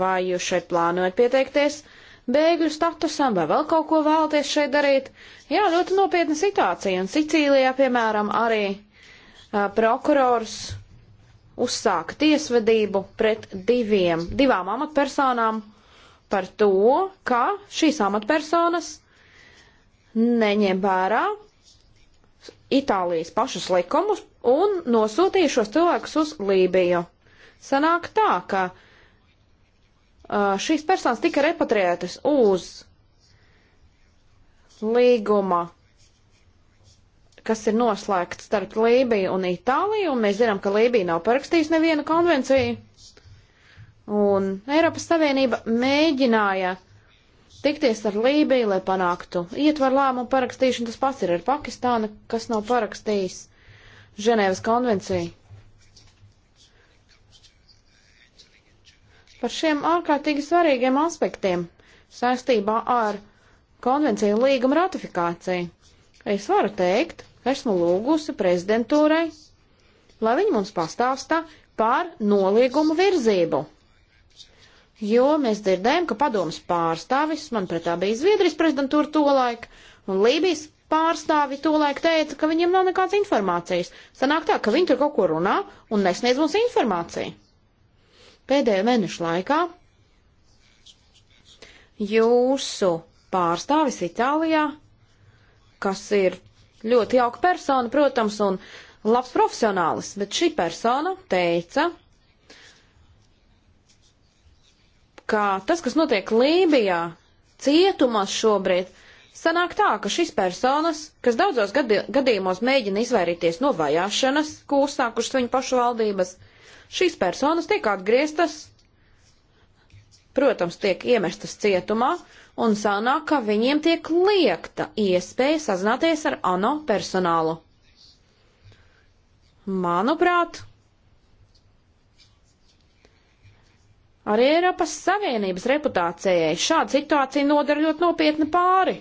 [SPEAKER 1] vai jūs šeit plānojat pieteikties bēgļu statusam vai vēl kaut ko vēlties šeit darīt. Jā, ļoti nopietna situācija. Un Sicīlijā, piemēram, arī uh, prokurors uzsāka tiesvedību pret diviem, divām amatpersonām par to, ka šīs amatpersonas neņem vērā Itālijas pašas likumus un nosūtīja šos cilvēkus uz Lībiju. Sanāk tā, ka Uh, šīs personas tika repatriētas uz līguma, kas ir noslēgts starp Lībiju un Itāliju, un mēs zinām, ka Lībija nav parakstījusi nevienu konvenciju. Un Eiropas Savienība mēģināja tikties ar Lībiju, lai panāktu ietvaru lēmumu parakstīšanu. Tas pats ir ar Pakistānu, kas nav parakstījis Ženēvas konvenciju. par šiem ārkārtīgi svarīgiem aspektiem saistībā ar konvenciju līguma ratifikāciju. Es varu teikt, esmu lūgusi prezidentūrai, lai viņi mums pastāsta par nolīgumu virzību. Jo mēs dzirdējam, ka padomas pārstāvis, man pretā bija Zviedrijas prezidentūra tolaik, un Lībijas pārstāvi tolaik teica, ka viņiem nav nekādas informācijas. Sanāk tā, ka viņi tur kaut ko runā un nesniedz mums informāciju. Pēdējo mēnešu laikā jūsu pārstāvis Itālijā, kas ir ļoti jauka persona, protams, un labs profesionālis, bet šī persona teica, ka tas, kas notiek Lībijā, cietumās šobrīd, sanāk tā, ka šīs personas, kas daudzos gadi gadījumos mēģina izvairīties no vajāšanas, ko uzsākušas viņu pašu valdības, uh, šīs personas tiek atgrieztas, protams, tiek iemestas cietumā, un sanāk, ka viņiem tiek liekta iespēja sazināties ar ANO personālu. Manuprāt, arī Eiropas Savienības reputācijai šāda situācija nodara ļoti nopietni pāri.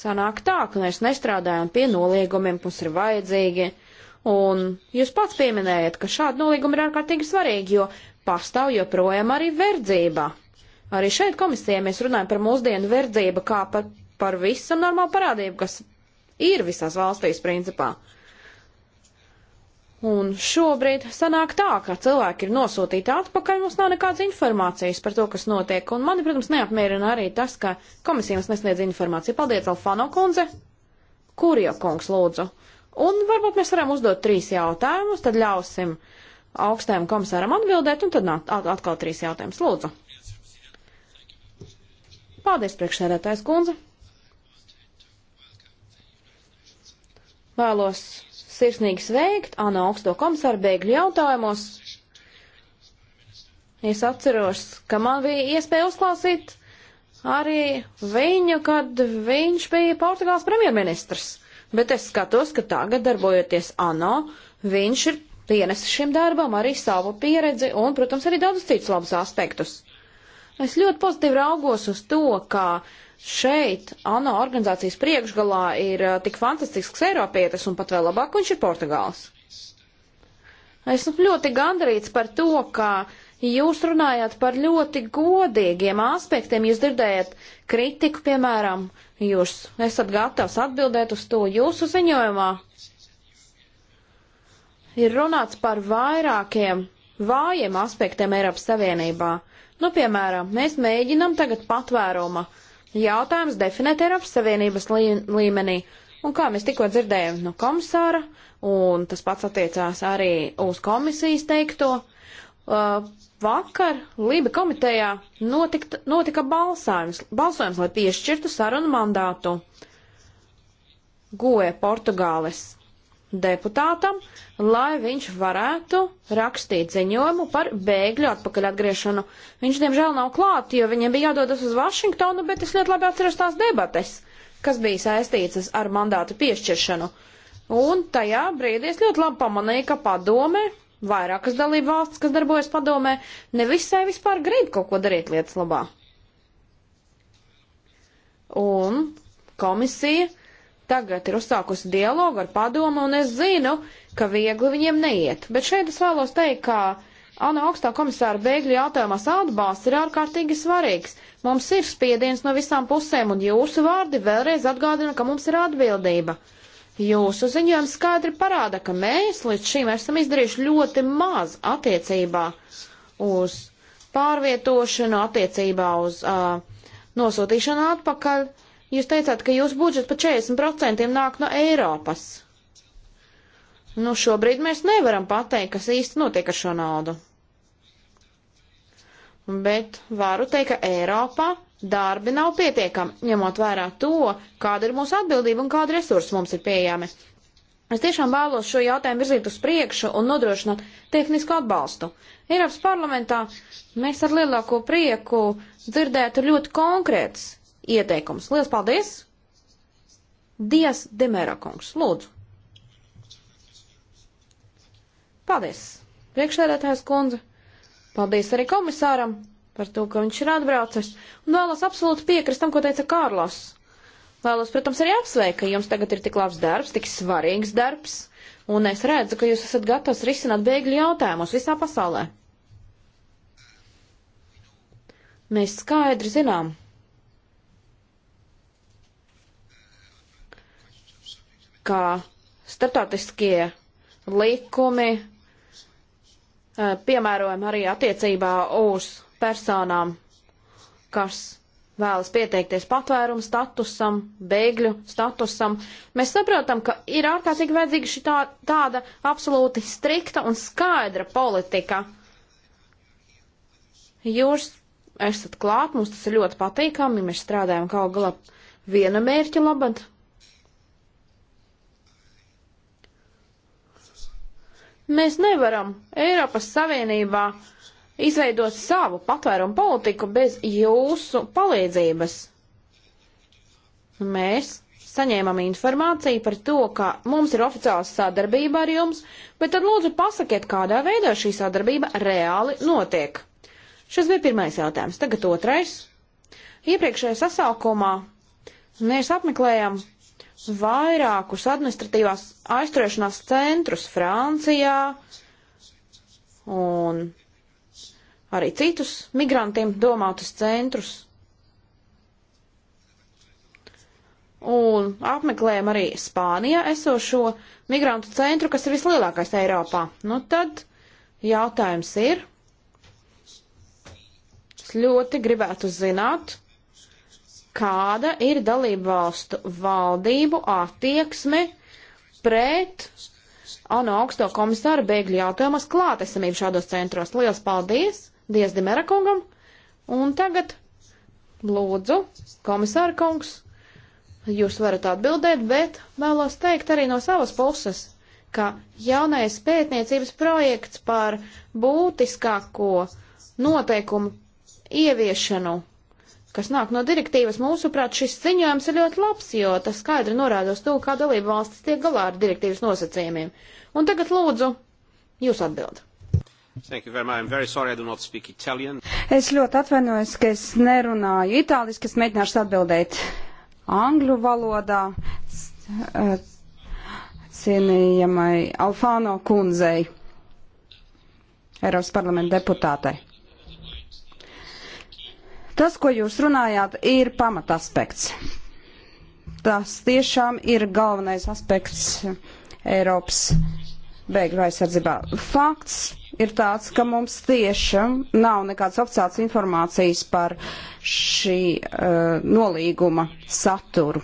[SPEAKER 1] Sanāk tā, ka mēs nestrādājam pie noliegumiem, kas ir vajadzīgi, Un jūs pats pieminējat, ka šādi nolīgumi ir ārkārtīgi svarīgi, jo pastāv joprojām arī verdzība. Arī šeit komisijā mēs runājam par mūsdienu verdzību kā par, par visam normālu parādību, kas ir visās valstīs principā. Un šobrīd sanāk tā, ka cilvēki ir nosūtīti atpakaļ, mums nav nekādas informācijas par to, kas notiek. Un mani, protams, neapmierina arī tas, ka komisija mums nesniedz informāciju. Paldies, Alfano kundze! Kurio kungs lūdzu? Un varbūt mēs varam uzdot trīs jautājumus, tad ļausim augstajam komisāram atbildēt, un tad atkal trīs jautājumus. Lūdzu. Paldies, priekšsēdētājs kundze. Vēlos sirsnīgi sveikt Anna augsto komisāru bēgļu jautājumos. Es atceros, ka man bija iespēja uzklausīt arī viņu, kad viņš bija Portugāls premjerministrs bet es skatos, ka tagad darbojoties ANO, viņš ir pienesis šim darbam arī savu pieredzi un, protams, arī daudz citus labus aspektus. Es ļoti pozitīvi raugos uz to, ka šeit ANO organizācijas priekšgalā ir uh, tik fantastisks Eiropietis un pat vēl labāk viņš ir Portugāls. Esmu ļoti gandarīts par to, ka jūs runājāt par ļoti godīgiem aspektiem. Jūs dzirdējat kritiku, piemēram, Jūs esat gatavs atbildēt uz to jūsu ziņojumā. Ir runāts par vairākiem vājiem aspektiem Eiropas Savienībā. Nu, piemēram, mēs mēģinam tagad patvēruma jautājums definēt Eiropas Savienības līmenī. Un kā mēs tikko dzirdējām no komisāra, un tas pats attiecās arī uz komisijas teikto, Uh, vakar Lība komitejā notikt, notika balsājums, balsojums, lai piešķirtu sarunu mandātu Goe Portugāles deputātam, lai viņš varētu rakstīt ziņojumu par bēgļu atpakaļ atgriešanu. Viņš, diemžēl, nav klāt, jo viņiem bija jādodas uz Vašingtonu, bet es ļoti labi atceros tās debates, kas bija saistītas ar mandātu piešķiršanu. Un tajā brīdī es ļoti labi pamanīju, ka padome vairākas dalība valsts, kas darbojas padomē, nevisai vispār grib kaut ko darīt lietas labā. Un komisija tagad ir uzsākusi dialogu ar padomu, un es zinu, ka viegli viņiem neiet. Bet šeit es vēlos teikt, ka ANO augstā komisāra bēgļu jautājumās atbalsts ir ārkārtīgi svarīgs. Mums ir spiediens no visām pusēm, un jūsu vārdi vēlreiz atgādina, ka mums ir atbildība. Jūsu ziņojums skaidri parāda, ka mēs līdz šim esam izdarījuši ļoti maz attiecībā uz pārvietošanu, attiecībā uz uh, nosūtīšanu atpakaļ. Jūs teicāt, ka jūsu budžets pa 40% nāk no Eiropas. Nu, šobrīd mēs nevaram pateikt, kas īsti notiek ar šo naudu. Bet varu teikt, ka Eiropā darbi nav pietiekami, ņemot vērā to, kāda ir mūsu atbildība un kāda resursa mums ir pieejami. Es tiešām vēlos šo jautājumu virzīt uz priekšu un nodrošināt tehnisku atbalstu. Eiropas parlamentā mēs ar lielāko prieku dzirdētu ļoti konkrēts ieteikums. Lielas paldies! Dievs Demēra kungs, lūdzu! Paldies! Priekšsēdētājs kundze! Paldies arī komisāram! par to, ka viņš ir atbraucis. Un vēlos absolūti piekrist tam, ko teica Kārlos. Vēlos, protams, arī apsveikt, ka jums tagad ir tik labs darbs, tik svarīgs darbs, un es redzu, ka jūs esat gatavs risināt bēgļu jautājumus visā pasaulē. Mēs skaidri zinām, ka startautiskie likumi eh, piemērojami arī attiecībā uz personām, kas vēlas pieteikties patvērumu statusam, bēgļu statusam, mēs saprotam, ka ir ārkārtīgi vajadzīga šī tā, tāda absolūti strikta un skaidra politika. Jūs esat klāt, mums tas ir ļoti patīkami, mēs strādājam kaut galā viena mērķa labad. Mēs nevaram Eiropas Savienībā uh, izveidos savu patvērumu politiku bez jūsu palīdzības. Mēs saņēmām informāciju par to, ka mums ir oficiāls sadarbība ar jums, bet tad lūdzu pasakiet, kādā veidā šī sadarbība reāli notiek. Šis bija pirmais jautājums. Tagad otrais. Iepriekšējā sasaukumā mēs apmeklējām vairākus administratīvās aizturēšanās centrus Francijā un arī citus migrantiem domātus centrus. Un apmeklējam arī Spānijā esošo migrantu centru, kas ir vislielākais Eiropā. Nu tad jautājums ir, es ļoti gribētu zināt, kāda ir dalību valstu valdību attieksme pret ANO augsto komisāru bēgļu jautājumas klātesamību šādos centros. Liels paldies! Diezdemera kungam. Un tagad lūdzu, komisāra kungs, jūs varat atbildēt, bet vēlos teikt arī no savas puses, ka jaunais pētniecības projekts par būtiskāko noteikumu ieviešanu, kas nāk no direktīvas, mūsuprāt, šis ziņojums ir ļoti labs, jo tas skaidri norāda uz to, kā dalība valstis tiek galā ar direktīvas nosacījumiem. Un tagad
[SPEAKER 3] lūdzu, jūs atbildat. Es ļoti atvainojos, ka es nerunāju itāliski, es mēģināšu atbildēt angļu valodā eh, cienījamai Alfāno kundzei, Eiropas parlamenta deputātei. Tas, ko jūs runājāt, ir pamataspekts. Tas tiešām ir galvenais aspekts Eiropas bēgļu aizsardzībā. Fakts ir tāds, ka mums tiešām nav nekādas oficiālas informācijas par šī uh, nolīguma saturu.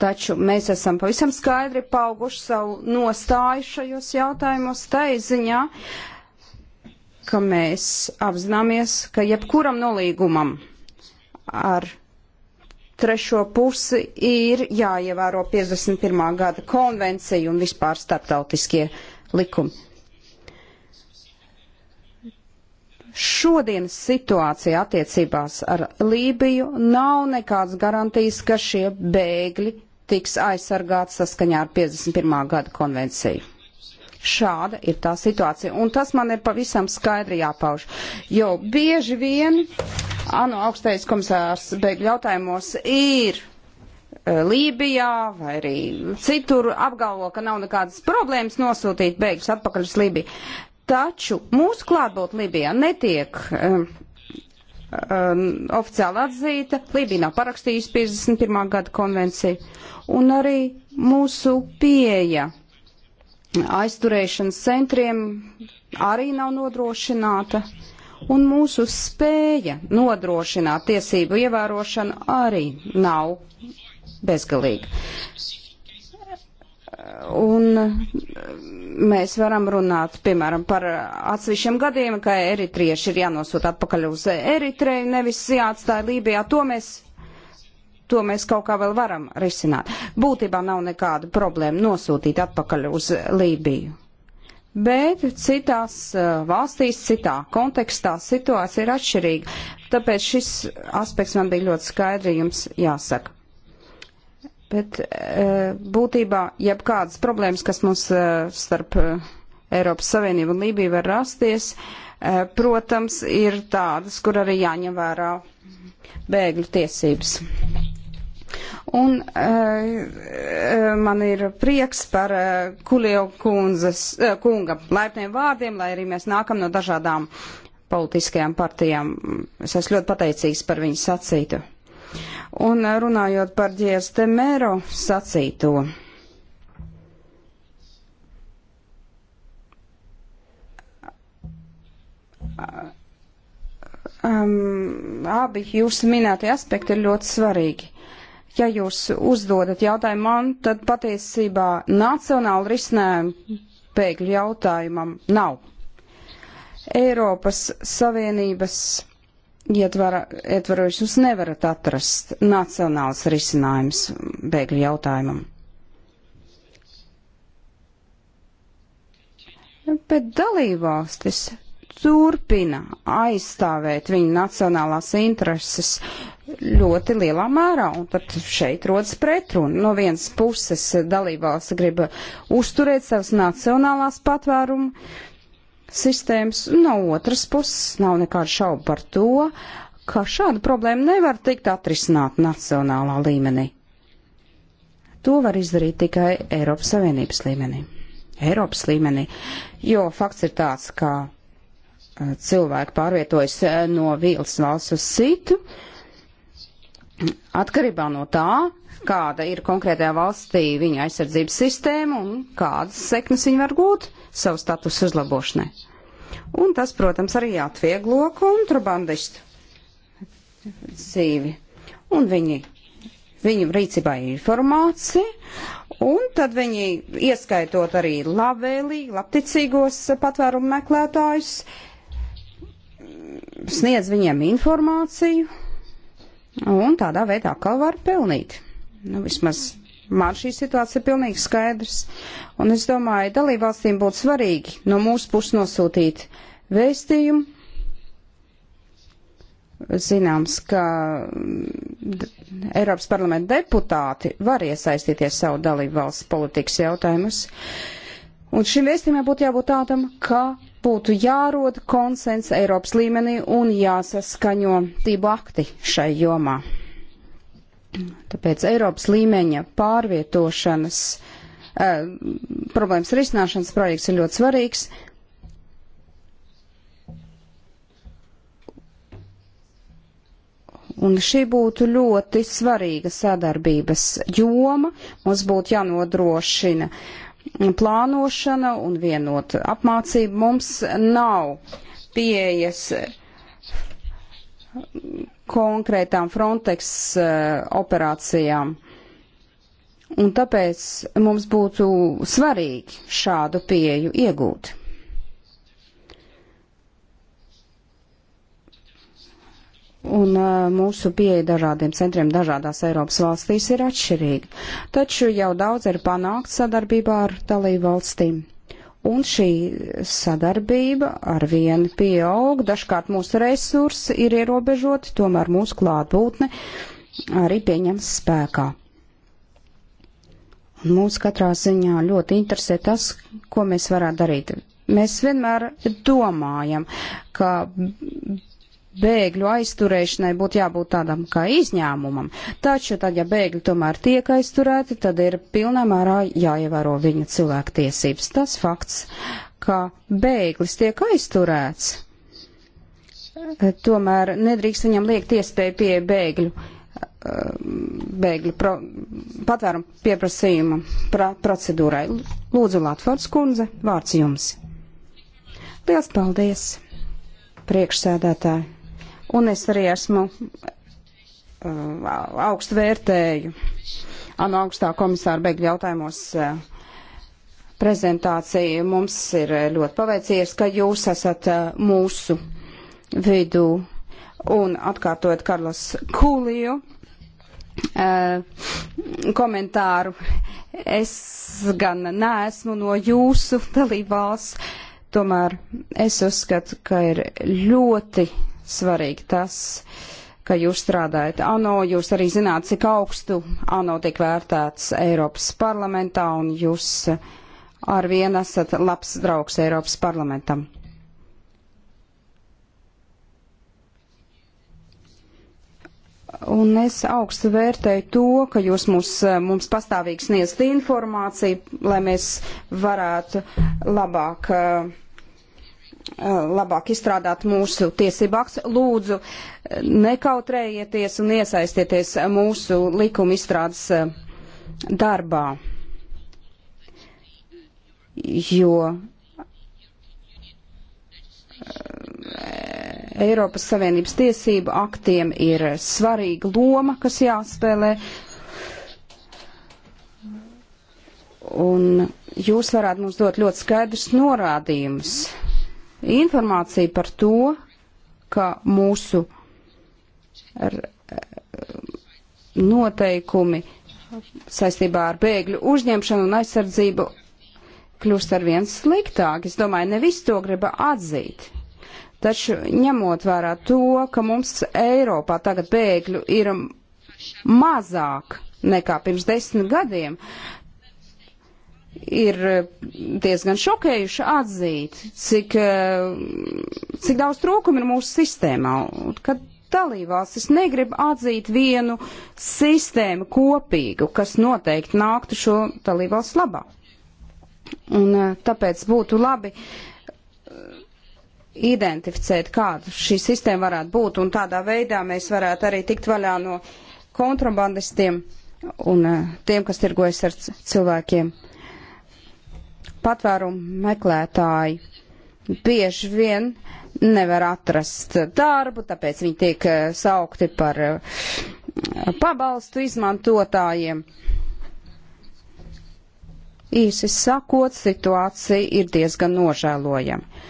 [SPEAKER 3] Taču mēs esam pavisam skaidri pauguši savu nostāju šajos jautājumos taiziņā, ka mēs apzināmies, ka jebkuram nolīgumam ar trešo pusi ir jāievēro 51. gada konvencija un vispār starptautiskie likumi. šodienas situācija attiecībās ar Lībiju nav nekādas garantijas, ka šie bēgļi tiks aizsargāti saskaņā ar 51. gada konvenciju. Šāda ir tā situācija, un tas man ir pavisam skaidri jāpauž, jo bieži vien ANO augstais komisārs bēgļu jautājumos ir e, Lībijā vai arī citur apgalvo, ka nav nekādas problēmas nosūtīt bēgļus atpakaļ uz Lībiju. Taču mūsu klātbūt Libijā netiek um, um, oficiāli atzīta. Libija nav parakstījusi 51. gada konvenciju. Un arī mūsu pieeja aizturēšanas centriem arī nav nodrošināta. Un mūsu spēja nodrošināt tiesību ievērošanu arī nav bezgalīga. Un mēs varam runāt, piemēram, par atsevišķiem gadiem, ka eritrieši ir jānosūta atpakaļ uz Eritreju, nevis jāatstāja Lībijā. To mēs, to mēs kaut kā vēl varam risināt. Būtībā nav nekāda problēma nosūtīt atpakaļ uz Lībiju. Bet citās uh, valstīs, citā kontekstā situācija ir atšķirīga. Tāpēc šis aspekts man bija ļoti skaidri jums jāsaka. Bet eh, būtībā jebkādas problēmas, kas mums eh, starp eh, Eiropas Savienību un Lībiju var rasties, protams, ir tādas, kur arī jāņem vērā bēgļu tiesības. Un e, man ir prieks par e, Kulio kundzes, e, kunga laipniem vārdiem, lai arī mēs nākam no dažādām politiskajām partijām. Es esmu ļoti pateicīgs par viņu sacītu. Un runājot par Dievs Temēro sacīto. Um, abi jūsu minētie aspekti ir ļoti svarīgi. Ja jūs uzdodat jautājumu man, tad patiesībā nacionāla risinājuma pēkļu jautājumam nav. Eiropas Savienības ietvara, ietvaros jūs nevarat atrast nacionāls risinājums bēgļu jautājumam. Bet dalībvalstis turpina aizstāvēt viņu nacionālās intereses ļoti lielā mērā, un pat šeit rodas pretruna. No vienas puses dalībvalsts grib uzturēt savas nacionālās patvērumu sistēmas. No otras puses nav nekādu šaubu par to, ka šāda problēma nevar tikt atrisināt nacionālā līmenī. To var izdarīt tikai Eiropas Savienības līmenī. Eiropas līmenī, jo fakts ir tāds, ka e, cilvēki pārvietojas e, no vīles valsts uz citu, atkarībā no tā, kāda ir konkrētajā valstī viņa aizsardzības sistēma un kādas sekmes viņi var gūt. Uh, savu statusu uzlabošanai. Un tas, protams, arī atvieglo kontrabandistu dzīvi. Un viņi, viņam rīcībā ir informācija, un tad viņi, ieskaitot arī labvēlīgi, labticīgos patvērumu meklētājus, sniedz viņiem informāciju, un tādā veidā atkal var pelnīt. Nu, vismaz Man šī situācija ir pilnīgi skaidrs, un es domāju, dalībvalstīm būtu svarīgi no mūsu puses nosūtīt vēstījumu. Zināms, ka mm, Eiropas parlamenta deputāti var iesaistīties savu dalībvalsts politikas jautājumus, un šim vēstījumam būtu jābūt tādam, ka būtu jārod konsens Eiropas līmenī un jāsaskaņo tību akti šai jomā. Tāpēc Eiropas līmeņa pārvietošanas eh, problēmas risināšanas projekts ir ļoti svarīgs. Un šī būtu ļoti svarīga sadarbības joma. Mums būtu jānodrošina plānošana un vienot apmācību. Mums nav pieejas konkrētām Frontex eh, operācijām. Un tāpēc mums būtu svarīgi šādu pieju iegūt. Un uh, mūsu pieeja dažādiem centriem dažādās Eiropas valstīs ir atšķirīga, taču jau daudz ir panākt sadarbībā ar dalību valstīm. Un šī sadarbība ar vienu pieaug, dažkārt mūsu resursi ir ierobežoti, tomēr mūsu klātbūtne arī pieņems spēkā. Un mūs katrā ziņā ļoti interesē tas, ko mēs varētu darīt. Mēs vienmēr domājam, ka bēgļu aizturēšanai būtu jābūt tādam kā izņēmumam. Taču tad, ja bēgļi tomēr tiek aizturēti, tad ir pilnā mērā jāievēro viņa cilvēktiesības. Tas fakts, ka bēglis tiek aizturēts, tomēr nedrīkst viņam liekt iespēju pie bēgļu eh, bēgļu pro, patvērumu pieprasījuma pra, procedūrai. Lūdzu, Latvārds kundze, vārds jums. Liels paldies, priekšsēdētāji! un es arī esmu uh, augstu vērtēju ANO augstā komisāra beigu jautājumos uh, prezentāciju. Mums ir uh, ļoti paveicies, ka jūs esat uh, mūsu vidū un atkārtojat Karlos Kūliju uh, komentāru. Es gan neesmu no jūsu dalībvalsts, tomēr es uzskatu, ka ir ļoti svarīgi tas, ka jūs strādājat ANO, jūs arī zināt, cik augstu ANO tiek vērtēts Eiropas parlamentā, un jūs ar vienu esat labs draugs Eiropas parlamentam. Un es augstu vērtēju to, ka jūs mums, mums pastāvīgi sniedzat informāciju, lai mēs varētu labāk uh, Eh, labāk izstrādāt mūsu tiesībāks. Lūdzu, nekautrējieties un iesaistieties mūsu likuma izstrādes eh, darbā, jo eh, Eiropas Savienības tiesību aktiem ir svarīga loma, kas jāspēlē. Un jūs varētu mums dot ļoti skaidrs norādījumus informāciju par to, ka mūsu noteikumi saistībā ar bēgļu uzņemšanu un aizsardzību kļūst ar vien sliktāk. Es domāju, nevis to griba atzīt. Taču ņemot vērā to, ka mums Eiropā tagad bēgļu ir mazāk nekā pirms desmit gadiem, ir eh, diezgan šokējuši atzīt, cik, eh, cik daudz trūkumu ir mūsu sistēmā. Un, kad dalībvalstis negrib atzīt vienu sistēmu kopīgu, kas noteikti nāktu šo dalībvalstu labā. Un eh, tāpēc būtu labi identificēt, kāda šī sistēma varētu būt, un tādā veidā mēs varētu arī tikt vaļā no kontrabandistiem un tiem, kas tirgojas ar cilvēkiem patvērumu meklētāji bieži vien nevar atrast darbu, tāpēc viņi tiek eh, saukti par eh, pabalstu izmantotājiem. Īsi sakot, situācija ir diezgan nožēlojama.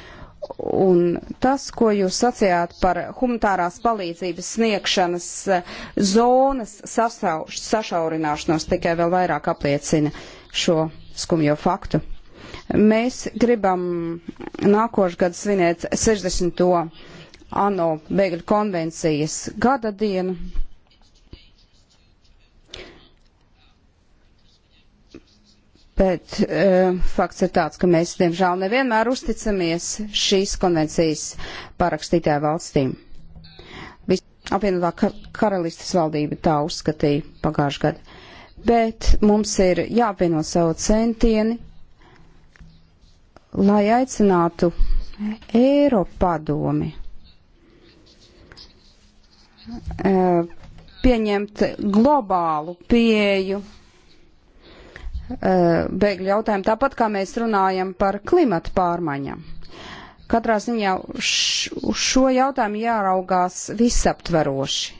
[SPEAKER 3] Un tas, ko jūs sacījāt par humanitārās palīdzības sniegšanas eh, zonas sašaurināšanos, tikai vēl vairāk apliecina šo skumjo faktu. Mēs gribam nākošu gadu svinēt 60. ANO bēgļu konvencijas gada dienu. Bet uh, fakts ir tāds, ka mēs, diemžēl, nevienmēr uzticamies šīs konvencijas parakstītā valstīm. Vis apvienotā ka karalistas valdība tā uzskatīja pagājušajā gadā. Bet mums ir jāapvieno savu centieni lai aicinātu Eiropadomi eh, pieņemt globālu pieju eh, bēgļu jautājumu, tāpat kā mēs runājam par klimatu pārmaiņām. Katrā ziņā uz šo jautājumu jāraugās visaptveroši.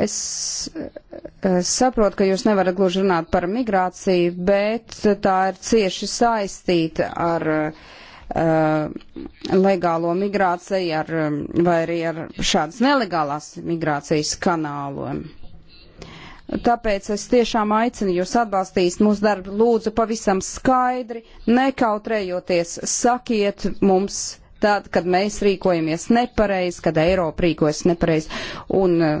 [SPEAKER 3] Es eh, saprotu, ka jūs nevarat gluži runāt par migrāciju, bet tā ir cieši saistīta ar uh, legālo migrāciju ar, vai arī ar šādas nelegālās migrācijas kanāliem. Tāpēc es tiešām aicinu jūs atbalstīt mūsu darbu, lūdzu, pavisam skaidri, nekautrējoties, sakiet mums tad, kad mēs rīkojamies nepareizi, kad Eiropa rīkojas nepareizi. Un uh,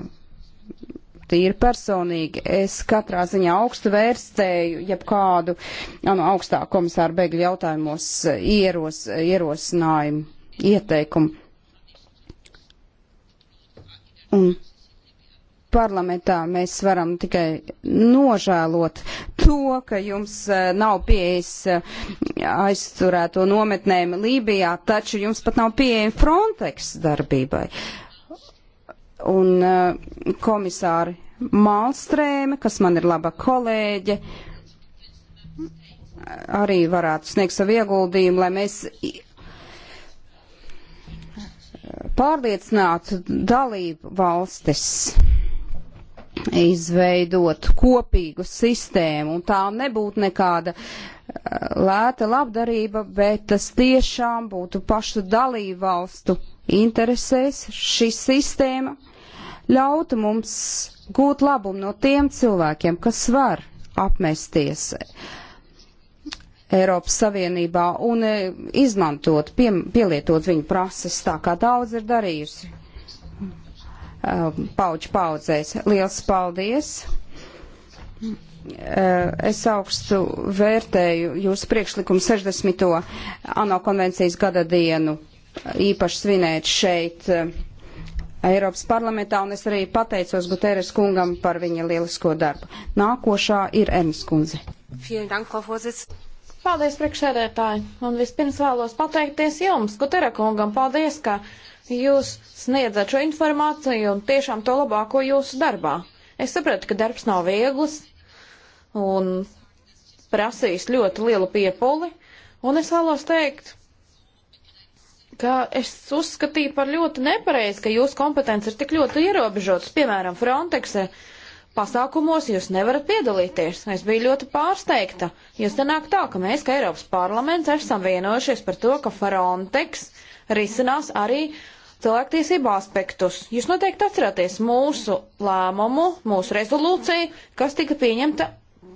[SPEAKER 3] tīri personīgi. Es katrā ziņā augstu vērstēju jebkādu no augstā komisāra bēgļu jautājumos eh, ieros, ierosinājumu, ieteikumu. Un parlamentā mēs varam tikai nožēlot to, ka jums eh, nav pieejas eh, aizturēto nometnēm Lībijā, taču jums pat nav pieeja Frontex darbībai. Uh, un eh, komisāri Malstrēme, kas man ir laba kolēģe, arī varētu sniegt savu ieguldījumu, lai mēs pārliecinātu dalību valstis izveidot kopīgu sistēmu, un tā nebūtu nekāda eh, lēta labdarība, bet tas tiešām būtu pašu dalību valstu interesēs šī sistēma ļautu mums gūt labumu no tiem cilvēkiem, kas var apmesties Eiropas Savienībā un e, izmantot, pie, pielietot viņu prases tā, kā daudz ir darījusi e, pauģu paudzēs. Liels paldies! E, es augstu vērtēju jūsu priekšlikumu 60. ANO konvencijas gada dienu īpaši svinēt šeit Eiropas parlamentā, un es arī pateicos Guteres kungam par viņa lielisko darbu. Nākošā ir Ernst Kunze. Paldies,
[SPEAKER 1] priekšsēdētāji, un vispirms vēlos pateikties jums, Gutera kungam, paldies, ka jūs sniedzat šo informāciju un tiešām to labāko jūsu darbā. Es saprotu, ka darbs nav viegls un prasīs ļoti lielu piepuli, un es vēlos teikt, ka es uzskatīju par ļoti nepareizi, ka jūsu kompetence ir tik ļoti ierobežotas. Piemēram, Frontex pasākumos jūs nevarat piedalīties. Es biju ļoti pārsteigta. Jūs sanāk tā, ka mēs, kā Eiropas parlaments, esam vienojušies par to, ka Frontex risinās arī cilvēktiesību aspektus. Jūs noteikti atceraties mūsu lēmumu, mūsu rezolūciju, kas tika pieņemta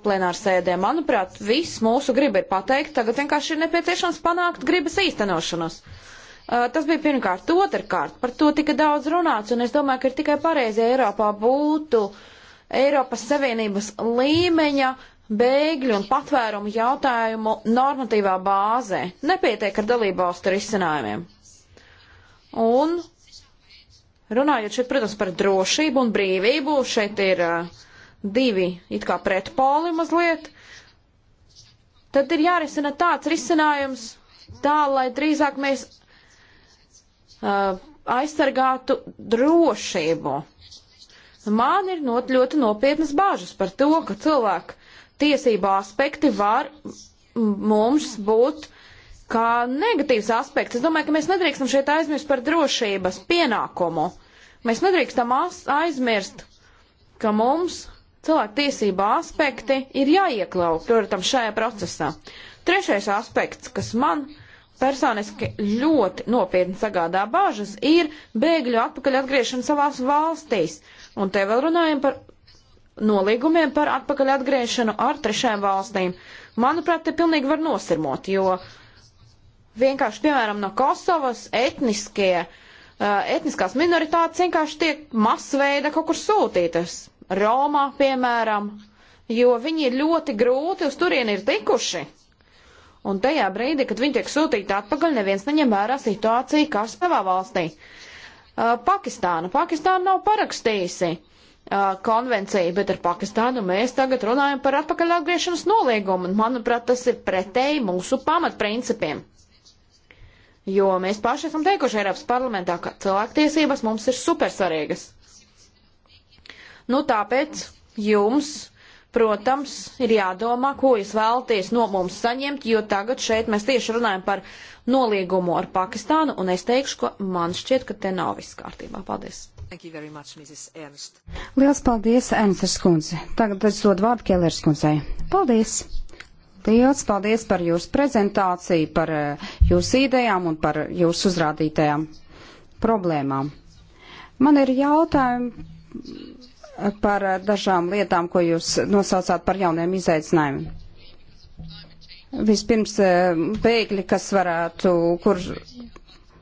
[SPEAKER 1] plenāra sēdē. Manuprāt, viss mūsu griba ir pateikt, tagad vienkārši ir nepieciešams panākt gribas īstenošanos. Tas bija pirmkārt. Otrkārt, par to tika daudz runāts, un es domāju, ka ir tikai pareizi Eiropā būtu Eiropas Savienības līmeņa bēgļu un patvērumu jautājumu normatīvā bāzē. Nepietiek ar dalībvalstu risinājumiem. Un runājot šeit, protams, par drošību un brīvību, šeit ir uh, divi it kā pretpoli mazliet, tad ir jārisina tāds risinājums tā, lai drīzāk mēs Uh, aizsargātu drošību. Man ir not, ļoti nopietnas bāžas par to, ka cilvēku tiesība aspekti var mums būt kā negatīvs aspekts. Es domāju, ka mēs nedrīkstam šeit aizmirst par drošības pienākumu. Mēs nedrīkstam aizmirst, ka mums cilvēku tiesība aspekti ir jāieklau, protams, šajā procesā. Trešais aspekts, kas man uh, personiski ļoti nopietni sagādā bāžas, ir bēgļu atpakaļ atgriešana savās valstīs. Un te vēl runājam par nolīgumiem par atpakaļ atgriešanu ar trešajām valstīm. Manuprāt, te pilnīgi var nosirmot, jo vienkārši, piemēram, no Kosovas etniskie, eh, etniskās minoritātes vienkārši tiek masveida kaut kur sūtītas. Romā, piemēram, jo viņi ir ļoti grūti uz turieni ir tikuši Un tajā brīdī, kad viņi tiek sūtīti atpakaļ, neviens neņem vērā situāciju, kā savā valstī. Uh, Pakistāna. Pakistāna nav parakstījusi uh, konvenciju, bet ar Pakistānu mēs tagad runājam par atpakaļ atgriešanas noliegumu, un manuprāt, tas ir pretēji mūsu pamatprincipiem. Jo mēs paši esam teikuši Eiropas parlamentā, ka cilvēktiesības mums ir supersvarīgas. Nu tāpēc jums protams, ir jādomā, ko jūs vēlaties no mums saņemt, jo tagad šeit mēs tieši runājam par noliegumu ar Pakistānu, un es teikšu, ka man šķiet, ka te nav viss kārtībā. Paldies!
[SPEAKER 3] Much, Liels paldies, Ernstas kundze. Tagad es dodu vārdu Kēlērs kundzei. Paldies! Liels paldies par jūsu prezentāciju, par eh, jūsu idejām un par jūsu uzrādītajām problēmām. Man ir jautājumi par eh, dažām lietām, ko jūs nosaucāt par jauniem izaicinājumiem. Vispirms eh, bēgļi, kas varētu, kur,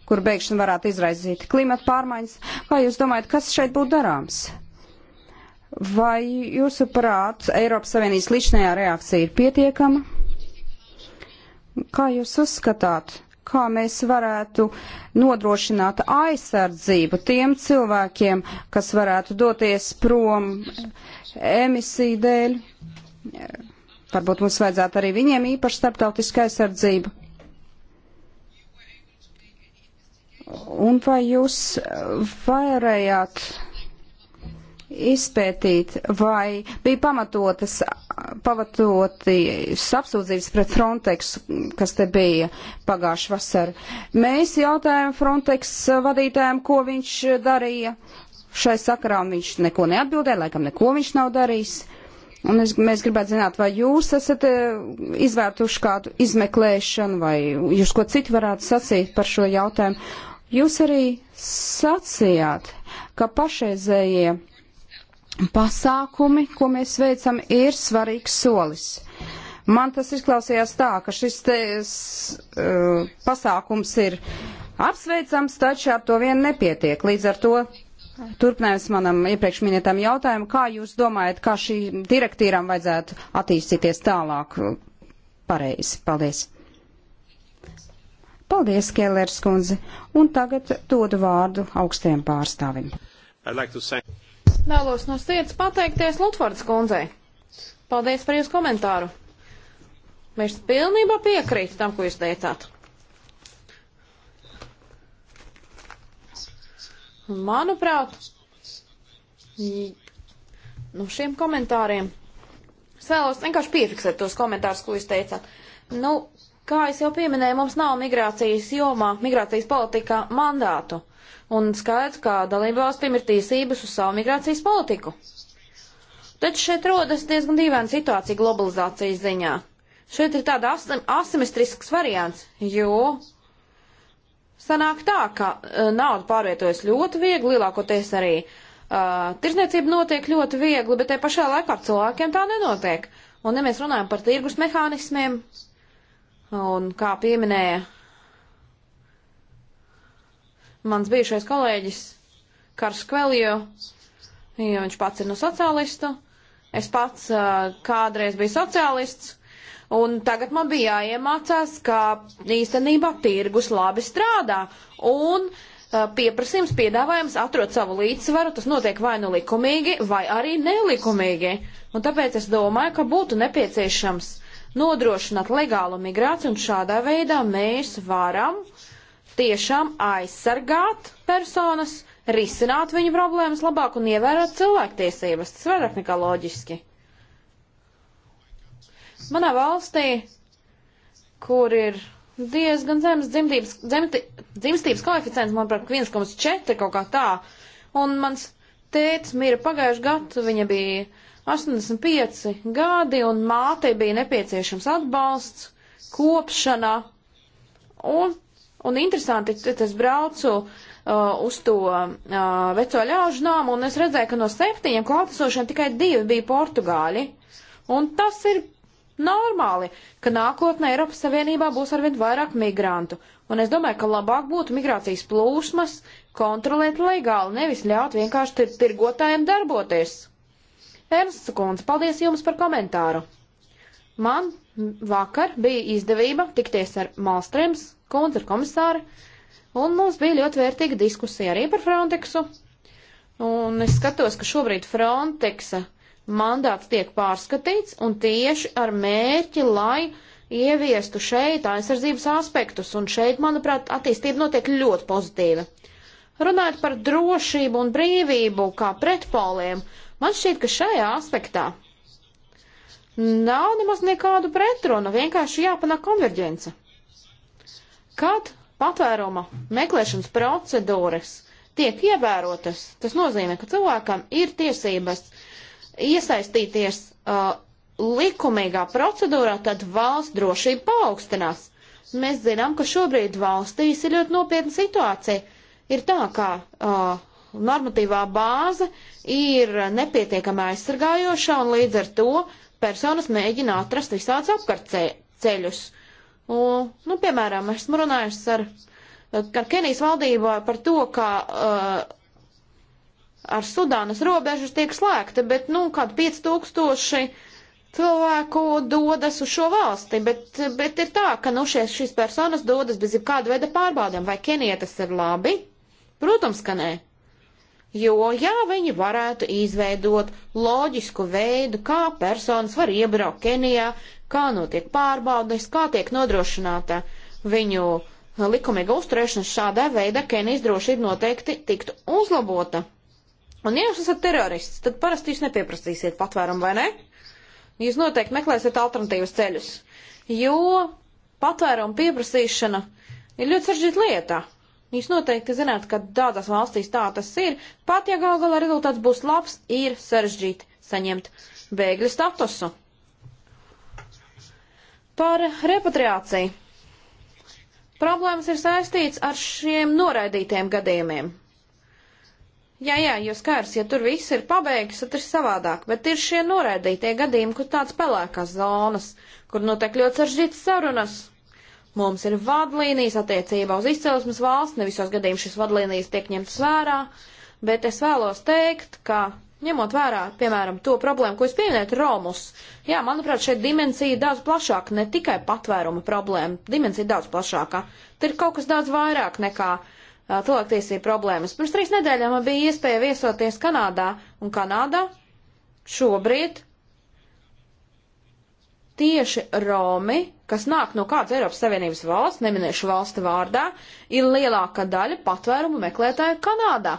[SPEAKER 3] kur bēgšana varētu izraizīt klimata pārmaiņas. Vai jūs domājat, kas šeit būtu darāms? Vai jūsuprāt, Eiropas Savienības līdzinējā reakcija ir pietiekama? Kā jūs uzskatāt, kā mēs varētu nodrošināt aizsardzību tiem cilvēkiem, kas varētu doties prom emisiju dēļ. Varbūt mums vajadzētu arī viņiem īpaši starptautisku aizsardzību. Un vai jūs varējāt izpētīt, vai bija pamatotas, pamatotas apsūdzības pret Frontex, kas te bija pagājuši vasar. Mēs jautājām Frontex vadītājiem, ko viņš darīja šai sakarā, un viņš neko neatbildēja, laikam neko viņš nav darījis. Un es, mēs gribētu zināt, vai jūs esat eh, izvērtuši kādu izmeklēšanu, vai jūs ko citu varētu sacīt par šo jautājumu. Jūs arī sacījāt, ka pašreizējie pasākumi, ko mēs veicam, ir svarīgs solis. Man tas izklausījās tā, ka šis te, s, uh, pasākums ir apsveicams, taču ar to vien nepietiek. Līdz ar to turpinājums manam iepriekš minētam jautājumam, kā jūs domājat, kā šī direktīram vajadzētu attīstīties tālāk pareizi? Paldies! Paldies, Kellers kundze, un tagad dodu vārdu augstajam pārstāvim.
[SPEAKER 2] I'd like to say...
[SPEAKER 1] Vēlos no sirds pateikties Lutfords kundzei. Paldies par jūsu komentāru. Mēs pilnībā piekrītu tam, ko jūs teicāt. Manuprāt, no šiem komentāriem es vēlos vienkārši piefiksēt tos komentārus, ko jūs teicāt. Nu, kā es jau pieminēju, mums nav migrācijas jomā, migrācijas politikā mandātu un skaidrs, ka dalībvalstīm ir tiesības uz savu migrācijas politiku. Taču šeit rodas diezgan dīvaina situācija globalizācijas ziņā. Šeit ir tāda asimetrisks variants, jo sanāk tā, ka eh, nauda pārvietojas ļoti viegli, lielākoties arī uh, tirzniecība notiek ļoti viegli, bet te pašā laikā ar cilvēkiem tā nenotiek. Un ja mēs runājam par tirgus mehānismiem, un kā pieminēja mans bijušais kolēģis Kars Kvelio, jo viņš pats ir no sociālistu. Es pats uh, kādreiz biju sociālists, un tagad man bija jāiemācās, ka īstenībā tirgus labi strādā. Un uh, pieprasījums, piedāvājums atrod savu līdzsvaru, tas notiek vai nu likumīgi, vai arī nelikumīgi. Un tāpēc es domāju, ka būtu nepieciešams nodrošināt legālu migrāciju, un šādā veidā mēs varam tiešām aizsargāt personas, risināt viņu problēmas labāk un ievērot cilvēktiesības. Tas vairāk nekā loģiski. Manā valstī, kur ir diezgan zemes dzimtības, dzimti, dzimstības koeficients, manuprāt, 1,4 kaut kā tā, un mans tētis mira pagājuši gadu, viņa bija 85 gadi, un mātei bija nepieciešams atbalsts, kopšana, un Un interesanti, tad es braucu uh, uz to uh, veco ļaužu nāmu, un es redzēju, ka no septiņiem klātesošiem tikai divi bija portugāļi. Un tas ir normāli, ka nākotnē Eiropas Savienībā būs arvien vairāk migrantu. Un es domāju, ka labāk būtu migrācijas plūsmas kontrolēt legāli, nevis ļaut vienkārši tir tirgotājiem darboties. Ernsts Kunds, paldies jums par komentāru. Man vakar bija izdevība tikties ar Malstrēms kundze, ar komisāru, un mums bija ļoti vērtīga diskusija arī par Frontexu. Un es skatos, ka šobrīd Frontexa mandāts tiek pārskatīts un tieši ar mērķi, lai ieviestu šeit aizsardzības aspektus, un šeit, manuprāt, attīstība notiek ļoti pozitīva. Runājot par drošību un brīvību kā pretpoliem, man šķiet, ka šajā aspektā nav nemaz nekādu pretrunu, vienkārši jāpanāk konverģence. Kad patvēruma meklēšanas procedūras tiek ievērotas, tas nozīmē, ka cilvēkam ir tiesības iesaistīties uh, likumīgā procedūrā, tad valsts drošība paaugstinās. Mēs zinām, ka šobrīd valstīs ir ļoti nopietna situācija. Ir tā, ka uh, normatīvā bāze ir nepietiekama aizsargājoša, un līdz ar to personas mēģina atrast visādus apkartceļus. Ce Un, nu, piemēram, esmu runājis ar, ar Kenijas valdību par to, ka uh, ar Sudānas robežas tiek slēgta, bet, nu, kādi 5000 cilvēku dodas uz šo valsti, bet, bet ir tā, ka, nu, šies, šīs personas dodas bez jebkāda veida pārbaudēm. Vai Kenijai tas ir labi? Protams, ka nē. Jo, ja viņi varētu izveidot loģisku veidu, kā personas var iebraukt Kenijā, kā notiek pārbaudes, kā tiek nodrošināta viņu likumīga uzturēšana šādā veidā Kenijas drošība noteikti tiktu uzlabota. Un, ja jūs esat terorists, tad parasti jūs nepieprasīsiet patvērumu, vai ne? Jūs noteikti meklēsiet alternatīvas ceļus, jo patvērumu pieprasīšana ir ļoti saržģīta lieta. Jūs noteikti zināt, ka daudzās valstīs tā tas ir, pat ja gal galā rezultāts būs labs, ir saržģīti saņemt bēgļu statusu. Par repatriāciju. Problēmas ir saistīts ar šiem noraidītiem gadījumiem. Jā, jā, jo skars, ja tur viss ir pabeigts, tad ir savādāk, bet ir šie noraidītie gadījumi, kur tāds pelēkās zonas, kur notiek ļoti saržģītas sarunas. Mums ir vadlīnijas attiecībā uz izcelsmes valsts, ne visos gadījumos šīs vadlīnijas tiek ņemtas vērā, bet es vēlos teikt, ka ņemot vērā, piemēram, to problēmu, ko es pieminēju, Romus. Jā, manuprāt, šeit dimensija daudz plašāka, ne tikai patvēruma problēma, dimensija daudz plašāka. Tur ir kaut kas daudz vairāk nekā cilvēktiesība problēmas. Pirms trīs nedēļām man bija iespēja viesoties Kanādā, un Kanādā šobrīd tieši Romi, kas nāk no kādas Eiropas Savienības valsts, neminēšu valsti vārdā, ir lielākā daļa patvērumu meklētāju Kanādā.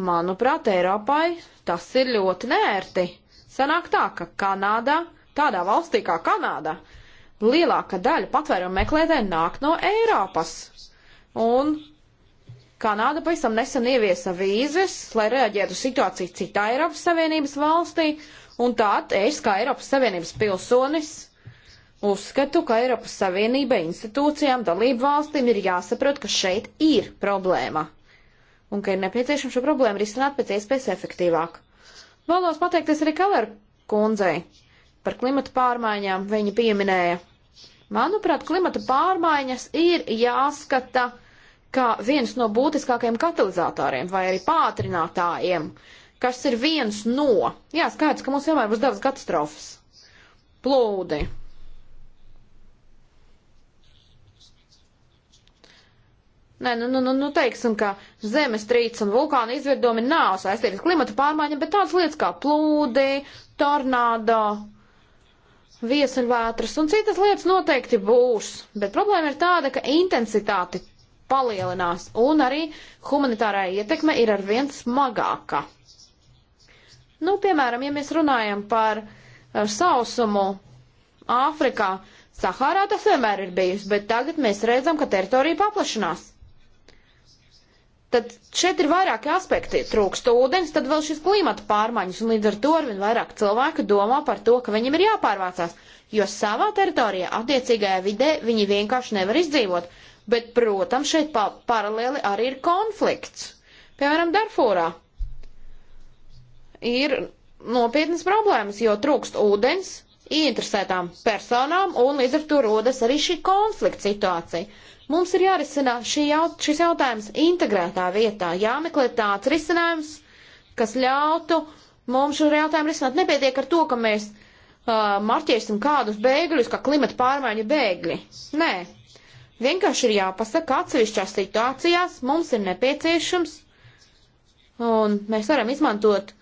[SPEAKER 1] Manuprāt, Eiropai tas ir ļoti nērti. Sanāk tā, ka Kanādā, tādā valstī kā Kanāda, lielākā daļa patvērumu meklētāju nāk no Eiropas. Un Kanāda pavisam nesen ieviesa vīzes, lai reaģētu situāciju citā Eiropas Savienības valstī, un tād es, kā Eiropas Savienības pilsonis, uzskatu, ka Eiropas Savienība institūcijām, dalību valstīm ir jāsaprot, ka šeit ir problēma un ka ir nepieciešams šo problēmu risināt pēc iespējas efektīvāk. Vēlos pateikties arī Kaler kundzei par klimatu pārmaiņām, viņa pieminēja. Manuprāt, klimata pārmaiņas ir jāskata kā viens no būtiskākajiem katalizatoriem vai arī pātrinātājiem, kas ir viens no. Jā, skaidrs, ka mums vienmēr būs dabas katastrofas. Plūdi, Nē, nu, nu, nu, nu teiksim, ka zemestrīce un vulkāna izvirdumi nav saistīti ar klimata pārmaiņām, bet tādas lietas kā plūdi, tornādo, viesuļvētras un citas lietas noteikti būs. Bet problēma ir tāda, ka intensitāte palielinās un arī humanitārā ietekme ir arvien smagāka. Nu, piemēram, ja mēs runājam par eh, sausumu Āfrikā, Sahārā tas vienmēr ir bijis, bet tagad mēs redzam, ka teritorija paplašinās. Tad šeit ir vairāki aspekti. Trūkst ūdens, tad vēl šis klimata pārmaiņas, un līdz ar to arvien vairāk cilvēku domā par to, ka viņiem ir jāpārvācās, jo savā teritorijā, attiecīgajā vidē, viņi vienkārši nevar izdzīvot. Bet, protams, šeit pa paralēli arī ir konflikts. Piemēram, Darfūrā ir nopietnas problēmas, jo trūkst ūdens interesētām personām, un līdz ar to rodas arī šī konflikta situācija. Mums ir jārisina šī jaut, šis jautājums integrētā vietā, jāmeklē tāds risinājums, kas ļautu mums šo jautājumu risināt. Nepietiek ar to, ka mēs uh, marķēsim kādus bēgļus, kā klimata pārmaiņu bēgļi. Nē, vienkārši ir jāpasaka, ka atsevišķās situācijās mums ir nepieciešams, un mēs varam izmantot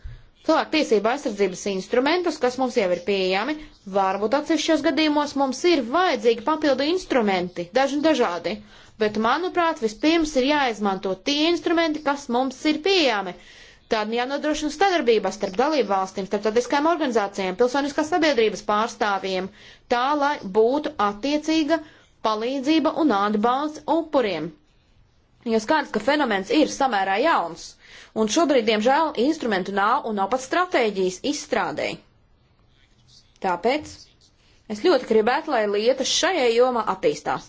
[SPEAKER 1] cilvēku tiesību aizsardzības instrumentus, kas mums jau ir pieejami. Varbūt atsevišķos gadījumos mums ir vajadzīgi papildu instrumenti, daži un dažādi. Bet, manuprāt, vispirms ir jāizmanto tie instrumenti, kas mums ir pieejami. Tad jānodrošina sadarbība starp dalību valstīm, starp tādiem organizācijām, pilsoniskās sabiedrības pārstāvjiem, tā lai būtu attiecīga palīdzība un atbalsts upuriem. Jo skaidrs, ka fenomens ir samērā jauns, un šobrīd, diemžēl, instrumentu nav un nav pat stratēģijas izstrādēji. Tāpēc es ļoti gribētu, lai lietas šajā jomā attīstās.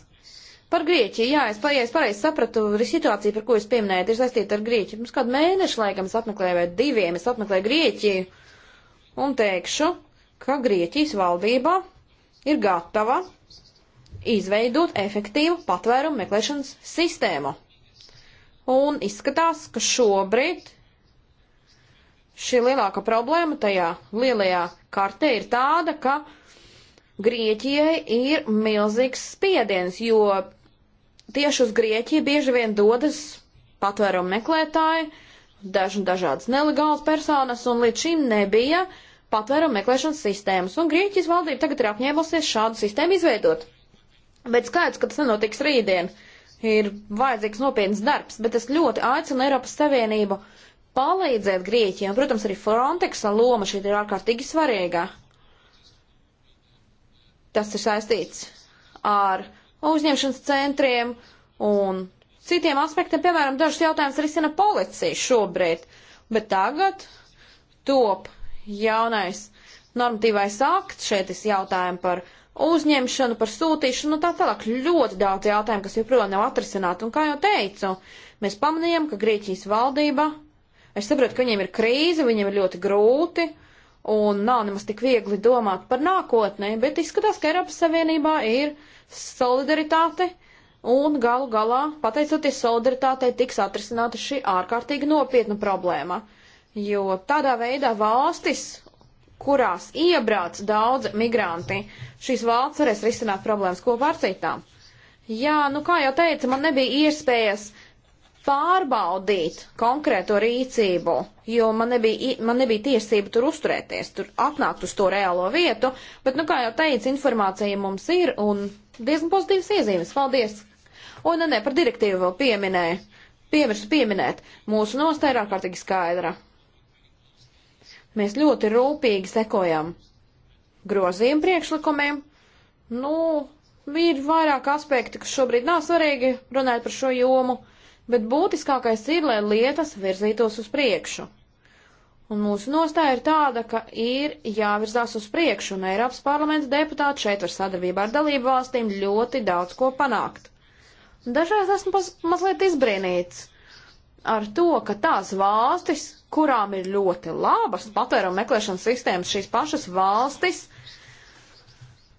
[SPEAKER 1] Par Grieķiju, jā, es, ja es pareizi sapratu, arī situācija, par ko jūs pieminējat, ir saistīta ar Grieķiju. Mums kādu mēnešu laikam es apmeklēju, vai diviem es apmeklēju Grieķiju, un teikšu, ka Grieķijas valdība ir gatava izveidot efektīvu patvērumu meklēšanas sistēmu Un izskatās, ka šobrīd šī lielākā problēma tajā lielajā kartē ir tāda, ka Grieķijai ir milzīgs spiediens, jo tieši uz Grieķiju bieži vien dodas patvērumu meklētāji, daži dažādas nelegālas personas, un līdz šim nebija patvērumu meklēšanas sistēmas, un Grieķijas valdība tagad ir apņēmusies šādu sistēmu izveidot. Bet skaidrs, ka tas nenotiks rītdien. Uh, ir vajadzīgs nopietns darbs, bet es ļoti aicinu Eiropas Savienību palīdzēt Grieķijai. Protams, arī Frontexa loma šeit ir ārkārtīgi svarīga. Tas ir saistīts ar uzņemšanas centriem un citiem aspektiem. Piemēram, dažus jautājumus risina policija šobrīd, bet tagad top jaunais normatīvais akts. Šeit es jautājumu par uzņemšanu, par sūtīšanu un nu, tā tālāk. Ļoti daudz jautājumu, kas joprojām nav atrisināti. Un kā jau teicu, mēs pamanījām, ka Grieķijas valdība, es saprotu, ka viņiem ir krīze, viņiem ir ļoti grūti un nav nemaz tik viegli domāt par nākotnē, bet izskatās, ka Eiropas Savienībā ir solidaritāte un galu galā, pateicoties solidaritātei, tiks atrisināta šī ārkārtīgi nopietna problēma. Jo tādā veidā valstis kurās iebrauc daudz migranti, šīs valsts varēs risināt problēmas kopā ar citām. Jā, nu kā jau teicu, man nebija iespējas pārbaudīt konkrēto rīcību, jo man nebija, man nebija tiesība tur uzturēties, tur atnākt uz to reālo vietu, bet, nu, kā jau teicu, informācija mums ir un diezgan pozitīvas iezīmes. Paldies! O, nē, nē, par direktīvu vēl pieminēju. Piemirstu pieminēt, mūsu nostāja ir ārkārtīgi skaidra. Mēs ļoti rūpīgi sekojam grozījumu priekšlikumiem. Nu, ir vairāk aspekti, kas šobrīd nav svarīgi runāt par šo jomu, bet būtiskākais ir, lai lietas virzītos uz priekšu. Un mūsu nostāja ir tāda, ka ir jāvirzās uz priekšu, un Eiropas parlamenta deputāti šeit var sadarbībā ar dalību valstīm ļoti daudz ko panākt. Dažreiz esmu pas, mazliet izbrīnīts, ar to, ka tās valstis, kurām ir ļoti labas patvērumu meklēšanas sistēmas, šīs pašas valstis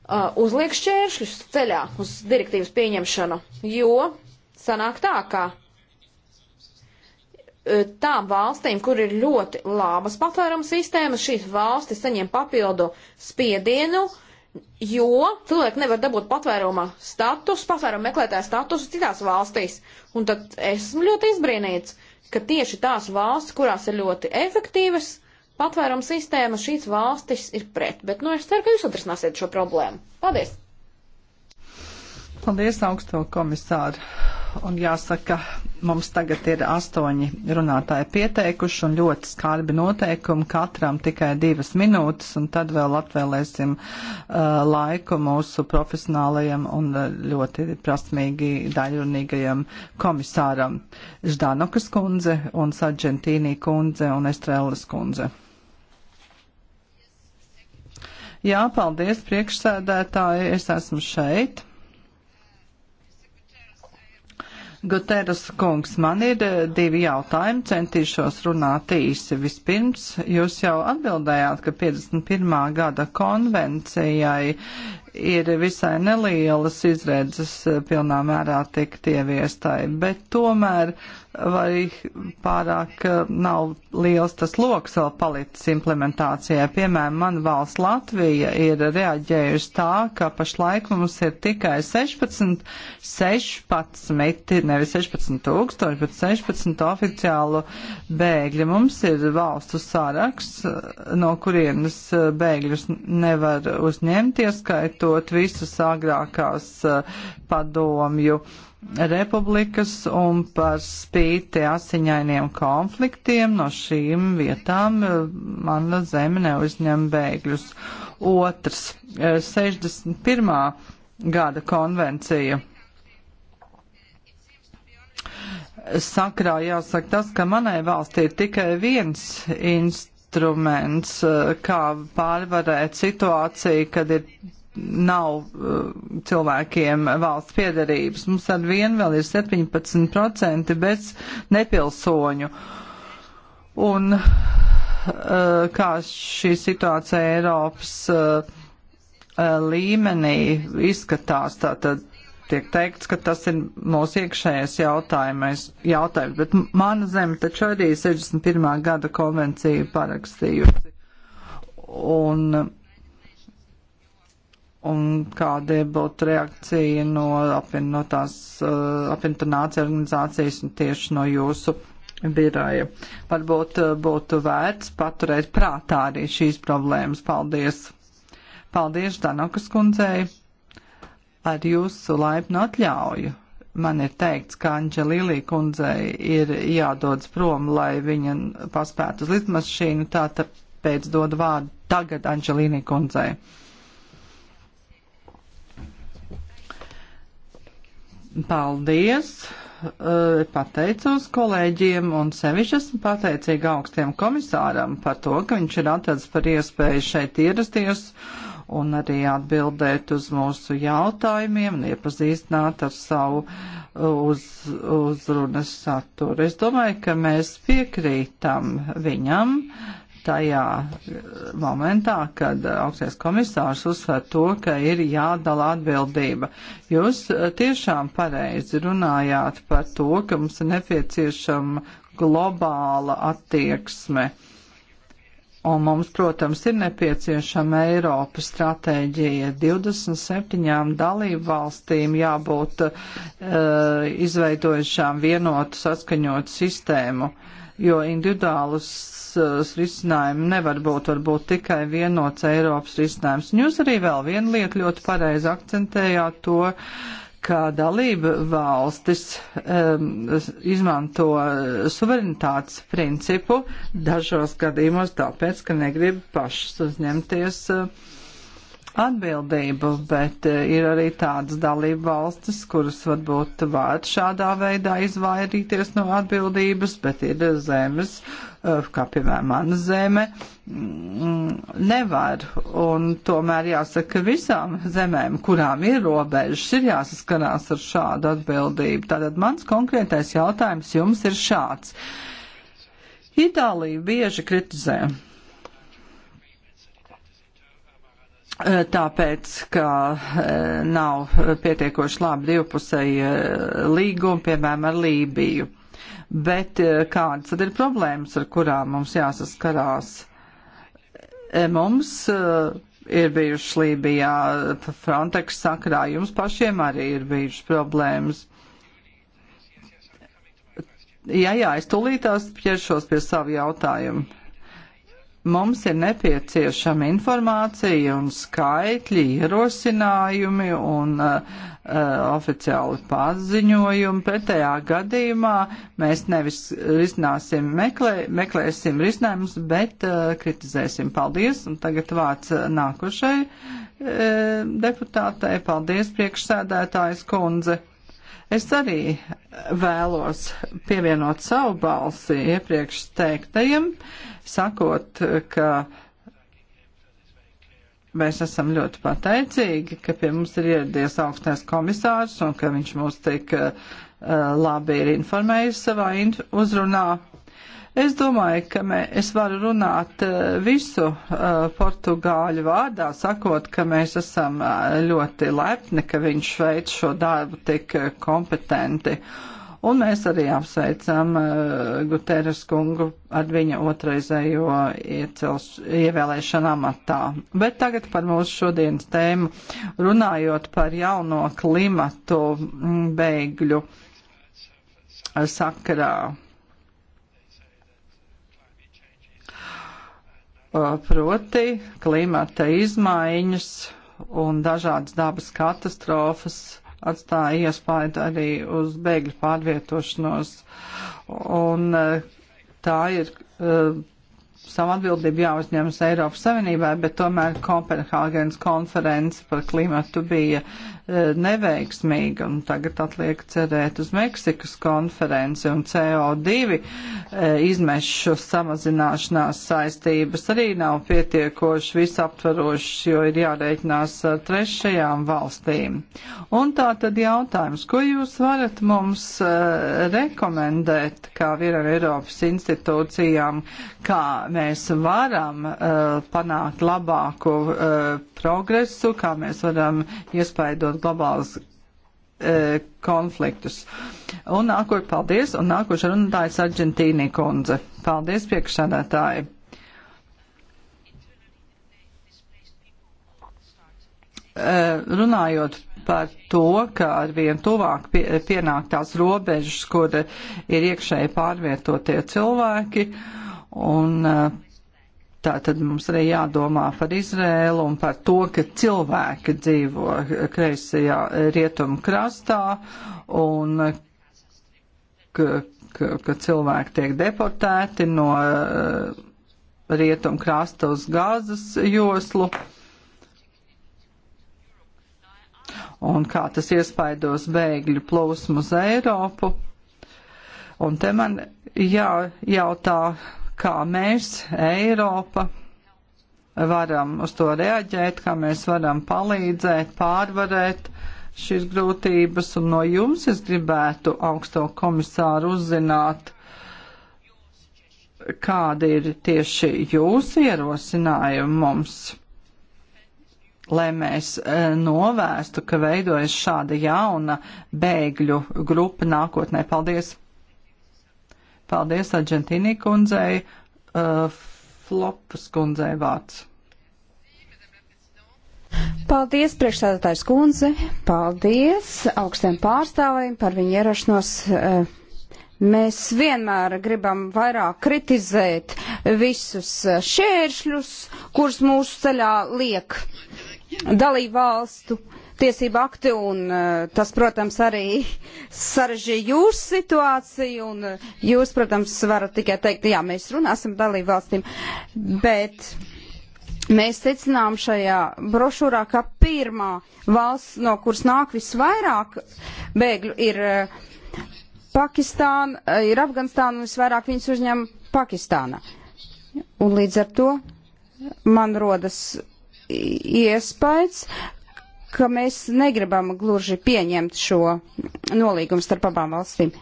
[SPEAKER 1] uh, uzliek šķēršļus ceļā uz direktīvas pieņemšanu, jo sanāk tā, ka uh, tām valstīm, kur ir ļoti labas patvērumu sistēmas, šīs valstis saņem papildu spiedienu uh, jo cilvēki nevar dabūt patvēruma status, patvēruma meklētāja status citās valstīs. Un tad esmu ļoti izbrīnīts, ka tieši tās valstis, kurās ir ļoti efektīvas patvēruma sistēmas, šīs valstis ir pret. Bet, nu, es ceru, ka jūs atrisināsiet šo problēmu. Paldies!
[SPEAKER 2] Paldies, augsto komisāru! un jāsaka, mums tagad ir astoņi runātāji pieteikuši un ļoti skarbi noteikumi, katram tikai divas minūtes, un tad vēl atvēlēsim uh, laiku mūsu profesionālajiem un uh, ļoti prasmīgi daļrunīgajiem komisāram Ždanokas kundze un Sargentīnī kundze un Estrēlas kundze. Jā, paldies priekšsēdētāji, es esmu šeit. Guteras kungs, man ir e, divi jautājumi, centīšos runāt īsi. Vispirms, jūs jau atbildējāt, ka 51. gada konvencijai ir visai nelielas izredzes eh, pilnā mērā tikt ieviestai, bet tomēr vai pārāk eh, nav liels tas loks vēl palicis implementācijai. Piemēram, man valsts Latvija ir reaģējusi tā, ka pašlaik mums ir tikai 16, 16, nevis 16 tūkstoši, bet 16 oficiālu bēgļu. Mums ir valstu saraksts, no kurienes eh, bēgļus nevar uzņemties, skait izmantot visas agrākās eh, padomju republikas un par spīti asiņainiem konfliktiem no šīm vietām eh, mana zeme neuzņem bēgļus. Otrs, 61. Eh, gada konvencija sakrā jāsaka tas, ka manai valstī ir tikai viens instruments, kā pārvarēt situāciju, kad ir nav eh, cilvēkiem valsts piedarības. Mums ar vienu vēl ir 17% bez nepilsoņu. Un eh, kā šī situācija Eiropas eh, līmenī izskatās, tātad tiek teikts, ka tas ir mūsu iekšējais jautājums, jautājums, bet mana zeme taču arī 61. gada konvenciju parakstījusi. Un un kāda būtu reakcija no apvienotās, eh, apvienotā nācija organizācijas un tieši no jūsu biroja. Varbūt eh, būtu vērts paturēt prātā arī šīs problēmas. Paldies! Paldies Danakas kundzei! Ar jūsu laipnu atļauju man ir teikts, ka Anģelīlī kundzei ir jādodas prom, lai viņa paspētu uz lidmašīnu, tātad pēc dodu vārdu tagad Anģelīnī kundzei. Paldies! Eh, pateicos kolēģiem un sevišķi esmu pateicīga augstiem komisāram par to, ka viņš ir atradis par iespēju šeit ierasties un arī atbildēt uz mūsu jautājumiem un iepazīstināt ar savu eh, uz, uzrunas saturu. Es domāju, ka mēs piekrītam viņam. Uh, tajā e, momentā, kad e, augstais komisārs uzsver to, ka ir jādala atbildība. Jūs e, tiešām pareizi runājāt par to, ka mums ir nepieciešama globāla attieksme. Un mums, protams, ir nepieciešama Eiropas stratēģija. 27 dalību valstīm jābūt uh, izveidojušām vienotu saskaņotu sistēmu. Uh, jo individuālus eh, risinājumu nevar būt varbūt tikai vienots Eiropas risinājums. Un jūs arī vēl vienu lietu ļoti pareizi akcentējāt to, ka dalība valstis um, izmanto eh, suverenitātes principu dažos gadījumos tāpēc, ka negrib pašas uzņemties. Uh, atbildību, bet eh, ir arī tādas dalība valstis, kuras varbūt var šādā veidā izvairīties no atbildības, bet ir zemes, eh, kā piemēram mana zeme, mm, nevar. Un tomēr jāsaka, ka visām zemēm, kurām ir robežas, ir jāsaskanās ar šādu atbildību. Tātad mans konkrētais jautājums jums ir šāds. Itālija bieži kritizē Eh, tāpēc, ka eh, nav pietiekoši labi divpusēji eh, līgumi, piemēram, ar Lībiju. Bet kādas tad ir problēmas, ar kurām mums jāsaskarās? Mums ir bijušas Lībijā Frontex sakrā, jums pašiem arī ir bijušas problēmas. Jā, jā, es tūlītās ķeršos pie savu jautājumu. Mums ir nepieciešama informācija un skaitļi, ierosinājumi un uh, oficiāli paziņojumi. Pretējā gadījumā mēs nevis risināsim, meklē, meklēsim risinājumus, bet uh, kritizēsim. Paldies! Un tagad vārds nākošai uh, deputātei. Paldies, priekšsēdētājs kundze! Es arī vēlos pievienot savu balsi iepriekš teiktajiem, sakot, ka mēs esam ļoti pateicīgi, ka pie mums ir ieradies augstais komisārs un ka viņš mūs tik eh, labi ir informējis savā uzrunā Es domāju, ka mē, es varu runāt eh, visu uh, portugāļu vārdā, sakot, ka mēs esam eh, ļoti lepni, ka viņš veic šo darbu tik kompetenti. Un mēs arī apsveicam uh, Guteres kungu ar viņa otraizējo iecels, ievēlēšanu amatā. Bet tagad par mūsu šodienas tēmu, runājot par jauno klimatu mm, beigļu sakarā. Uh, proti klimata izmaiņas un dažādas dabas katastrofas atstāja iespaidu arī uz bēgļu pārvietošanos. Un uh, tā ir uh, savu atbildību jāuzņemas Eiropas Savienībai, bet tomēr Kopenhāgenes konference par klimatu bija e, neveiksmīga, un tagad atliek cerēt uz Meksikas konferenci un CO2 e, izmešu samazināšanās saistības arī nav pietiekoši visaptvarošas, jo ir jārēķinās ar trešajām valstīm. Un tā tad jautājums, ko jūs varat mums e, rekomendēt kā vienam Eiropas institūcijām, kā mēs mēs varam uh, panākt labāku uh, progresu, kā mēs varam iespaidot globālus uh, konfliktus. Un nākošais paldies, un nākošais runātājs Argentīnī kundze. Paldies priekšsēdētāji. runājot par to, ka arvien tuvāk pie, pienāk tās robežas, kur ir iekšēji pārvietotie cilvēki, Un eh, tā tad mums arī jādomā par Izrēlu un par to, ka cilvēki dzīvo kreisajā rietumu krastā un ka, ka, ka cilvēki tiek deportēti no eh, rietumu krasta uz gāzes joslu. Un kā tas iespaidos bēgļu plūsmu uz Eiropu. Un te man jā, jautā, kā mēs, Eiropa, varam uz to reaģēt, kā mēs varam palīdzēt, pārvarēt šīs grūtības. Un no jums es gribētu augsto komisāru uzzināt, kādi ir tieši jūsu ierosinājumi mums, lai mēs e, novērstu, ka veidojas šāda jauna bēgļu grupa nākotnē. Paldies! Paldies Argentīnī kundzei, uh, Flopas kundzei vārds.
[SPEAKER 3] Paldies, priekšstādātājs kundze, paldies augstiem pārstāvjiem par viņu ierašanos. Uh, mēs vienmēr gribam vairāk kritizēt visus šēršļus, kurus mūsu ceļā liek dalībvalstu tiesību akti, un eh, tas, protams, arī <laughs> sarežģīja jūsu situāciju, un eh, jūs, protams, varat tikai teikt, jā, mēs runāsim dalību valstīm, bet. Mēs secinām šajā brošūrā, ka pirmā valsts, no kuras nāk visvairāk bēgļu, ir eh, Pakistāna, ir Afganistāna un visvairāk viņas uzņem Pakistāna. Un līdz ar to man rodas iespējas, ka mēs negribam gluži pieņemt šo nolīgumu starp abām valstīm.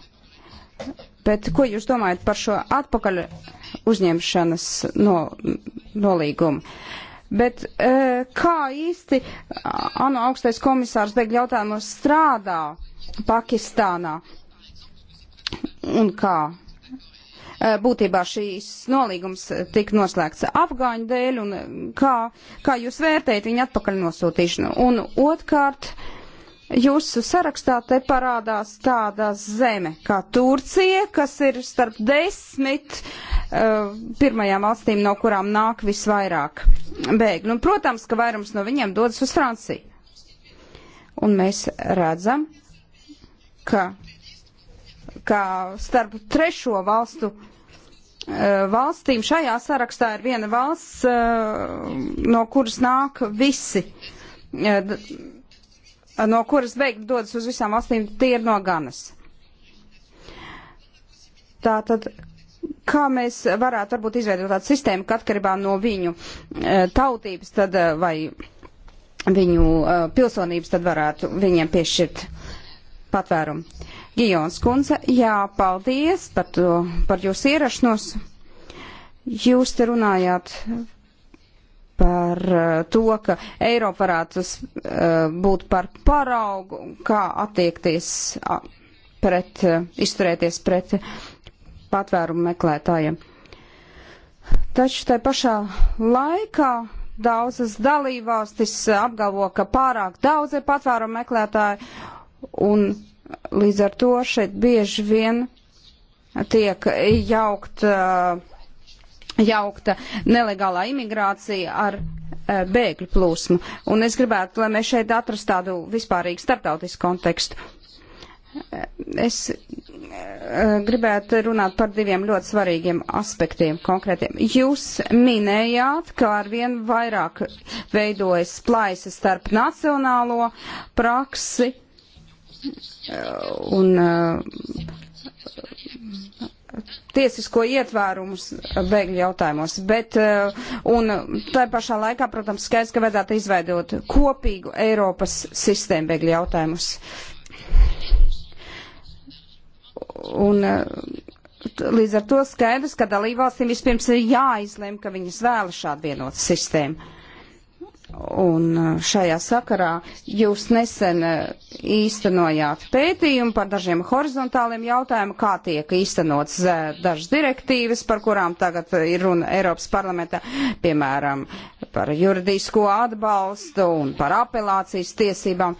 [SPEAKER 3] Bet ko jūs domājat par šo atpakaļ uzņemšanas no, nolīgumu? Bet e, kā īsti ANO augstais komisārs bēgļu jautājumos strādā Pakistānā? Un kā Eh, būtībā šīs nolīgums eh, tika noslēgts afgāņu dēļ un eh, kā, kā jūs vērtējat viņu atpakaļ nosūtīšanu. Un otrkārt, jūsu sarakstā te parādās tāda zeme kā Turcija, kas ir starp desmit uh, pirmajām valstīm, no kurām nāk visvairāk bēgļu. Un, nu, protams, ka vairums no viņiem dodas uz Franciju. Un mēs redzam, ka, ka starp trešo valstu Eh, valstīm šajā sarakstā ir viena valsts, eh, no kuras nāk visi, eh, no kuras beigti dodas uz visām valstīm, tie ir no Ganas. Tātad, kā mēs varētu varbūt izveidot tādu sistēmu, ka atkarībā no viņu tautības tad, vai viņu pilsonības tad varētu viņiem piešķirt patvērumu. Gijons Kunze, jā, paldies par, to, par jūsu ierašanos. Jūs te runājāt par eh, to, ka Eiropa varētu eh, būt par paraugu, kā attiekties pret, eh, izturēties pret patvērumu meklētājiem. Taču tai pašā laikā daudzas dalībvalstis apgalvo, ka pārāk daudz ir patvērumu meklētāju un Līdz ar to šeit bieži vien tiek jaukt, eh, jaukta nelegālā imigrācija ar eh, bēgļu plūsmu. Un es gribētu, lai mēs šeit atrastu tādu vispārīgu starptautisku kontekstu. Eh, es gribētu runāt par diviem ļoti svarīgiem aspektiem konkrētiem. Jūs minējāt, ka arvien vairāk veidojas plaisas starp nacionālo praksi Uh, un uh, tiesisko ietvērumus bēgļu jautājumos. Bet, uh, un tā pašā laikā, protams, skaidrs, ka vajadzētu izveidot kopīgu Eiropas sistēmu bēgļu jautājumus. Un līdz ar to skaidrs, ka dalībvalstīm vispirms ir jāizlem, ka viņas vēlas šādu vienotu sistēmu. Un uh, šajā sakarā jūs nesen uh, īstenojāt pētījumu par dažiem horizontāliem jautājumiem, kā tiek īstenots uh, dažas direktīvas, par kurām tagad ir runa Eiropas parlamentā, piemēram, par juridisko atbalstu un par apelācijas tiesībām.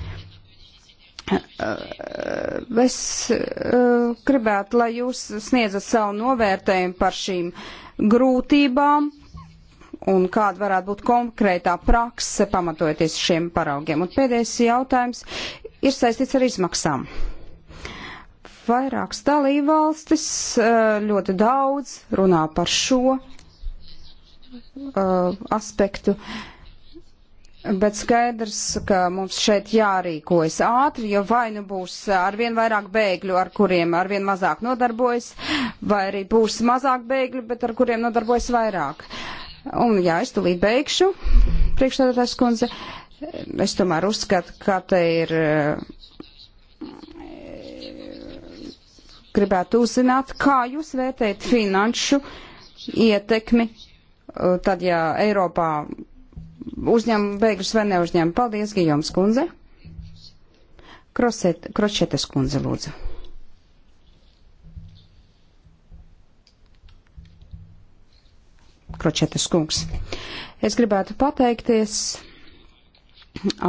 [SPEAKER 3] Es gribētu, lai jūs sniedzat savu novērtējumu par šīm grūtībām un kāda varētu būt konkrētā prakse pamatojoties šiem paraugiem. Un pēdējais jautājums ir saistīts ar izmaksām. Vairākas dalībvalstis eh, ļoti daudz runā par šo eh, aspektu. Bet skaidrs, ka mums šeit jārīkojas ātri, jo vai nu būs arvien vairāk bēgļu, ar kuriem arvien mazāk nodarbojas, vai arī būs mazāk bēgļu, bet ar kuriem nodarbojas vairāk. Uh, Un jā, es tulīt beigšu, priekšstādātājs kundze. Es tomēr uzskatu, ka te ir. Eh, gribētu uzzināt, kā jūs vērtējat finanšu ietekmi, eh, tad, ja Eiropā uzņem bēgļus vai neuzņem. Paldies, Gijoms kundze. Krošetes kundze, lūdzu. Kročetas kungs. Es gribētu pateikties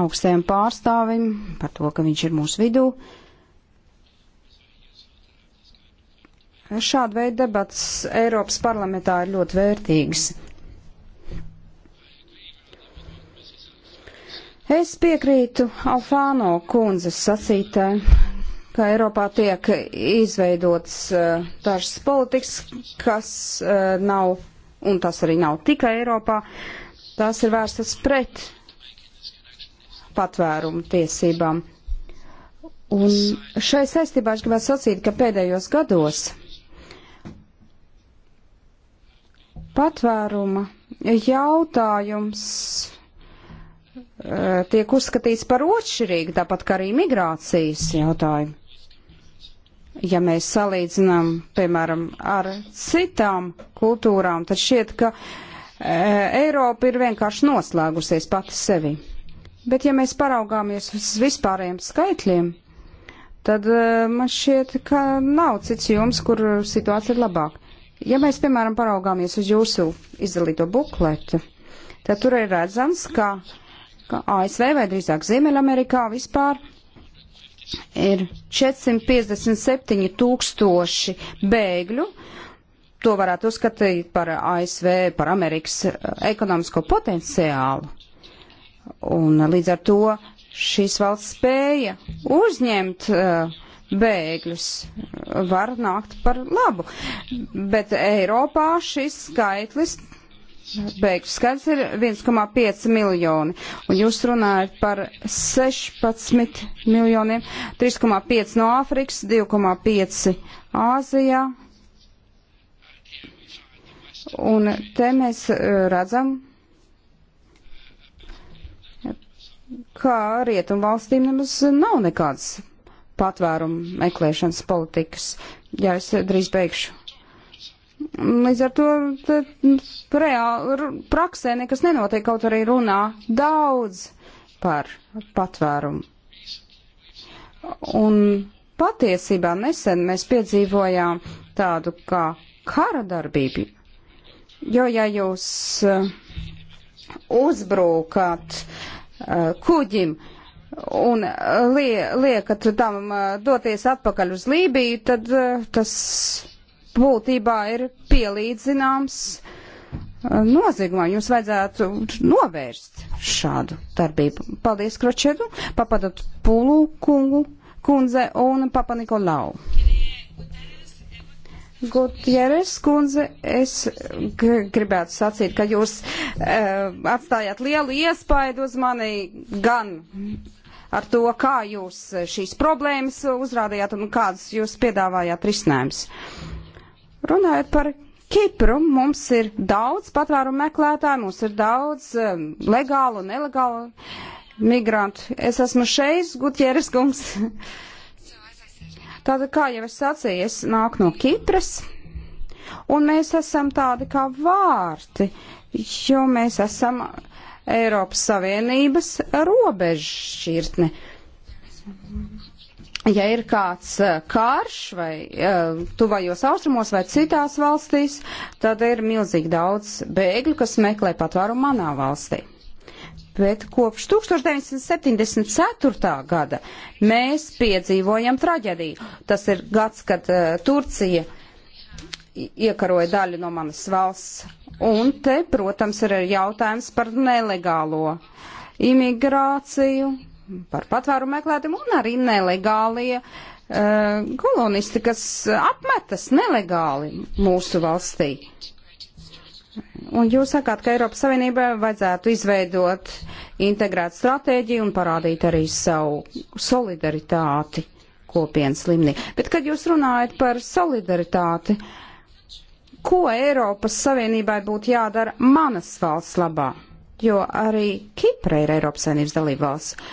[SPEAKER 3] augstajam pārstāvim par to, ka viņš ir mūsu vidū. Šāda veida debats Eiropas parlamentā ir ļoti vērtīgs. Es piekrītu Alfāno kundzes sacītē, ka Eiropā tiek izveidots eh, dažas politikas, kas eh, nav un tas arī nav tikai Eiropā, tās ir vērstas pret patvērumu tiesībām. Un šai saistībā es gribētu sacīt, ka pēdējos gados patvēruma jautājums eh, tiek uzskatīts par otšķirīgu, tāpat kā arī migrācijas jautājumu ja mēs salīdzinām, piemēram, ar citām kultūrām, tad šķiet, ka e, Eiropa ir vienkārši noslēgusies pati sevi. Bet ja mēs paraugāmies uz vispārējiem skaitļiem, tad e, man šķiet, ka nav cits jums, kur situācija ir labāka. Ja mēs, piemēram, paraugāmies uz jūsu izdalīto bukletu, tad tur ir redzams, ka, ka ASV vai drīzāk Ziemeļamerikā vispār ir 457 tūkstoši bēgļu. To varētu uzskatīt par ASV, par Amerikas eh, ekonomisko potenciālu. Un līdz ar to šīs valsts spēja uzņemt uh, bēgļus var nākt par labu. Bet Eiropā šis skaitlis beigšu skaits ir 1,5 miljoni, un jūs runājat par 16 miljoniem, 3,5 no Āfrikas, 2,5 Āzijā. Un te mēs eh, redzam, ka rietumvalstīm nemaz nav nekādas patvērumu meklēšanas politikas. Jā, es drīz beigšu. Līdz ar to reāli praksē nekas nenotiek, kaut arī runā daudz par patvērumu. Un patiesībā nesen mēs piedzīvojām tādu kā kara darbību. Jo, ja jūs eh, uzbrūkat eh, kuģim, un liekat tam eh, doties atpakaļ uz Lībiju, tad tas būtībā ir pielīdzināms uh, noziegumam. Jums vajadzētu novērst šādu darbību. Paldies, Kročedu, papadot Pūlu kungu, kundze un papa Nikolau. Gutjeres kundze, es gribētu sacīt, ka jūs uh, atstājāt lielu iespaidu uz mani gan ar to, kā jūs uh, šīs problēmas uzrādījāt un kādas jūs piedāvājāt risinājums. Uh, Runājot par Kipru, mums ir daudz patvērumu meklētāju, mums ir daudz um, legālu un nelegālu migrantu. Es esmu šeit, Gutieres kungs. Tātad, kā jau es sacīju, es nāku no Kipras, un mēs esam tādi kā vārti, jo mēs esam Eiropas Savienības robežšķirtne ja ir kāds eh, karš vai eh, tuvajos austrumos vai citās valstīs, tad ir milzīgi daudz bēgļu, kas meklē patvaru manā valstī. Bet kopš 1974. gada mēs piedzīvojam traģediju. Tas ir gads, kad uh, Turcija iekaroja daļu no manas valsts. Un te, protams, ir jautājums par nelegālo imigrāciju, par patvērumu meklētiem un arī nelegālie uh, kolonisti, kas apmetas nelegāli mūsu valstī. Un jūs sakāt, ka Eiropas Savienībai vajadzētu izveidot integrētu stratēģiju un parādīt arī savu solidaritāti kopienas līmenī. Bet, kad jūs runājat par solidaritāti, ko Eiropas Savienībai būtu jādara manas valsts labā? Jo arī Kipra ir Eiropas Savienības dalībvalsts.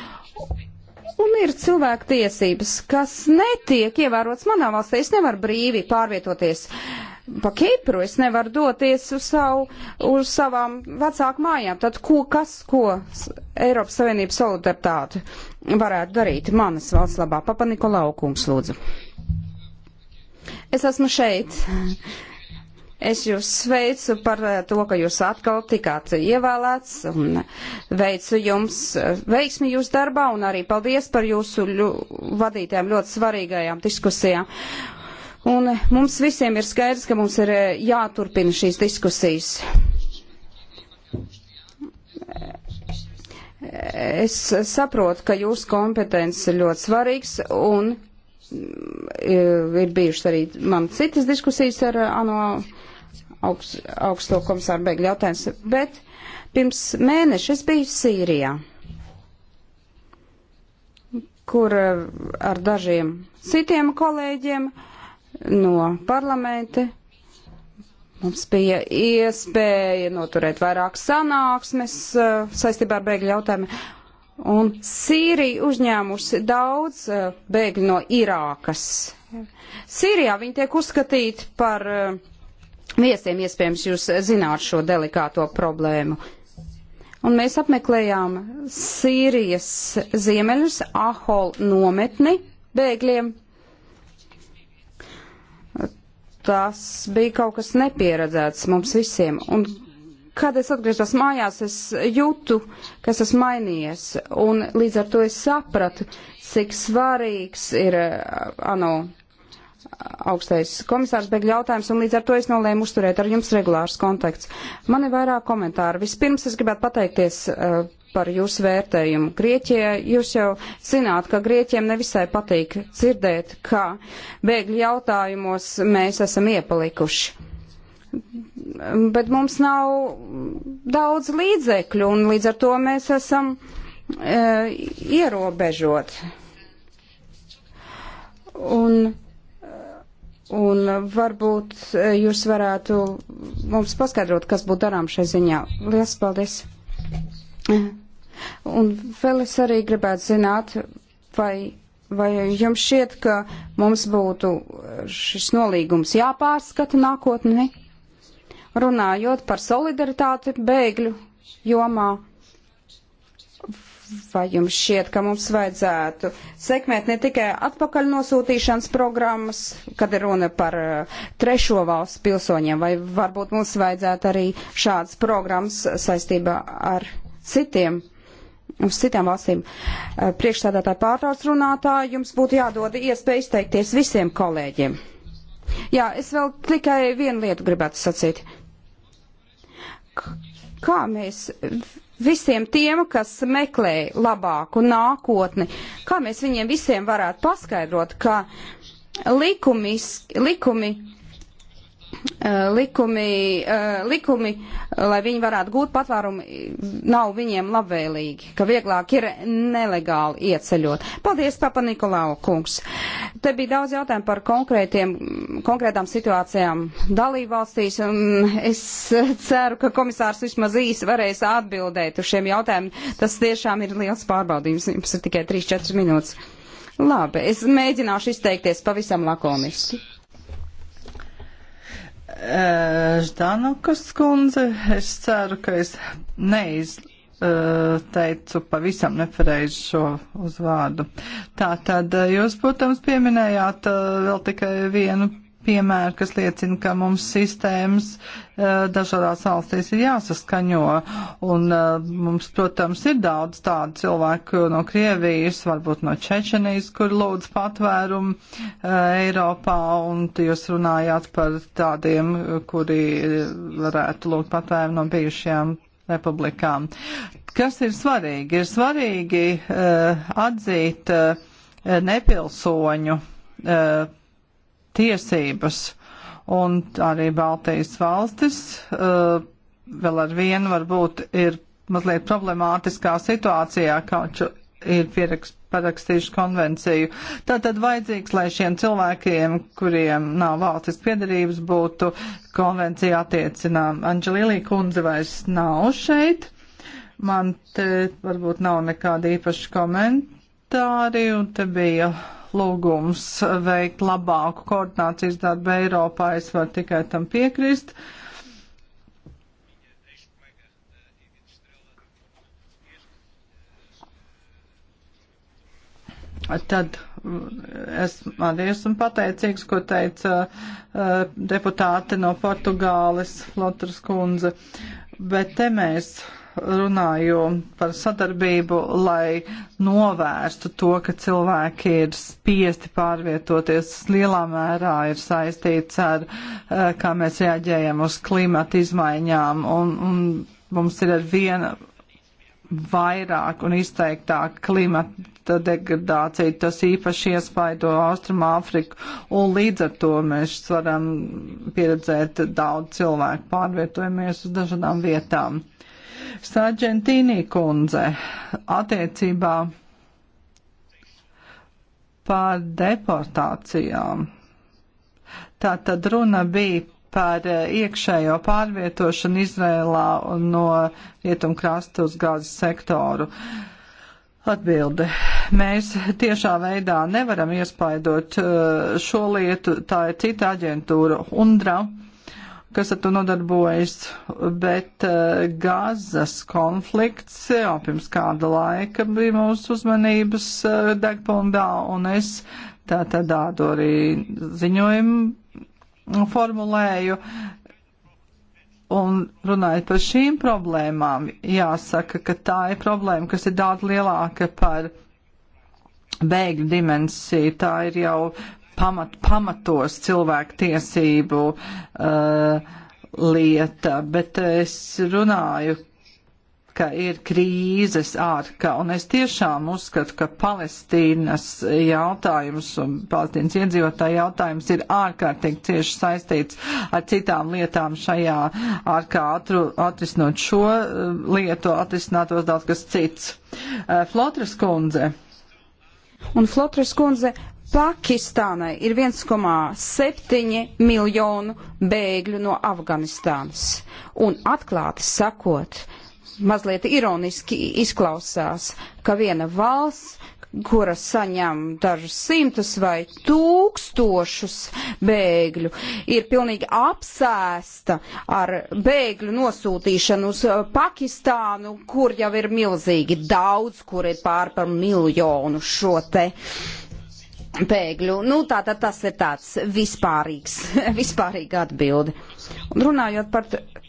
[SPEAKER 3] Un ir cilvēku tiesības, kas netiek ievērots manā valstī. Es nevaru brīvi pārvietoties pa Kipru, es nevaru doties uz, savu, uz savām vecāku mājām. Tad ko, kas, ko Eiropas Savienības solidaritāte varētu darīt manas valsts labā? Papa Nikolau kungs, lūdzu. Es esmu šeit. Es jūs sveicu par eh, to, ka jūs atkal tikāt ievēlēts un veicu jums eh, veiksmi jūsu darbā un arī paldies par jūsu ļu, vadītājām ļoti svarīgajām diskusijām. Un eh, mums visiem ir skaidrs, ka mums ir jāturpina šīs diskusijas. Es saprotu, ka jūsu kompetence ir ļoti svarīgs un ir bijušas arī man citas diskusijas ar ANO. Uh, augst, augsto komisāru beigu jautājums, bet pirms mēneša es biju Sīrijā, kur ar dažiem citiem kolēģiem no parlamenta mums bija iespēja noturēt vairāk sanāksmes uh, saistībā ar beigu jautājumu. Un Sīrija uzņēmusi daudz uh, bēgļu no Irākas. Sīrijā viņi tiek uzskatīti par uh, viesiem iespējams jūs zināt šo delikāto problēmu. Un mēs apmeklējām Sīrijas ziemeļus, Ahol nometni bēgļiem. Tas bija kaut kas nepieredzēts mums visiem. Un kad es atgriezos mājās, es jūtu, kas esmu mainījies. Un līdz ar to es sapratu, cik svarīgs ir eh, ano augstais komisārs bēgļu jautājums, un līdz ar to es nolēmu uzturēt ar jums regulārs kontakts. Man ir vairāk komentāru. Vispirms es gribētu pateikties uh, par jūsu vērtējumu. Grieķijai jūs jau zināt, ka Grieķiem nevisai patīk dzirdēt, ka bēgļu jautājumos mēs esam iepalikuši. Bet mums nav daudz līdzekļu, un līdz ar to mēs esam uh, ierobežot. Un Un varbūt e, jūs varētu mums paskaidrot, kas būtu darām šai ziņā. Lielas paldies! Un vēl es arī gribētu zināt, vai, vai jums šķiet, ka mums būtu šis nolīgums jāpārskata nākotnē, runājot par solidaritāti bēgļu jomā Vai jums šķiet, ka mums vajadzētu sekmēt ne tikai atpakaļ nosūtīšanas programmas, kad ir runa par eh, trešo valsts pilsoņiem, vai varbūt mums vajadzētu arī šādas programmas saistībā ar citiem, uz citām valstīm? Eh, Priekšstādātāji pārtrauc runātāji, jums būtu jādod iespēja izteikties visiem kolēģiem. Jā, es vēl tikai vienu lietu gribētu sacīt. Kā mēs visiem tiem, kas meklē labāku nākotni, kā mēs viņiem visiem varētu paskaidrot, ka likumis, likumi Eh, likumi, eh, likumi, lai viņi varētu gūt patvērumu, nav viņiem labvēlīgi, ka vieglāk ir nelegāli ieceļot. Paldies, Papa Nikolau kungs. Te bija daudz jautājumu par konkrētiem, konkrētām situācijām dalībvalstīs, un es ceru, ka komisārs vismaz īsi varēs atbildēt uz šiem jautājumiem. Tas tiešām ir liels pārbaudījums, jums ir tikai 3-4 minūtes. Labi, es mēģināšu izteikties pavisam lakoniski.
[SPEAKER 2] Eh, Ždanokas kundze, es ceru, ka es neizteicu pavisam nepareizi šo uzvārdu. Tātad eh, jūs, protams, pieminējāt eh, vēl tikai vienu piemēri, kas liecina, ka mums sistēmas eh, dažādās valstīs ir jāsaskaņo. Un eh, mums, protams, ir daudz tādu cilvēku no Krievijas, varbūt no Čečenijas, kur lūdz patvērumu eh, Eiropā, un jūs runājāt par tādiem, kuri varētu lūgt patvērumu no bijušajām republikām. Kas ir svarīgi? Ir svarīgi uh, atzīt uh, nepilsoņu uh, tiesības. Un arī Baltijas valstis uh, vēl ar vienu varbūt ir mazliet problemātiskā situācijā, kaut ir pierakst, parakstījuši konvenciju. Tātad vajadzīgs, lai šiem cilvēkiem, kuriem nav valstis piedarības, būtu konvencija attiecinām. Anģelīlī kundze vairs nav šeit. Man te varbūt nav nekāda īpaša komentāri, un te bija lūgums veikt labāku koordinācijas darbu Eiropā. Es varu tikai tam piekrist. Tad es madies un pateicīgs, ko teica uh, deputāte no Portugāles, Flotras kundze. Bet te mēs runāju par sadarbību, lai novērstu to, ka cilvēki ir spiesti pārvietoties lielā mērā, ir saistīts ar, eh, kā mēs reaģējam uz klimata izmaiņām, un, un mums ir ar vienu vairāk un izteiktāk klimata degradācija, tas īpaši iespaido Austrum Āfriku, un līdz ar to mēs varam pieredzēt daudz cilvēku pārvietojamies uz dažādām vietām. Sargentīnī kundze attiecībā par deportācijām. Tā tad runa bija par eh, iekšējo pārvietošanu Izrēlā no rietumkrasta uz gāzes sektoru. Atbilde. Mēs tiešā veidā nevaram iespaidot eh, šo lietu, tā ir cita aģentūra UNDRA kas ar to nodarbojas, bet uh, Gazas konflikts jau pirms kāda laika bija mūsu uzmanības uh, eh, degpundā, un es tā tad tādu arī ziņojumu formulēju. Un runājot par šīm problēmām, jāsaka, ka tā ir problēma, kas ir daudz lielāka par bēgļu dimensiju. Tā ir jau pamat, pamatos cilvēku tiesību uh, lieta, bet es runāju, ka ir krīzes ārka, un es tiešām uzskatu, ka Palestīnas jautājums un Palestīnas iedzīvotāja jautājums ir ārkārtīgi cieši saistīts ar citām lietām šajā ārkā atru, atrisinot šo uh, lietu, atrisinātos daudz kas cits. Uh, Flotras kundze. Un
[SPEAKER 3] Flotras kundze, Pakistānai ir 1,7 miljonu bēgļu no Afganistānas. Un atklāti sakot, mazliet ironiski izklausās, ka viena valsts, kura saņem dažus simtus vai tūkstošus bēgļu, ir pilnīgi apsēsta ar bēgļu nosūtīšanu uz uh, Pakistānu, kur jau ir milzīgi daudz, kur ir pār par miljonu šo te uh, bēgļu. Nu, tātad tas ir tāds vispārīgs, <laughs> vispārīga atbildi. Un runājot par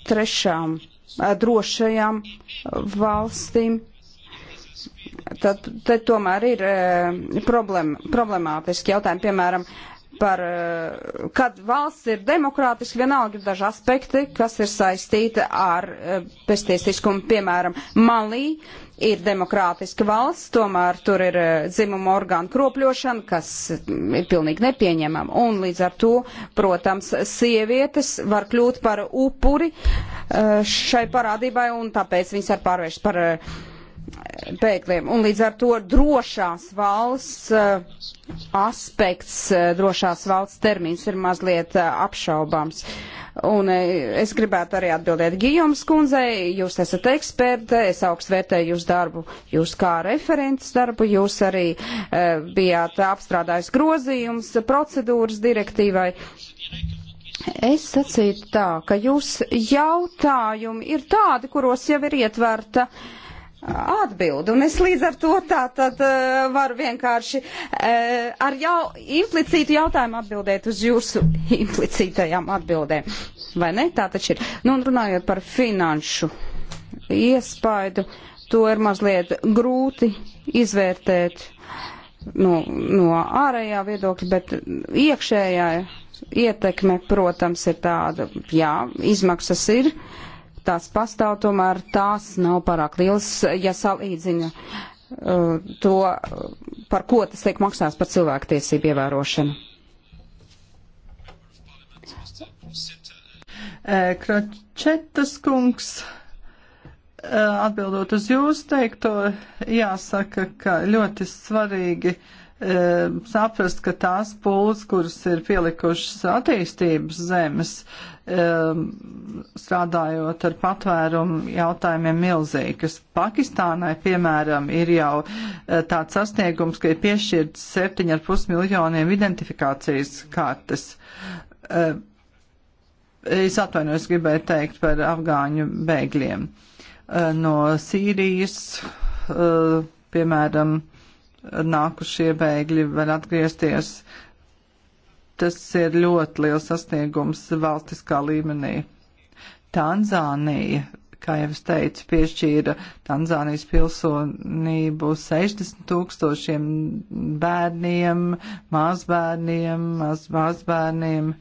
[SPEAKER 3] trešām eh, drošajām eh, valstīm, tad, tad tomēr ir eh, problēma, problemātiski jautājumi, piemēram, par, eh, kad valsts ir demokrātiski, vienalga ir daži aspekti, kas ir saistīti ar beztiesiskumu. Eh, Piemēram, Malī ir demokrātiska valsts, tomēr tur ir eh, dzimuma orgānu kropļošana, kas ir pilnīgi nepieņemama. Un līdz ar to, protams, sievietes var kļūt par upuri šai parādībai, un tāpēc viņas var pārvērst par bēgļiem. Un līdz ar to drošās valsts uh, aspekts, uh, drošās valsts termins ir mazliet uh, apšaubams. Un es gribētu arī atbildēt Gijoms kundzei, jūs esat eksperte, es augstu vērtēju jūsu darbu, jūs kā referents darbu, jūs arī bijāt apstrādājis grozījums procedūras direktīvai. Es sacītu tā, ka jūs jautājumi ir tādi, kuros jau ir ietverta uh, atbildi, un es līdz ar to tā tad uh, varu vienkārši uh, ar jau implicītu jautājumu atbildēt uz jūsu implicītajām atbildēm. Vai ne? Tā taču ir. Nu, un runājot par finanšu iespaidu, to ir mazliet grūti izvērtēt no, no ārējā viedokļa, bet iekšējā ietekme, protams, ir tāda, jā, izmaksas ir. Uh, tās pastāv, tomēr tās nav pārāk liels, ja salīdzina uh, to, par ko tas tiek maksāts par cilvēktiesību ievērošanu.
[SPEAKER 2] Kročetas kungs, atbildot uz jūsu teikto, jāsaka, ka ļoti svarīgi saprast, ka tās pūles, kuras ir pielikušas attīstības zemes, uh, Um, strādājot ar patvērumu jautājumiem milzīgas. Pakistānai, piemēram, ir jau uh, tāds sasniegums, ka ir piešķirts 7,5 miljoniem identifikācijas kartes. Uh, es atvainojos, gribēju teikt par afgāņu bēgļiem. Uh, no Sīrijas, piemēram, nākušie bēgļi var atgriezties uh, Tas ir ļoti liels sasniegums valstiskā līmenī. Tanzānija, kā jau es teicu, piešķīra Tanzānijas pilsonību 60 tūkstošiem bērniem, mazbērniem, maz, mazbērniem.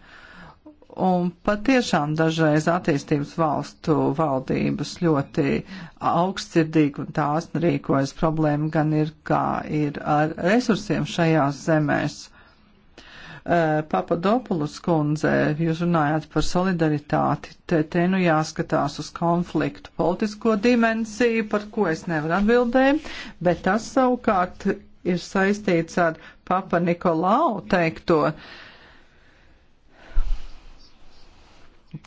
[SPEAKER 2] Un patiešām dažreiz attīstības valstu valdības ļoti augstsirdīgi un tās rīkojas. Problēma gan ir, kā ir ar resursiem šajās zemēs. Eh, Papadopulus kundze, jūs runājāt par solidaritāti. Te, te nu jāskatās uz konfliktu politisko dimensiju, par ko es nevaru atbildēt, bet tas savukārt ir saistīts ar Papa Nikolau teikto,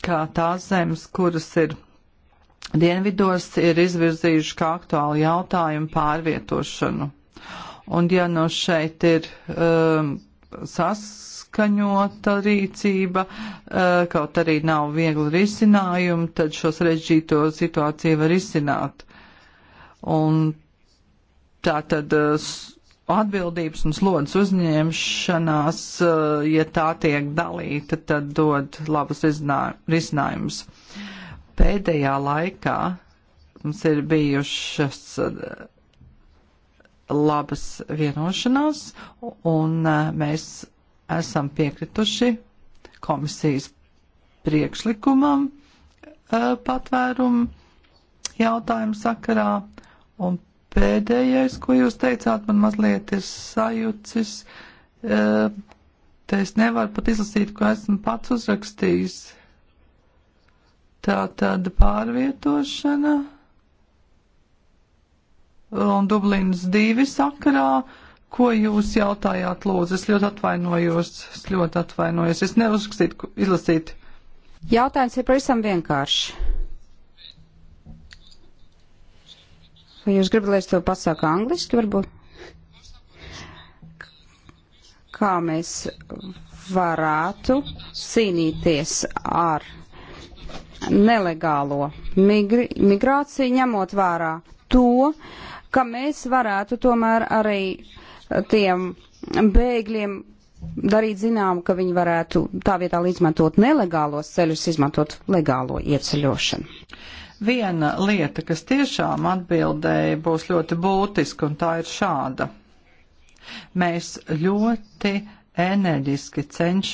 [SPEAKER 2] kā tās zemes, kuras ir dienvidos, ir izvirzījuši kā aktuālu jautājumu pārvietošanu. Un ja no nu šeit ir um, sas saskaņota rīcība, eh, kaut arī nav viegli risinājumi, tad šo sarežģīto situāciju var risināt. Un tā tad eh, atbildības un slodzes uzņemšanās, eh, ja tā tiek dalīta, tad dod labus risinājumus. Pēdējā laikā mums ir bijušas labas vienošanās, un mēs esam piekrituši komisijas priekšlikumam e, patvērumu jautājumu sakarā. Un pēdējais, ko jūs teicāt, man mazliet ir sajūcis. E, te es nevaru pat izlasīt, ko esmu pats uzrakstījis. Tā tāda pārvietošana un Dublinas divi sakarā. Uh, Ko jūs jautājāt, lūdzu? Es ļoti atvainojos, es ļoti atvainojos. Es neuzrakstīju, izlasīju.
[SPEAKER 3] Jautājums ir pavisam vienkāršs. Vai jūs gribat, lai es to pasaku angliski, varbūt? Kā mēs varētu cīnīties ar nelegālo migri, migrāciju, ņemot vērā to, ka mēs varētu tomēr arī tiem bēgļiem darīt zinām, ka viņi varētu tā vietā izmantot nelegālos
[SPEAKER 2] ceļus, izmantot legālo ieceļošanu. Viena lieta, kas tiešām atbildēja, būs ļoti būtiska, un tā ir šāda. Mēs ļoti enerģiski cenšamies